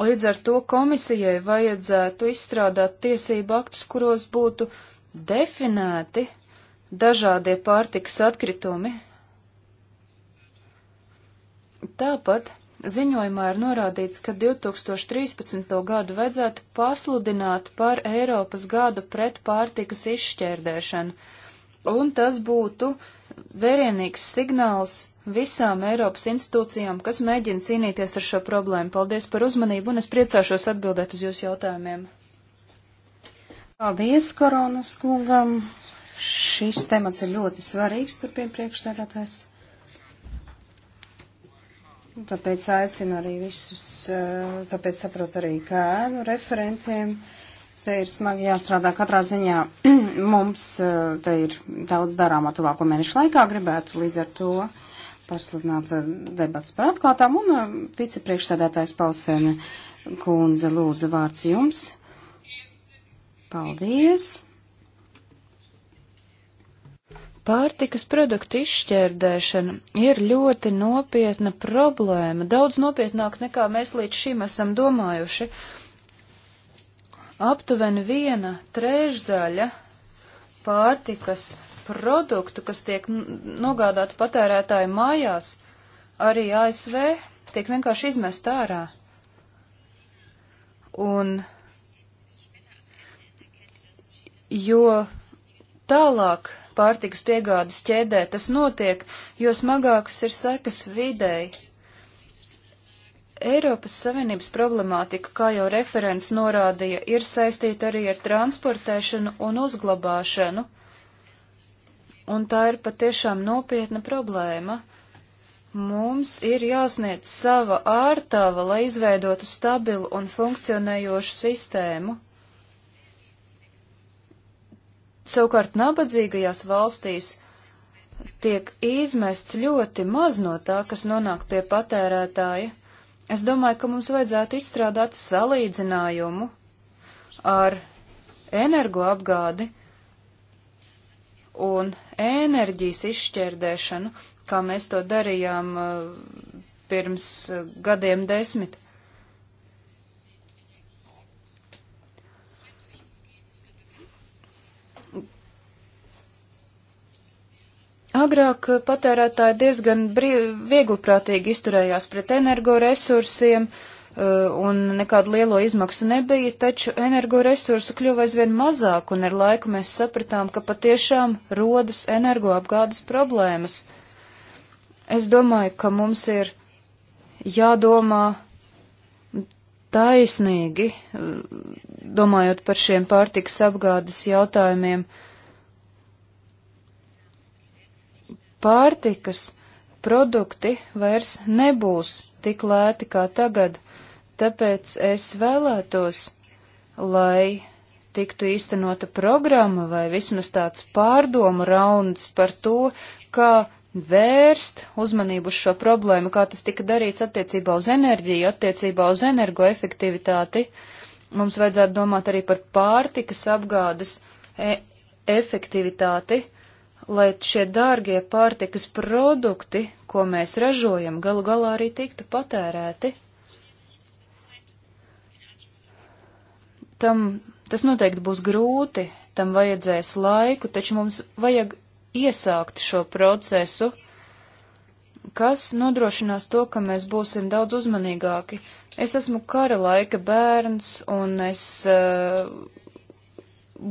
līdz ar to komisijai vajadzētu izstrādāt tiesību aktus, kuros būtu definēti dažādie pārtikas atkritumi. Tāpat Ziņojumā ir norādīts, ka 2013. gadu vajadzētu pasludināt par Eiropas gadu pret pārtikas izšķērdēšanu, un tas būtu vērienīgs signāls visām Eiropas institūcijām, kas mēģina cīnīties ar šo problēmu. Paldies par uzmanību, un es priecāšos atbildēt uz jūsu jautājumiem. Paldies, Koronas kungam! Šis temats ir ļoti svarīgs, turpina priekšsēdētājs. Tāpēc aicinu arī visus, eh, tāpēc saprotu arī kēnu referentiem. Te ir smagi jāstrādā katrā ziņā. Mums eh, te ir daudz darāmā tuvāko mēnešu laikā gribētu līdz ar to pasludināt eh, debats par atklātām un vicepriekšsēdētājs Palsēne kundze lūdzu vārds jums. Paldies! Pārtikas produktu izšķērdēšana ir ļoti nopietna problēma, daudz nopietnāk nekā mēs līdz šim esam domājuši. Aptuveni viena trešdaļa pārtikas produktu, kas tiek nogādāti patērētāju mājās, arī ASV tiek vienkārši izmest ārā. Un jo tālāk pārtikas piegādes ķēdē tas notiek, jo smagākas ir sekas videi. Eiropas Savienības problemātika, kā jau referents norādīja, ir saistīta arī ar transportēšanu un uzglabāšanu, un tā ir patiešām nopietna problēma. Mums ir jāsniedz sava ārtava, lai izveidotu stabilu un funkcionējošu sistēmu. Savukārt nabadzīgajās valstīs tiek izmests ļoti maz no tā, kas nonāk pie patērētāja. Es domāju, ka mums vajadzētu izstrādāt salīdzinājumu ar energoapgādi un enerģijas izšķērdēšanu, kā mēs to darījām eh, pirms eh, gadiem desmit. Agrāk patērētāji diezgan viegliprātīgi izturējās pret energoresursiem, eh, un nekādu lielo izmaksu nebija, taču energoresursu kļuva aizvien mazāk, un ar laiku mēs sapratām, ka patiešām rodas energoapgādes problēmas. Es domāju, ka mums ir jādomā taisnīgi, eh, domājot par šiem pārtikas apgādes jautājumiem. Uh, pārtikas produkti vairs nebūs tik lēti kā tagad, tāpēc es vēlētos, lai tiktu īstenota programma vai vismaz tāds pārdomu rauns par to, kā vērst uzmanību uz šo problēmu, kā tas tika darīts attiecībā uz enerģiju, attiecībā uz energoefektivitāti. Mums vajadzētu domāt arī par pārtikas apgādes e efektivitāti lai šie dārgie pārtikas produkti, ko mēs ražojam, galu galā arī tiktu patērēti. Tam tas noteikti būs grūti, tam vajadzēs laiku, taču mums vajag iesākt šo procesu, kas nodrošinās to, ka mēs būsim daudz uzmanīgāki. Es esmu kara laika bērns, un es uh,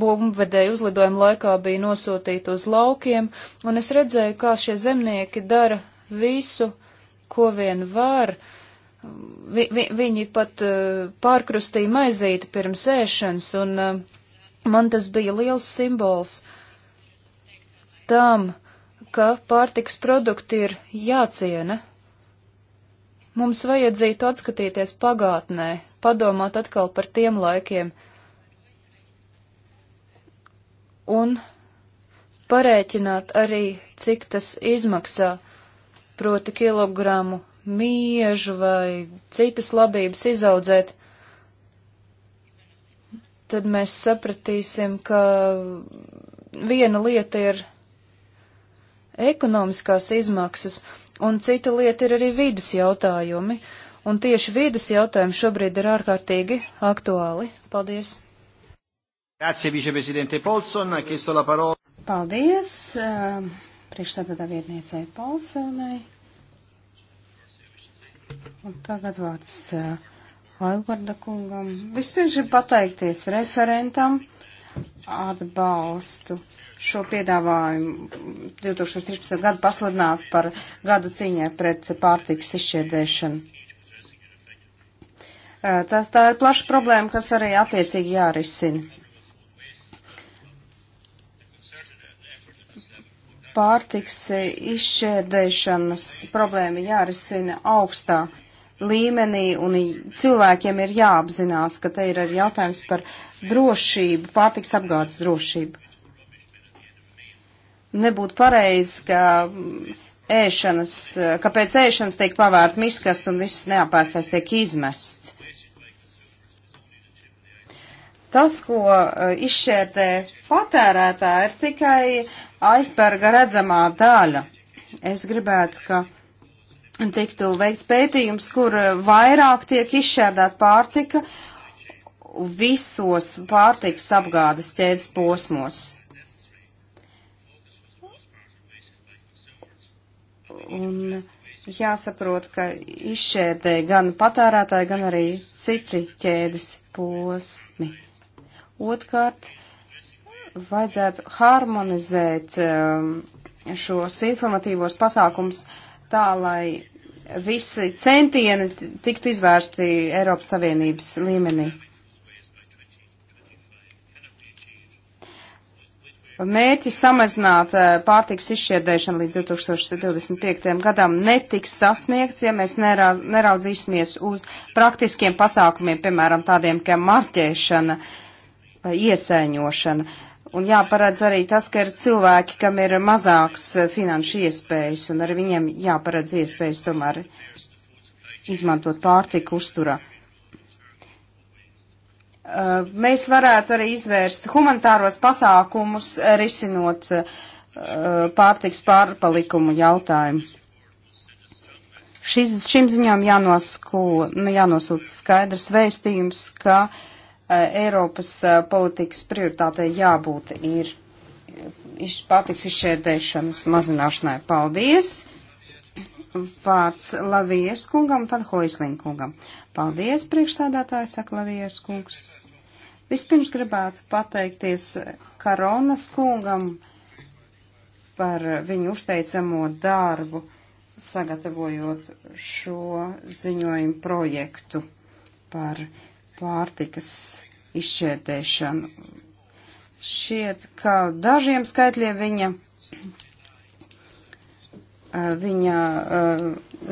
bumbvedēju uzlidojumu laikā bija nosūtīti uz laukiem, un es redzēju, kā šie zemnieki dara visu, ko vien var. Vi, vi, viņi pat uh, pārkrustīja maizīti pirms ēšanas, un uh, man tas bija liels simbols tam, ka pārtiks produkti ir jāciena. Mums vajadzītu atskatīties pagātnē, padomāt atkal par tiem laikiem, uh, un parēķināt arī, cik tas izmaksā, proti kilogramu miežu vai citas labības izaudzēt, tad mēs sapratīsim, ka viena lieta ir ekonomiskās izmaksas, un cita lieta ir arī vidas jautājumi, un tieši vidas jautājumi šobrīd ir ārkārtīgi aktuāli. Paldies! Grazie, viceprezidente Polson. Ha chiesto la parola. Paldies, eh, priekšsēdētā vietniecei Polsonai. Un tagad vārds eh, Ailvarda kungam. Vispirms ir pateikties referentam atbalstu šo piedāvājumu 2013. gadu pasludināt par gadu cīņai pret pārtikas izšķirdēšanu. Eh, tas tā ir plaša problēma, kas arī attiecīgi jārisina. pārtiks izšķērdēšanas problēma jārisina augstā līmenī, un cilvēkiem ir jāapzinās, ka te ir arī jautājums par drošību, pārtiks apgādes drošību. Nebūtu pareizi, ka ēšanas, ka pēc ēšanas tiek pavērt miskast un viss neapēstais tiek izmests. Tas, ko e, izšķērtē patērētā, ir tikai aizsperga redzamā daļa. Es gribētu, ka tiktu veikts pētījums, kur vairāk tiek izšķērdēta pārtika visos pārtikas apgādes ķēdes posmos. Un jāsaprot, ka izšķērdē gan patērētāji, gan arī citi ķēdes posmi. Otkārt, vajadzētu harmonizēt um, šos informatīvos pasākums tā, lai visi centieni tiktu izvērsti Eiropas Savienības līmenī. Mērķis samazināt uh, pārtiks izšķiedēšanu līdz 2025. gadam netiks sasniegts, ja mēs nerā, neraudzīsimies uz praktiskiem pasākumiem, piemēram, tādiem kā marķēšana, uh, vai eh, iesaiņošana. Un jāparedz arī tas, ka ir cilvēki, kam ir mazāks eh, finanšu iespējas, un ar viņiem jāparedz iespējas tomēr izmantot pārtiku uzturā. Eh, mēs varētu arī izvērst humanitāros pasākumus, risinot pārtiks pārpalikumu jautājumu. Šis, šim ziņām jānosko, nu, jānosūta skaidrs vēstījums, ka uh, Eh, Eiropas eh, politikas prioritātei jābūt ir eh, pārtiks izšķērdēšanas mazināšanai. Paldies! Vārds Lavijas kungam, tad Hoisling kungam. Paldies, priekšstādātāji, saka Lavijas kungs. Vispirms gribētu pateikties Karonas kungam par viņu uzteicamo darbu, sagatavojot šo ziņojumu projektu par pārtikas izšķērtēšanu. Šiet, ka dažiem skaitļiem viņa, viņa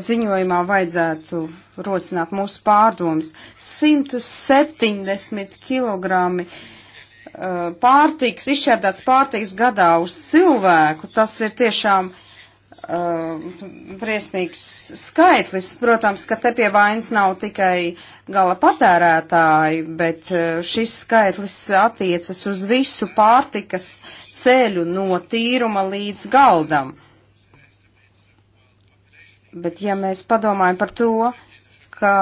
ziņojumā vajadzētu rosināt mūsu pārdomas. 170 kilogrami pārtiks, izšķērdēts pārtiks gadā uz cilvēku, tas ir tiešām uh, Uh, briesmīgs skaitlis. Protams, ka te pie vainas nav tikai gala patērētāji, bet uh, šis skaitlis attiecas uz visu pārtikas ceļu no tīruma līdz galdam. Bet ja mēs padomājam par to, ka,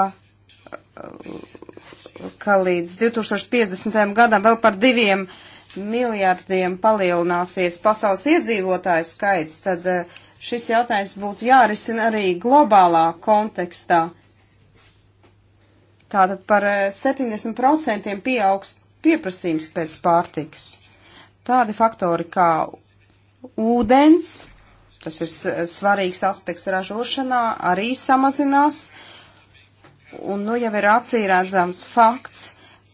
ka līdz 2050. gadam vēl par diviem miljardiem palielināsies pasaules iedzīvotāju skaits, tad uh, šis jautājums būtu jārisina arī globālā kontekstā. Tātad par 70% eh, pieaugs pieprasījums pēc pārtikas. Tādi faktori kā ūdens, tas ir eh, svarīgs aspekts ražošanā, arī samazinās. Un nu jau ir acīrēdzams fakts,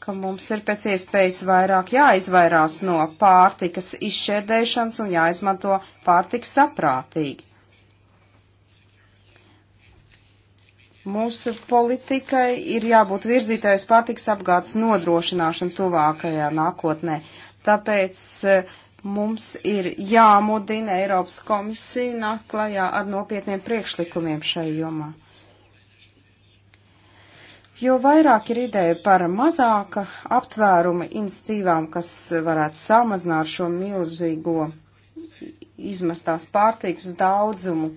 ka mums ir pēc iespējas vairāk jāizvairās no pārtikas izšķērdēšanas un jāizmanto pārtiks saprātīgi. Mūsu politikai ir jābūt virzītājs pārtiks apgādes nodrošināšanu tuvākajā nākotnē. Tāpēc eh, mums ir jāmudina Eiropas komisija nāk klajā ar nopietniem priekšlikumiem šai jomā. Jo vairāk ir ideja par mazāka aptvēruma institīvām, kas varētu samazināt šo milzīgo izmestās pārtīks daudzumu,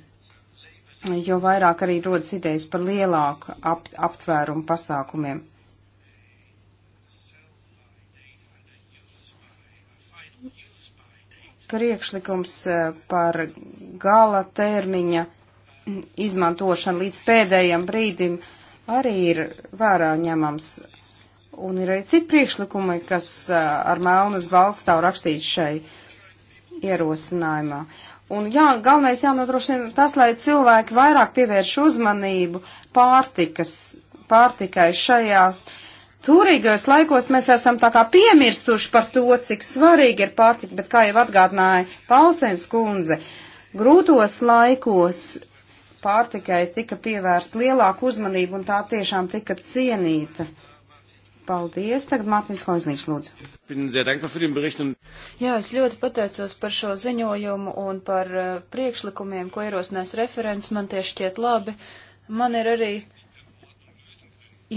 jo vairāk arī rodas idejas par lielāku ap, aptvērumu pasākumiem. Priekšlikums eh, par gala termiņa izmantošanu līdz pēdējiem brīdim uh, arī ir vērā ņemams. Un ir arī citi priekšlikumi, kas ar melnas balstāvu rakstīts šai ierosinājumā. Un jā, galvenais jānodrošina tas, lai cilvēki vairāk pievērš uzmanību pārtikas, pārtikai šajās turīgajos laikos. Mēs esam tā kā piemirstuši par to, cik svarīgi ir pārtika, bet kā jau atgādināja Paulsēns kundze, grūtos laikos pārtikai tika pievērst lielāku uzmanību un tā tiešām tika cienīta. Paldies, tagad Mārtiņš Hoiznīgs lūdzu. Jā, es ļoti pateicos par šo ziņojumu un par uh, priekšlikumiem, ko ierosinās referents, man tie šķiet labi. Man ir arī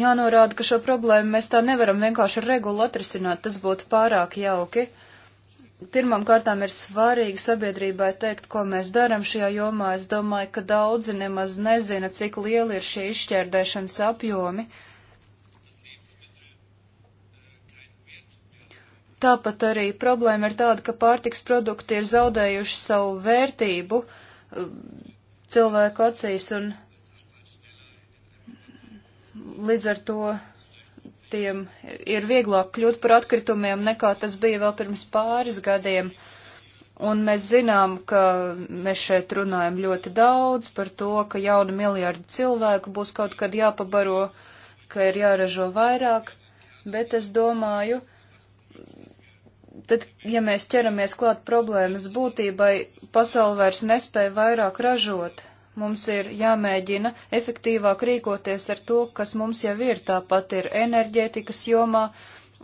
jānorāda, ka šo problēmu mēs tā nevaram vienkārši ar regulu atrisināt, tas būtu pārāk jauki. Uh, pirmām kārtām ir svarīgi sabiedrībai teikt, ko mēs darām šajā jomā. Es domāju, ka daudzi nemaz nezina, cik lieli ir šie izšķērdēšanas apjomi. Tāpat arī problēma ir tāda, ka pārtiks produkti ir zaudējuši savu vērtību um, cilvēku acīs un līdz ar to produktiem ir vieglāk kļūt par atkritumiem nekā tas bija vēl pirms pāris gadiem. Un mēs zinām, ka mēs šeit runājam ļoti daudz par to, ka jauni miljardi cilvēku būs kaut kad jāpabaro, ka ir jāražo vairāk, bet es domāju, tad, ja mēs ķeramies klāt problēmas būtībai, pasauli vairs nespēja vairāk ražot, Mums ir jāmēģina efektīvāk rīkoties ar to, kas mums jau ir, tāpat ir enerģētikas jomā.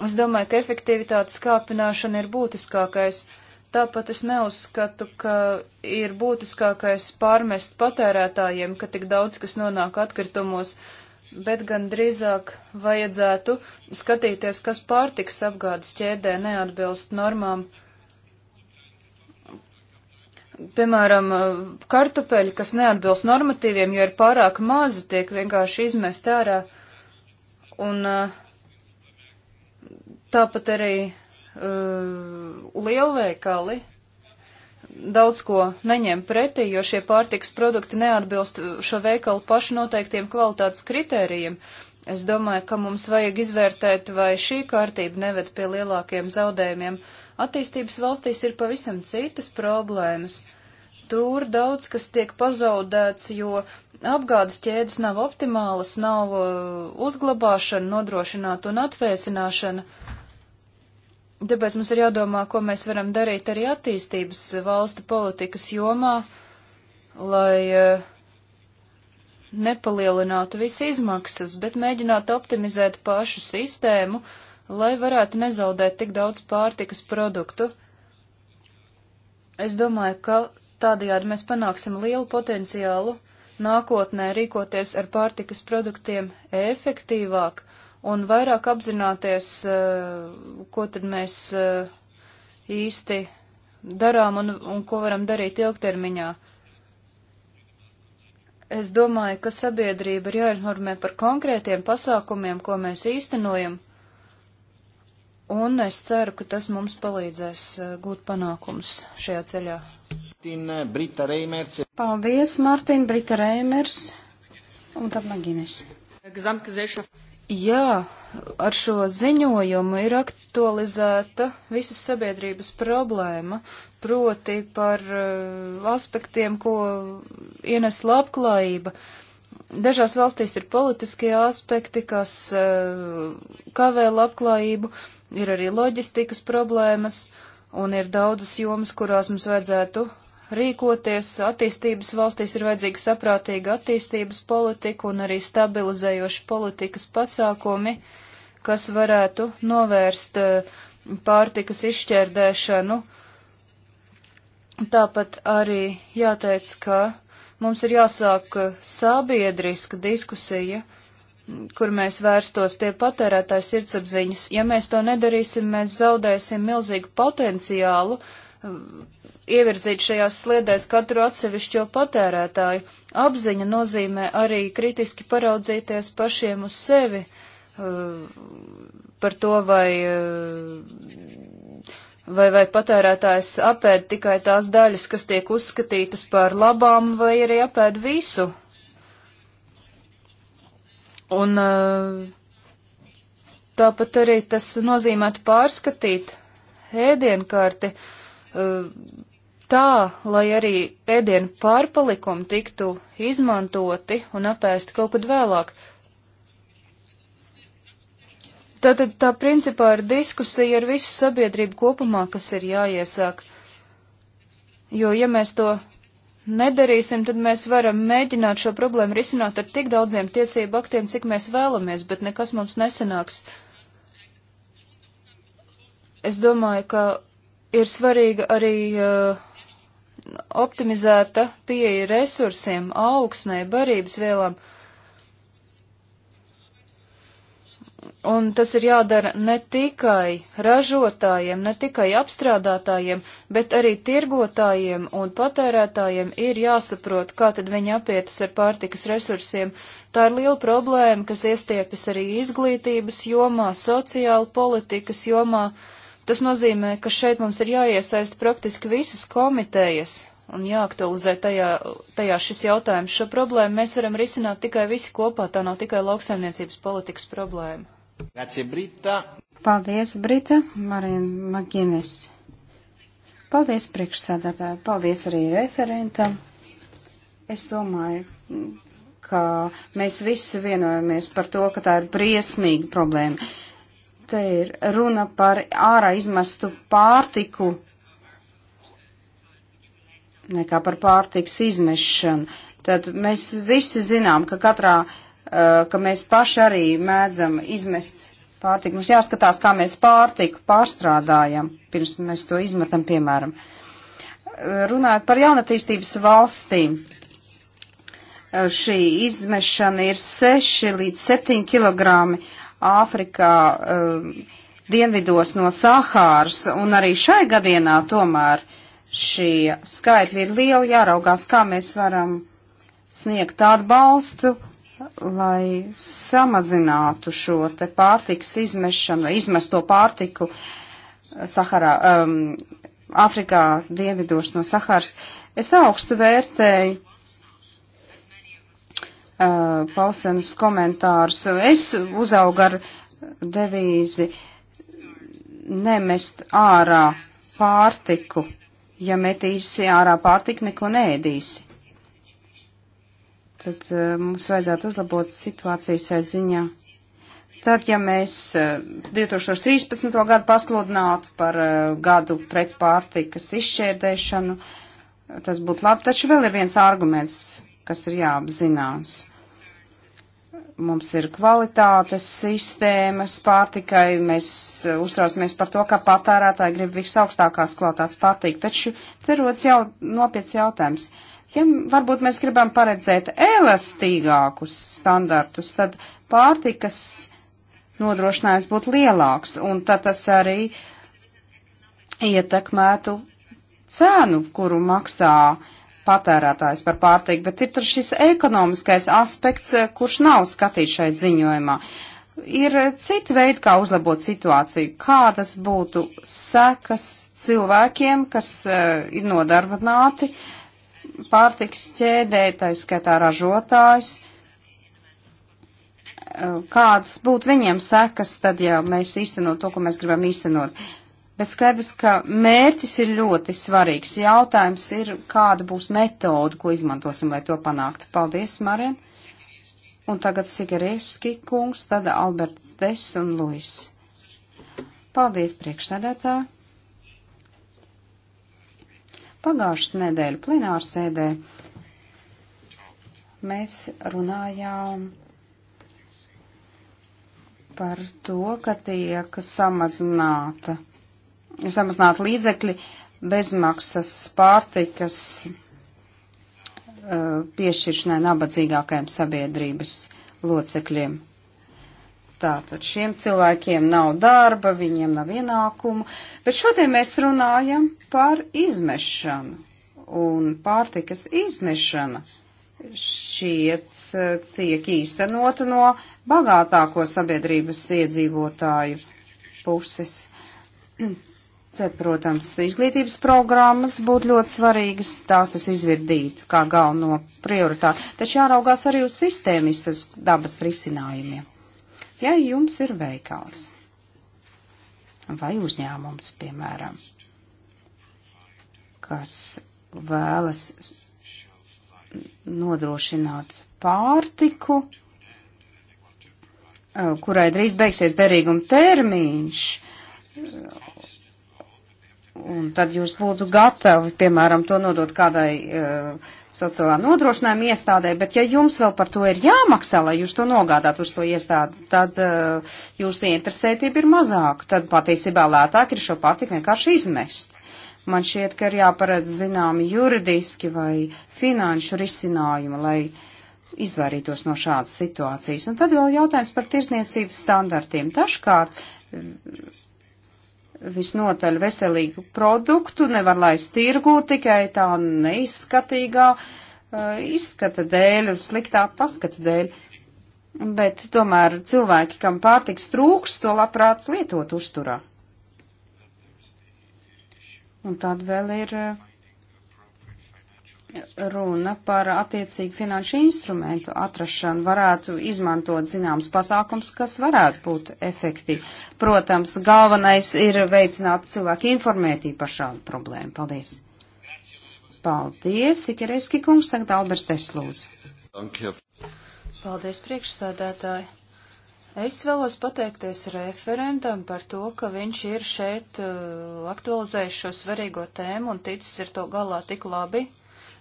Es domāju, ka efektivitātes kāpināšana ir būtiskākais. Tāpat es neuzskatu, ka ir būtiskākais pārmest patērētājiem, ka tik daudz kas nonāk atkritumos, bet gan drīzāk vajadzētu skatīties, kas pārtiks apgādes ķēdē neatbilst normām piemēram, kartupeļi, kas neatbilst normatīviem, jo ir pārāk mazi, tiek vienkārši izmest ārā. Un eh, tāpat arī uh, lielveikali daudz ko neņem pretī, jo šie pārtiks produkti neatbilst šo veikalu pašu noteiktiem kvalitātes kritērijiem. Es domāju, ka mums vajag izvērtēt, vai šī kārtība neved pie lielākiem zaudējumiem Attīstības valstīs ir pavisam citas problēmas. Tur daudz kas tiek pazaudēts, jo apgādes ķēdes nav optimālas, nav uh, uzglabāšana nodrošināta un atvēsināšana. Tāpēc mums ir jādomā, ko mēs varam darīt arī attīstības valstu politikas jomā, lai uh, nepalielinātu visu izmaksas, bet mēģinātu optimizēt pašu sistēmu, uh, lai varētu nezaudēt tik daudz pārtikas produktu. Es domāju, ka tādajādi mēs panāksim lielu potenciālu nākotnē rīkoties ar pārtikas produktiem efektīvāk un vairāk apzināties, eh, ko tad mēs eh, īsti darām un, un ko varam darīt ilgtermiņā. Es domāju, ka sabiedrība ir jāinformē par konkrētiem pasākumiem, ko mēs īstenojam, un es ceru, ka tas mums palīdzēs eh, gūt panākumus šajā ceļā. Martina eh, Brita Reimers. Paldies, Mārtiņa Brita Reimers un tad Maginis. Jā, ar šo ziņojumu ir aktualizēta visas sabiedrības problēma, proti par uh, aspektiem, ko ienes labklājība. Dažās valstīs ir politiskie aspekti, kas uh, kavē labklājību. Uh, ir arī loģistikas problēmas, un ir daudzas jomas, kurās mums vajadzētu rīkoties. Attīstības valstīs ir vajadzīga saprātīga attīstības politika un arī stabilizējoši politikas pasākumi, kas varētu novērst eh, pārtikas izšķērdēšanu. Tāpat arī jāteic, ka mums ir jāsāk eh, sabiedriska diskusija kur mēs vērstos pie patērētāja sirdsapziņas. Ja mēs to nedarīsim, mēs zaudēsim milzīgu potenciālu uh, ievirzīt šajās sliedēs katru atsevišķo patērētāju. Apziņa nozīmē arī kritiski paraudzīties pašiem uz sevi uh, par to, vai uh, vai, vai patērētājs apēd tikai tās daļas, kas tiek uzskatītas par labām, vai arī apēd visu, Un uh, tāpat arī tas nozīmētu pārskatīt ēdienkārti uh, tā, lai arī ēdienu pārpalikumi tiktu izmantoti un apēsti kaut kad vēlāk. Tātad tā principā ir diskusija ar visu sabiedrību kopumā, kas ir jāiesāk. Jo, ja mēs to nedarīsim, tad mēs varam mēģināt šo problēmu risināt ar tik daudziem tiesību aktiem, cik mēs vēlamies, bet nekas mums nesanāks. Es domāju, ka ir svarīga arī uh, optimizēta pieeja resursiem, augsnē, barības vielām. Uh, Un tas ir jādara ne tikai ražotājiem, ne tikai apstrādātājiem, bet arī tirgotājiem un patērētājiem ir jāsaprot, kā tad viņi apietas ar pārtikas resursiem. Tā ir liela problēma, kas iestiepjas arī izglītības jomā, sociāla politikas jomā. Tas nozīmē, ka šeit mums ir jāiesaist praktiski visas komitejas un jāaktualizē tajā, tajā šis jautājums. Šo problēmu mēs varam risināt tikai visi kopā, tā nav tikai lauksaimniecības politikas problēma. Grazie, Brita. Paldies, Brita. Marina Maginis. Paldies priekšsēdētāji, paldies arī referentam. Es domāju, ka mēs visi vienojamies par to, ka tā ir briesmīga problēma. Te ir runa par ārā izmestu pārtiku, nekā par pārtiks izmešanu. Tad mēs visi zinām, ka katrā uh, Eh, ka mēs paši arī mēdzam izmest pārtiku. Mums jāskatās, kā mēs pārtiku pārstrādājam, pirms mēs to izmetam, piemēram. Eh, runājot par jaunatīstības valstīm, eh, šī izmešana ir 6 līdz 7 kg Āfrikā, dienvidos no Sahāras, un arī šai gadienā tomēr šie skaitļi ir lieli, jāraugās, kā mēs varam sniegt atbalstu lai samazinātu šo te pārtikas izmešanu, vai izmesto pārtiku eh, Saharā, um, Afrikā, dievidos no Saharas. Es augstu vērtēju uh, Paulsenas komentārus. Es uzaugu ar devīzi nemest ārā pārtiku, ja metīsi ārā pārtiku, neko nēdīsi tad eh, mums vajadzētu uzlabot situāciju šai ziņā. Tad, ja mēs 2013. Eh, gadu pasludinātu par eh, gadu pret pārtikas izšķērdēšanu, tas būtu labi, taču vēl ir viens arguments, kas ir jāapzinās. Mums ir kvalitātes sistēmas pārtikai, mēs uztraucamies par to, ka patērētāji grib visaugstākās kvalitātes pārtika, taču te rodas jau nopietns jautājums. Uh, Ja varbūt mēs gribam paredzēt elastīgākus standartus, tad pārtikas nodrošinājums būtu lielāks, un tad tas arī ietekmētu cenu, kuru maksā patērētājs par pārtiku, bet ir šis ekonomiskais aspekts, kurš nav skatīts šai ziņojumā. Ir citi veidi, kā uzlabot situāciju, kādas būtu sekas cilvēkiem, kas uh, ir nodarbināti uh, pārtiks ķēdē, tā skaitā ražotājs. Eh, kādas būtu viņiem sekas, tad jau mēs īstenot to, ko mēs gribam īstenot. Bet skaidrs, ka mērķis ir ļoti svarīgs. Jautājums ir, kāda būs metoda, ko izmantosim, lai to panāktu. Paldies, Marien. Un tagad Sigarieski kungs, tad Alberts Des un Luis. Paldies, priekšsēdētāji. Pagājušas nedēļa plenārsēdē mēs runājām par to, ka tiek samazināta, samazināta līdzekļi bezmaksas pārtikas uh, piešķiršanai nabadzīgākajiem sabiedrības locekļiem. Tātad šiem cilvēkiem nav darba, viņiem nav ienākumu, bet šodien mēs runājam par izmešanu un pārtikas izmešana šiet e, tiek īstenota no bagātāko sabiedrības iedzīvotāju puses. Te, protams, izglītības programmas būtu ļoti svarīgas, tās es izvirdītu kā galveno prioritāti, taču jāraugās arī uz sistēmistas dabas risinājumiem. Ja jums ir veikals vai uzņēmums, piemēram, kas vēlas nodrošināt pārtiku, eh, kurai drīz beigsies derīguma termiņš, un tad jūs būtu gatavi, piemēram, to nodot kādai uh, sociālā nodrošinājuma iestādē, bet ja jums vēl par to ir jāmaksā, lai jūs to nogādātu uz to iestādi, tad uh, jūsu interesētība ir mazāka, tad patiesībā lētāk ir šo pārtiku vienkārši izmest. Man šķiet, ka ir jāparedz zināmi juridiski vai finanšu risinājumi, lai izvairītos no šādas situācijas. Un tad vēl jautājums par tirzniecības standartiem. Dažkārt visnotaļ veselīgu produktu, nevar laist tirgu tikai tā neizskatīgā eh, izskata dēļ, sliktā paskata dēļ. Bet tomēr cilvēki, kam pārtiks trūks, to labprāt lietot uzturā. Un tad vēl ir uh, runa par attiecīgu finanšu instrumentu atrašanu, varētu izmantot zināms pasākums, kas varētu būt efektīvi. Protams, galvenais ir veicināt cilvēku informētību par šādu problēmu. Paldies! Paldies, Ikereski kungs, tagad Albers Teslūz. Paldies, priekšsādātāji. Es vēlos pateikties referentam par to, ka viņš ir šeit uh, aktualizējis šo svarīgo tēmu un ticis ar to galā tik labi,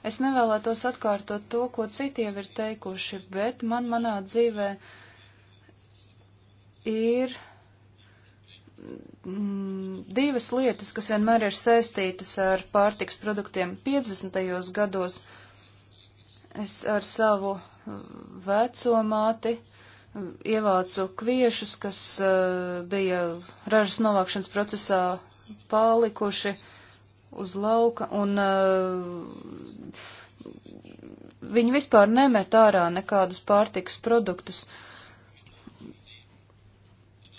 Es nevēlētos atkārtot to, ko citi jau ir teikuši, bet man manā dzīvē ir mm, divas lietas, kas vienmēr ir saistītas ar pārtiks produktiem. 50. gados es ar savu uh, veco māti uh, ievācu kviešus, kas uh, bija ražas novākšanas procesā palikuši uz lauka, un uh, viņi vispār nemet ārā nekādus pārtikas produktus.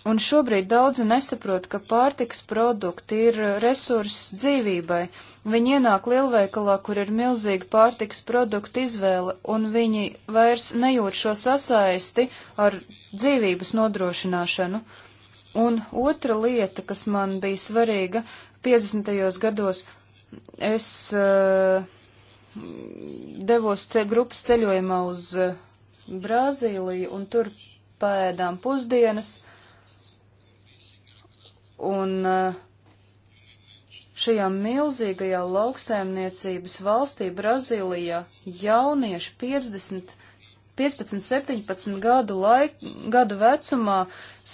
Un šobrīd daudzi nesaprot, ka pārtiks produkti ir resurss dzīvībai. Viņi ienāk lielveikalā, kur ir milzīga pārtiks produktu izvēle, un viņi vairs nejūt šo sasaisti ar dzīvības nodrošināšanu. Un otra lieta, kas man bija svarīga, 50. gados es uh, devos ce grupas ceļojumā uz uh, Brazīliju un tur pēdām pusdienas. Un uh, Šajā milzīgajā lauksēmniecības valstī Brazīlijā jaunieši 50, 15, 17 gadu, laik, gadu vecumā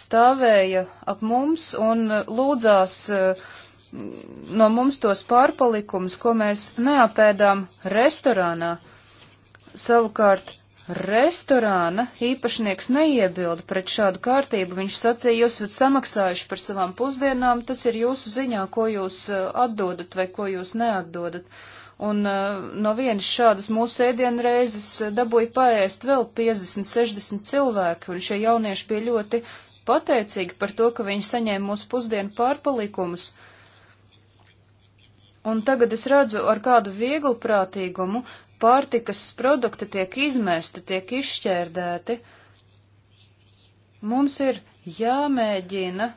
stāvēja ap mums un lūdzās uh, no mums tos pārpalikums, ko mēs neapēdām restorānā. Savukārt, restorāna īpašnieks neiebilda pret šādu kārtību. Viņš sacīja, jūs esat samaksājuši par savām pusdienām, tas ir jūsu ziņā, ko jūs eh, atdodat vai ko jūs neatdodat. Un eh, no vienas šādas mūsu ēdienreizes eh, dabūja paēst vēl 50-60 cilvēki, un šie jaunieši bija ļoti pateicīgi par to, ka viņi saņēma mūsu pusdienu pārpalikumus. Uh, Un tagad es redzu, ar kādu vieglu prātīgumu pārtikas produkti tiek izmesti, tiek izšķērdēti. Mums ir jāmēģina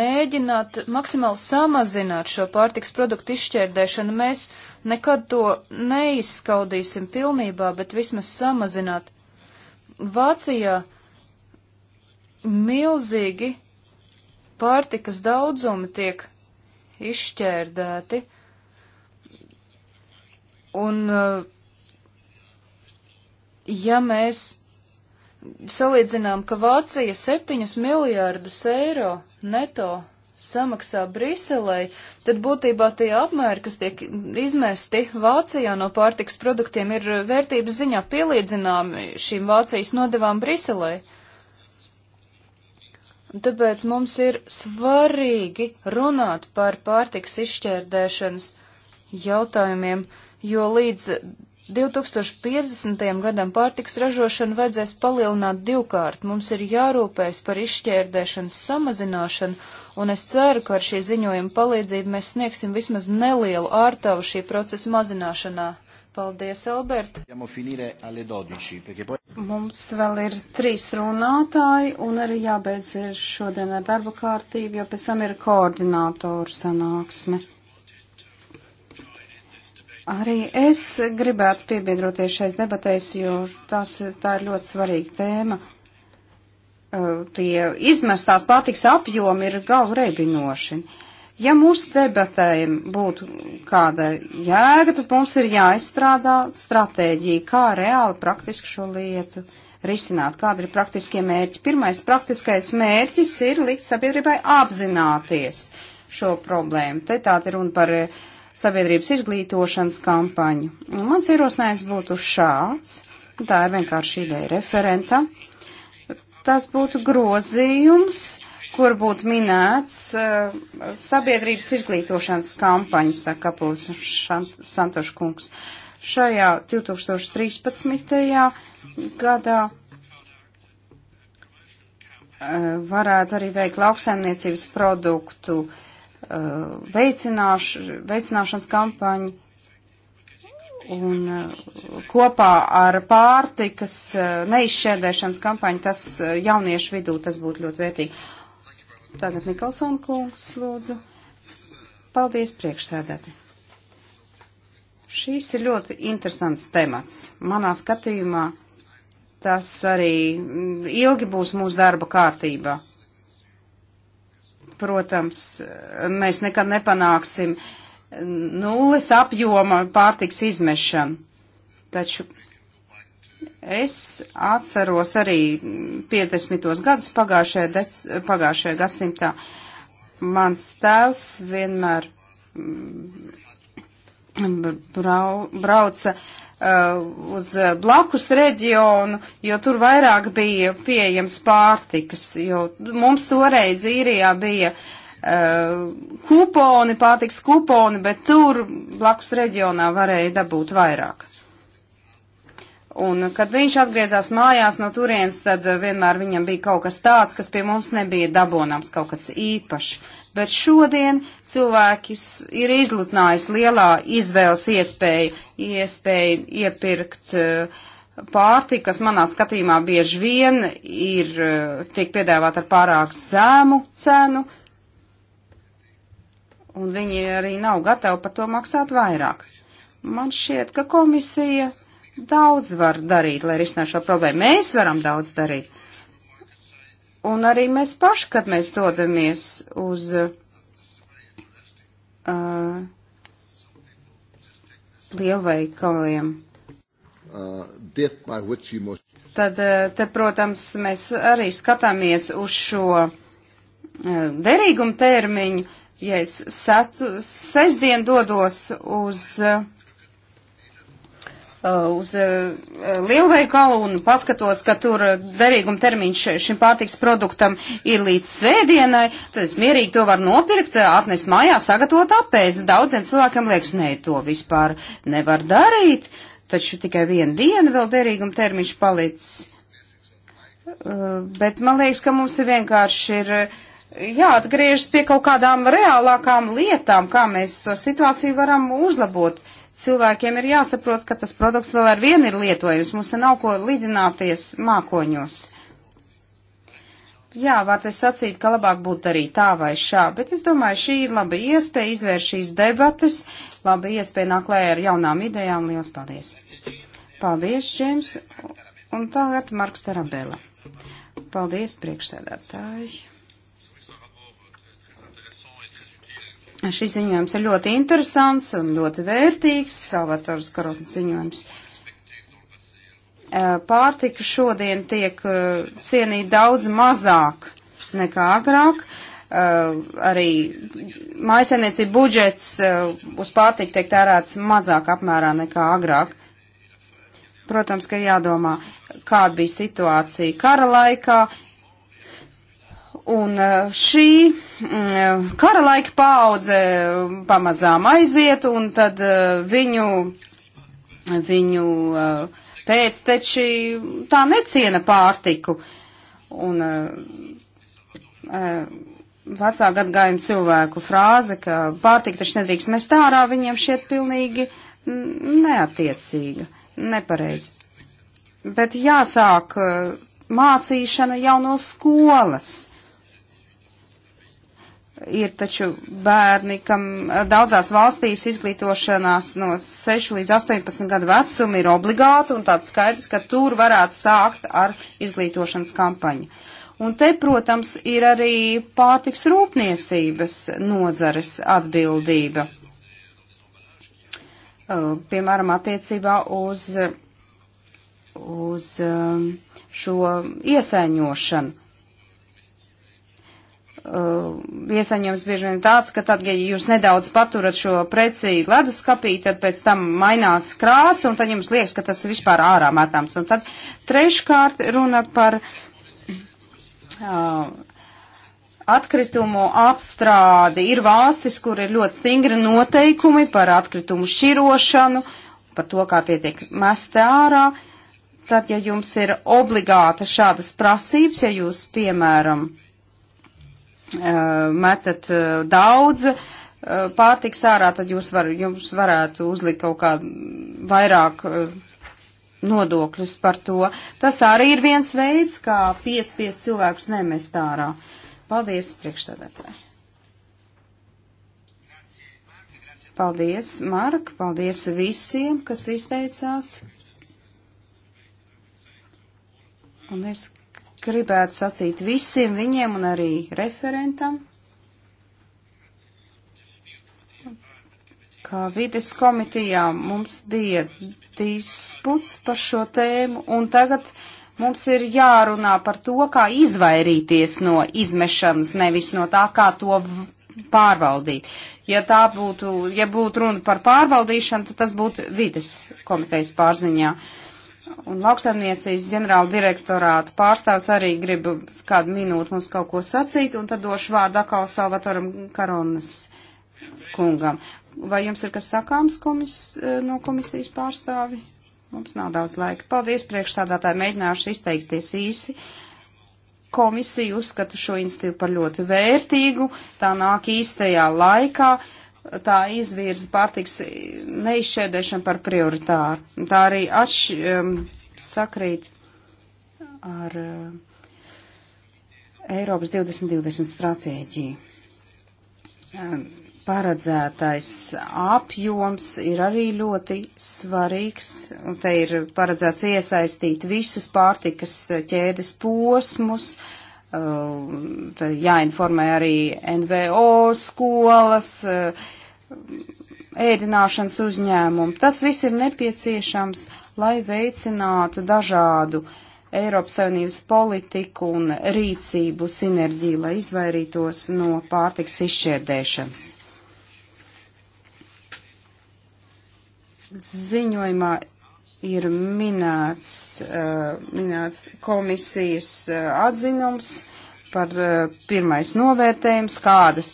mēģināt maksimāli samazināt šo pārtiks produktu izšķērdēšanu. Mēs nekad to neizskaudīsim pilnībā, bet vismaz samazināt. Vācijā milzīgi pārtikas daudzumi tiek izšķērdēti. Un, eh, ja mēs salīdzinām, ka Vācija 7 miljārdus eiro neto samaksā Briselei, tad būtībā tie apmēri, kas tiek izmesti Vācijā no pārtiks produktiem, ir vērtības ziņā pielīdzināmi šīm Vācijas nodevām Briselei. Tāpēc mums ir svarīgi runāt par pārtiks izšķērdēšanas jautājumiem, jo līdz 2050. gadam pārtiks ražošanu vajadzēs palielināt divkārt. Mums ir jārūpējas par izšķērdēšanas samazināšanu, un es ceru, ka ar šī ziņojuma palīdzību mēs sniegsim vismaz nelielu ārtavu šī procesa mazināšanā. Paldies, Alberta. Mums vēl ir trīs runātāji un arī jābeidz ir šodien ar darba kārtību, jo pēc tam ir koordinātoru sanāksme. Arī es gribētu piebiedroties šais debatēs, jo tās, tā ir ļoti svarīga tēma. Tie izmestās pārtiks apjomi ir galvu reibinoši. Ja mūsu debatēm būtu kāda jēga, tad mums ir jāizstrādā stratēģija, kā reāli praktiski šo lietu risināt, kāda ir praktiskie mērķi. Pirmais praktiskais mērķis ir likt sabiedrībai apzināties šo problēmu. Te tā ir runa par eh, sabiedrības izglītošanas kampaņu. Un mans ierosinājums būtu šāds, tā ir vienkārši ideja referenta. Tas būtu grozījums kur būtu minēts uh, sabiedrības izglītošanas kampaņas, saka Kapulis Santoškungs. Šajā 2013. gadā uh, varētu arī veikt lauksaimniecības produktu uh, eh, veicināš, veicināšanas kampaņu un kopā ar pārtikas neizšķērdēšanas kampaņu tas jauniešu vidū tas būtu ļoti vērtīgi. Tagad Nikolson kungs, lūdzu. Paldies priekšsēdētē. Šīs ir ļoti interesants temats. Manā skatījumā tas arī mm, ilgi būs mūsu darba kārtībā. Protams, mēs nekad nepanāksim nulles apjoma pārtiks izmešanu. Taču Es atceros arī 50. gadus pagājušajā, dec, pagājušajā gadsimtā. Mans tēvs vienmēr mm, brau, brauca uh, uz blakus reģionu, jo tur vairāk bija pieejams pārtikas, jo mums toreiz īrijā bija uh, kuponi, pārtiks kuponi, bet tur blakus reģionā varēja dabūt vairāk. Un, kad viņš atgriezās mājās no turienes, tad eh, vienmēr viņam bija kaut kas tāds, kas pie mums nebija dabonams, kaut kas īpašs. Bet šodien cilvēkis ir izlutnājis lielā izvēles iespēju, iespēju iepirkt eh, pārtiku, kas manā skatījumā bieži vien ir, eh, tiek piedāvāt ar pārāk zēmu cenu, un viņi arī nav gatavi par to maksāt vairāk. Man šķiet, ka komisija daudz var darīt, lai risinātu šo problēmu. Mēs varam daudz darīt. Un arī mēs paši, kad mēs dodamies uz uh, lielveikaliem. Uh, must... Tad, te, protams, mēs arī skatāmies uz šo uh, derīgumu termiņu. Ja es satu, sestdien dodos uz uh, Uh, uz uh, lielveikalu un paskatos, ka tur derīguma termiņš šim pārtiks produktam ir līdz svētdienai, tad es mierīgi to varu nopirkt, uh, atnest mājās, sagatavot apēst. Daudziem cilvēkiem liekas, nē, to vispār nevar darīt, taču tikai vienu dienu vēl derīguma termiņš palicis. Bet man liekas, ka mums ir vienkārši ir jāatgriežas pie kaut kādām reālākām lietām, kā mēs to situāciju varam uzlabot. Uh, cilvēkiem ir jāsaprot, ka tas produkts vēl ar vienu ir lietojums. Mums te nav ko lidināties mākoņos. Jā, var te sacīt, ka labāk būtu darīt tā vai šā, bet es domāju, šī ir laba iespēja izvērst šīs debates, laba iespēja nāk klājā ar jaunām idejām. Lielas paldies! Paldies, Džēms! Un tagad Marks Tarabela. Paldies, priekšsēdētāji! Šis ziņojums ir ļoti interesants un ļoti vērtīgs, Salvators Karotnes ziņojums. Eh, pārtika šodien tiek eh, cienīta daudz mazāk nekā agrāk. Eh, arī maisainiecība budžets uz pārtiku tiek tērēts mazāk apmērā nekā agrāk. Protams, ka jādomā, kāda bija situācija kara laikā, Un e, šī mm, e, kara laika paudze pamazām aiziet, un tad e, viņu, viņu pēcteči tā neciena pārtiku. Un vecā gadgājuma cilvēku frāze, ka pārtika taču nedrīkst mest ārā, viņiem šķiet pilnīgi neatiecīga, nepareizi. Bet jāsāk mācīšana jau no skolas. Ir taču bērni, kam eh, daudzās valstīs izglītošanās no 6 līdz 18 gadu vecuma ir obligāta un tāds skaidrs, ka tur varētu sākt ar izglītošanas kampaņu. Un te, protams, ir arī pārtiks rūpniecības nozares atbildība. Eh, piemēram, attiecībā uz, uz eh, šo iesaiņošanu Uh, iesaņojums bieži vien tāds, ka tad, ja jūs nedaudz paturat šo preci leduskapī, tad pēc tam mainās krāsa, un tad jums liekas, ka tas ir vispār ārā metāms. Un tad treškārt runa par uh, atkritumu apstrādi. Ir valstis, kur ir ļoti stingri noteikumi par atkritumu šķirošanu, par to, kā tie tiek mesti ārā. Tad, ja jums ir obligāta šādas prasības, ja jūs, piemēram, Eh, metat eh, daudz eh, pārtiks ārā, tad jūs var, jums varētu uzlikt kaut kā vairāk nodokļus par to. Tas arī ir viens veids, kā piespiest cilvēkus nemest ārā. Paldies, priekšstādātāji. Paldies, Mark, paldies visiem, kas izteicās. Un es gribētu sacīt visiem viņiem un arī referentam, kā vides komitijā mums bija disputs par šo tēmu, un tagad mums ir jārunā par to, kā izvairīties no izmešanas, nevis no tā, kā to pārvaldīt. Ja tā būtu, ja būtu runa par pārvaldīšanu, tad tas būtu vides komitejas pārziņā. Uh, un lauksaimniecības ģenerāla direktorāta pārstāvs arī grib kādu minūtu mums kaut ko sacīt, un tad došu vārdu atkal Salvatoram Karonas kungam. Vai jums ir kas sakāms komis, e, no komisijas pārstāvi? Mums nav daudz laika. Paldies, priekšstādātāji, mēģināšu izteikties īsi. Komisija uzskata šo institīvu par ļoti vērtīgu, tā nāk īstajā laikā. Uh, tā izvirza pārtiks neizšķēdēšanu par prioritāru. Tā arī atš, um, sakrīt ar uh, Eiropas 2020 stratēģiju. Um, paredzētais apjoms ir arī ļoti svarīgs, un te ir paredzēts iesaistīt visus pārtikas ķēdes posmus, uh, jāinformē arī NVO, skolas, eh, ēdināšanas uzņēmumu. Tas viss ir nepieciešams, lai veicinātu dažādu Eiropas Savienības politiku un rīcību sinerģiju, lai izvairītos no pārtiks izšķērdēšanas. Ziņojumā ir minēts, eh, minēts komisijas eh, atzinums par eh, pirmais novērtējums, kādas,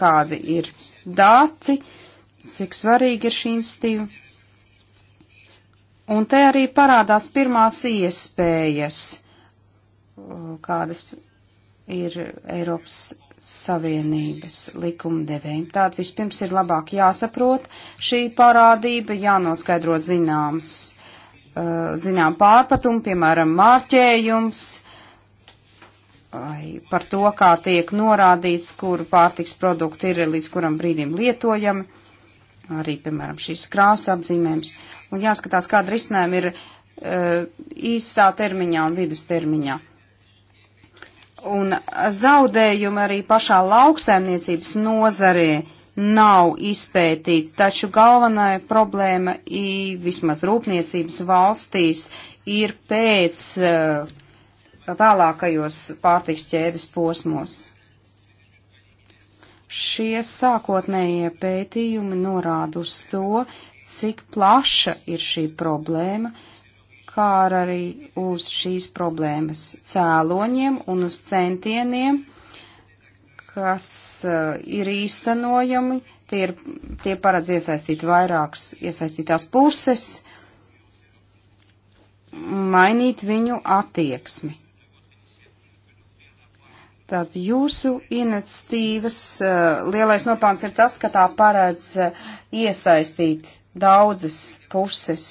kādi ir dati, cik svarīgi ir šī institīva. Un te arī parādās pirmās iespējas, kādas ir Eiropas Savienības likumdevējiem. Tātad vispirms ir labāk jāsaprot šī parādība, jānoskaidro zināms Uh, zinām pārpatumu, piemēram, mārķējums, par to, kā tiek norādīts, kur pārtiks produkti ir līdz kuram brīdim lietojami, arī, piemēram, šīs krāsa apzīmējums. Un jāskatās, kāda risinājuma ir uh, īsā termiņā un vidus termiņā. Un zaudējumi arī pašā lauksaimniecības nozarē nav izpētīti, taču galvenā problēma ir vismaz rūpniecības valstīs ir pēc uh, vēlākajos pārtiks ķēdes posmos. Šie sākotnējie pētījumi norāda uz to, cik plaša ir šī problēma, kā arī uz šīs problēmas cēloņiem un uz centieniem kas uh, ir īstenojami, tie, ir, tie paredz iesaistīt vairākas iesaistītās puses, mainīt viņu attieksmi. Tātad jūsu iniciatīvas uh, lielais nopelns ir tas, ka tā paredz uh, iesaistīt daudzas puses.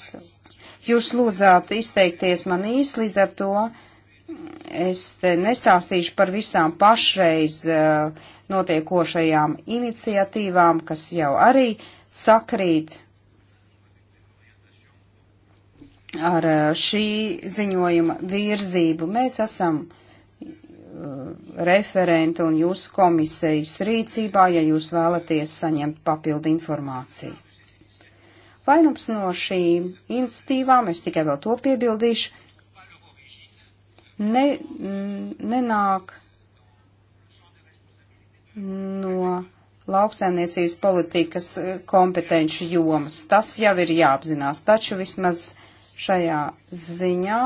Jūs lūdzāt izteikties man īsti līdz ar to. Uh, Es te nestāstīšu par visām pašreiz uh, notiekošajām iniciatīvām, kas jau arī sakrīt ar uh, šī ziņojuma virzību. Mēs esam uh, eh, referenta un jūsu komisijas rīcībā, ja jūs vēlaties saņemt papildu informāciju. Vainums no šīm institīvām, es tikai vēl to piebildīšu, ne, mm, nenāk no lauksaimniecības politikas eh, kompetenci jomas. Tas jau ir jāapzinās, taču vismaz šajā ziņā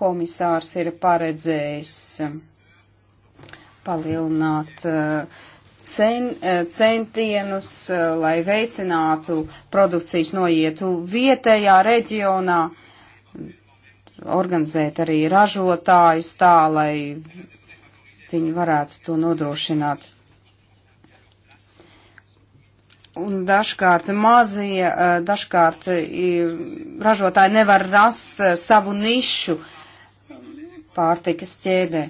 komisārs ir paredzējis eh, palielināt eh, cen, centienus, lai veicinātu produkcijas noietu vietējā reģionā organizēt arī ražotājus tā, lai viņi varētu to nodrošināt. Un dažkārt mazie, eh, dažkārt eh, ražotāji nevar rast eh, savu nišu pārtikas ķēdē.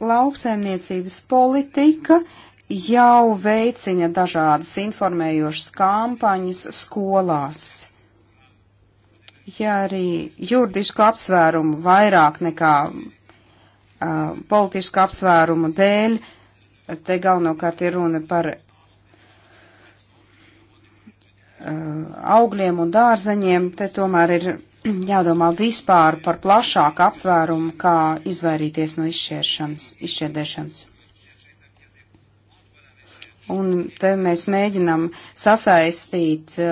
Lauksaimniecības politika jau veicina dažādas informējošas kampaņas skolās ja arī juridisku apsvērumu vairāk nekā uh, politisku apsvērumu dēļ, te galvenokārt ir runa par uh, augļiem un dārzeņiem, te tomēr ir jādomā vispār par plašāku aptvērumu, kā izvairīties no izšķēršanas, izšķērdēšanas. Un te mēs mēģinam sasaistīt uh,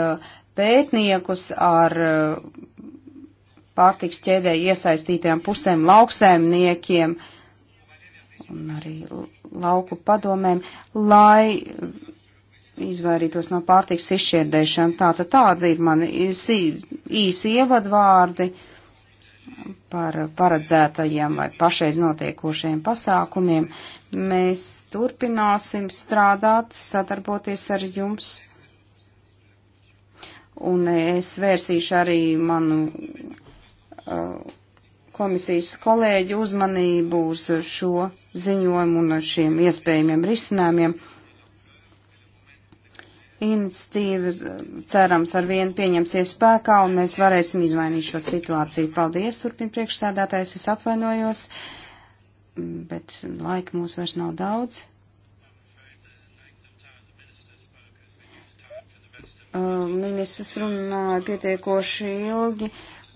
pētniekus ar uh, pārtiks ķēdē iesaistītajām pusēm, lauksēmniekiem un arī lauku padomēm, lai izvairītos no pārtiks izšķirdēšana. Tātad tāda ir mani īsi ievadvārdi par paredzētajiem vai pašreiz notiekošajiem pasākumiem. Mēs turpināsim strādāt, sadarboties ar jums un es vērsīšu arī manu uh, komisijas kolēģu uzmanību uz šo ziņojumu un šiem iespējamiem risinājumiem. Inicitīva uh, cerams ar vienu pieņemsies spēkā un mēs varēsim izmainīt šo situāciju. Paldies, turpin priekšsēdētājs, es atvainojos, mm, bet laika mums vairs nav daudz. Um, ministrs runāja pietiekoši ilgi,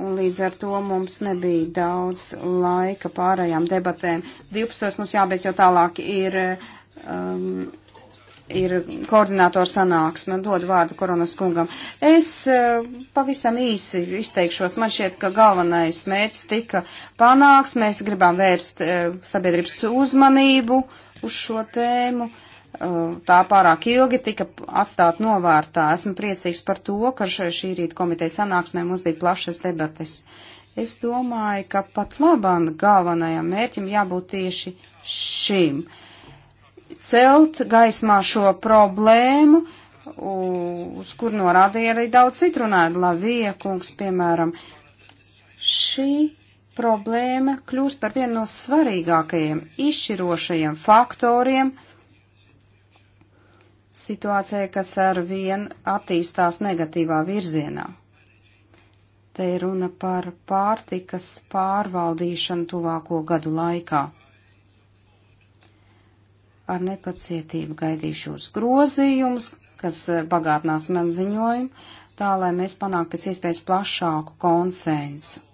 un līdz ar to mums nebija daudz laika pārējām debatēm. 12. mums jābeidz jau tālāk ir, um, ir koordinātors sanāksme, dod vārdu koronas kungam. Es uh, pavisam īsi izteikšos, man šķiet, ka galvenais mērķis tika panāks, mēs gribam vērst uh, sabiedrības uzmanību uz šo tēmu. Uh, Eh, tā pārāk ilgi tika atstāt novārtā. Esmu priecīgs par to, ka šī rīta komiteja sanāksmē mums bija plašas debates. Es domāju, ka pat labam galvenajam mērķim jābūt tieši šim. Celt gaismā šo problēmu, uz kur norādīja arī daudz citrunāju, Lavija kungs, piemēram. Šī problēma kļūst par vienu no svarīgākajiem, izšķirošajiem faktoriem, situācijai, kas ar vien attīstās negatīvā virzienā. Te ir runa par pārtikas pārvaldīšanu tuvāko gadu laikā. Ar nepacietību gaidīšu uz grozījumus, kas bagātinās man ziņojumu, tā lai mēs panāktu pēc iespējas plašāku konsensu.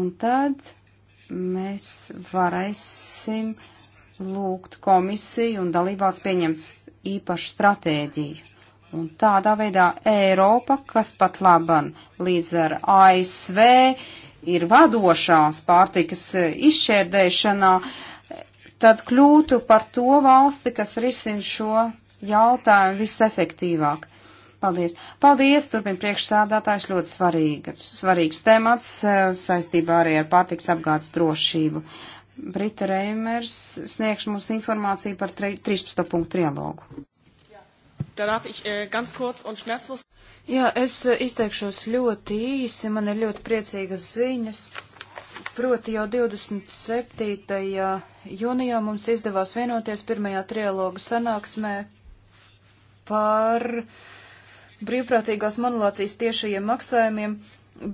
Un tad mēs varēsim uh, lūgt komisiju un dalībās pieņemt īpašu stratēģiju. Un tādā veidā Eiropa, kas pat laban līdz ar ASV ir vadošās pārtikas izšķērdēšanā, tad kļūtu par to valsti, kas risina šo jautājumu visefektīvāk. Paldies. Paldies, turpin priekšsādātājs ļoti svarīgs, svarīgs temats eh, saistībā arī ar pārtiks apgādes drošību. Brita Reimers sniegs mums informāciju par 13. punktu trialogu. Äh, Jā, es äh, izteikšos ļoti īsi, man ir ļoti priecīgas ziņas. Proti jau 27. jūnijā mums izdevās vienoties pirmajā trialoga sanāksmē par brīvprātīgās manulācijas tiešajiem maksājumiem.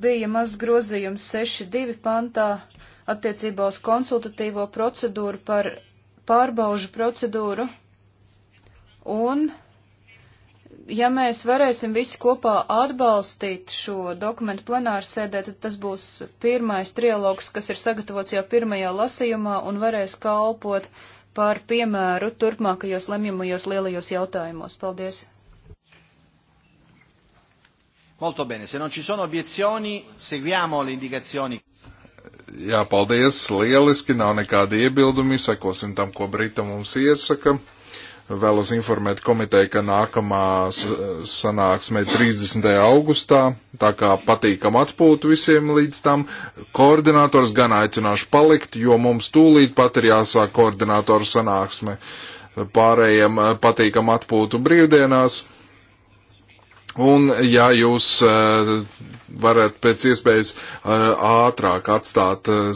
Bija maz grozījums 6.2 pantā, attiecībā uz konsultatīvo procedūru par pārbaužu procedūru. Un, ja mēs varēsim visi kopā atbalstīt šo dokumentu plenāru sēdē, tad tas būs pirmais trialogs, kas ir sagatavots jau pirmajā lasījumā un varēs kalpot par piemēru turpmākajos lemjamajos lielajos jautājumos. Paldies! Molto bene, se non ci sono obiezioni, seguiamo le indicazioni. Jā, paldies, lieliski, nav nekādi iebildumi, sekosim tam, ko Brita mums iesaka. Vēlos informēt komiteju, ka nākamā sanāksme 30. augustā, tā kā patīkam atpūt visiem līdz tam. Koordinators gan aicināšu palikt, jo mums tūlīt pat ir jāsāk koordinatoru sanāksme. Pārējiem eh, patīkam atpūtu brīvdienās. Un, ja jūs eh, varat pēc iespējas eh, ātrāk atstāt eh,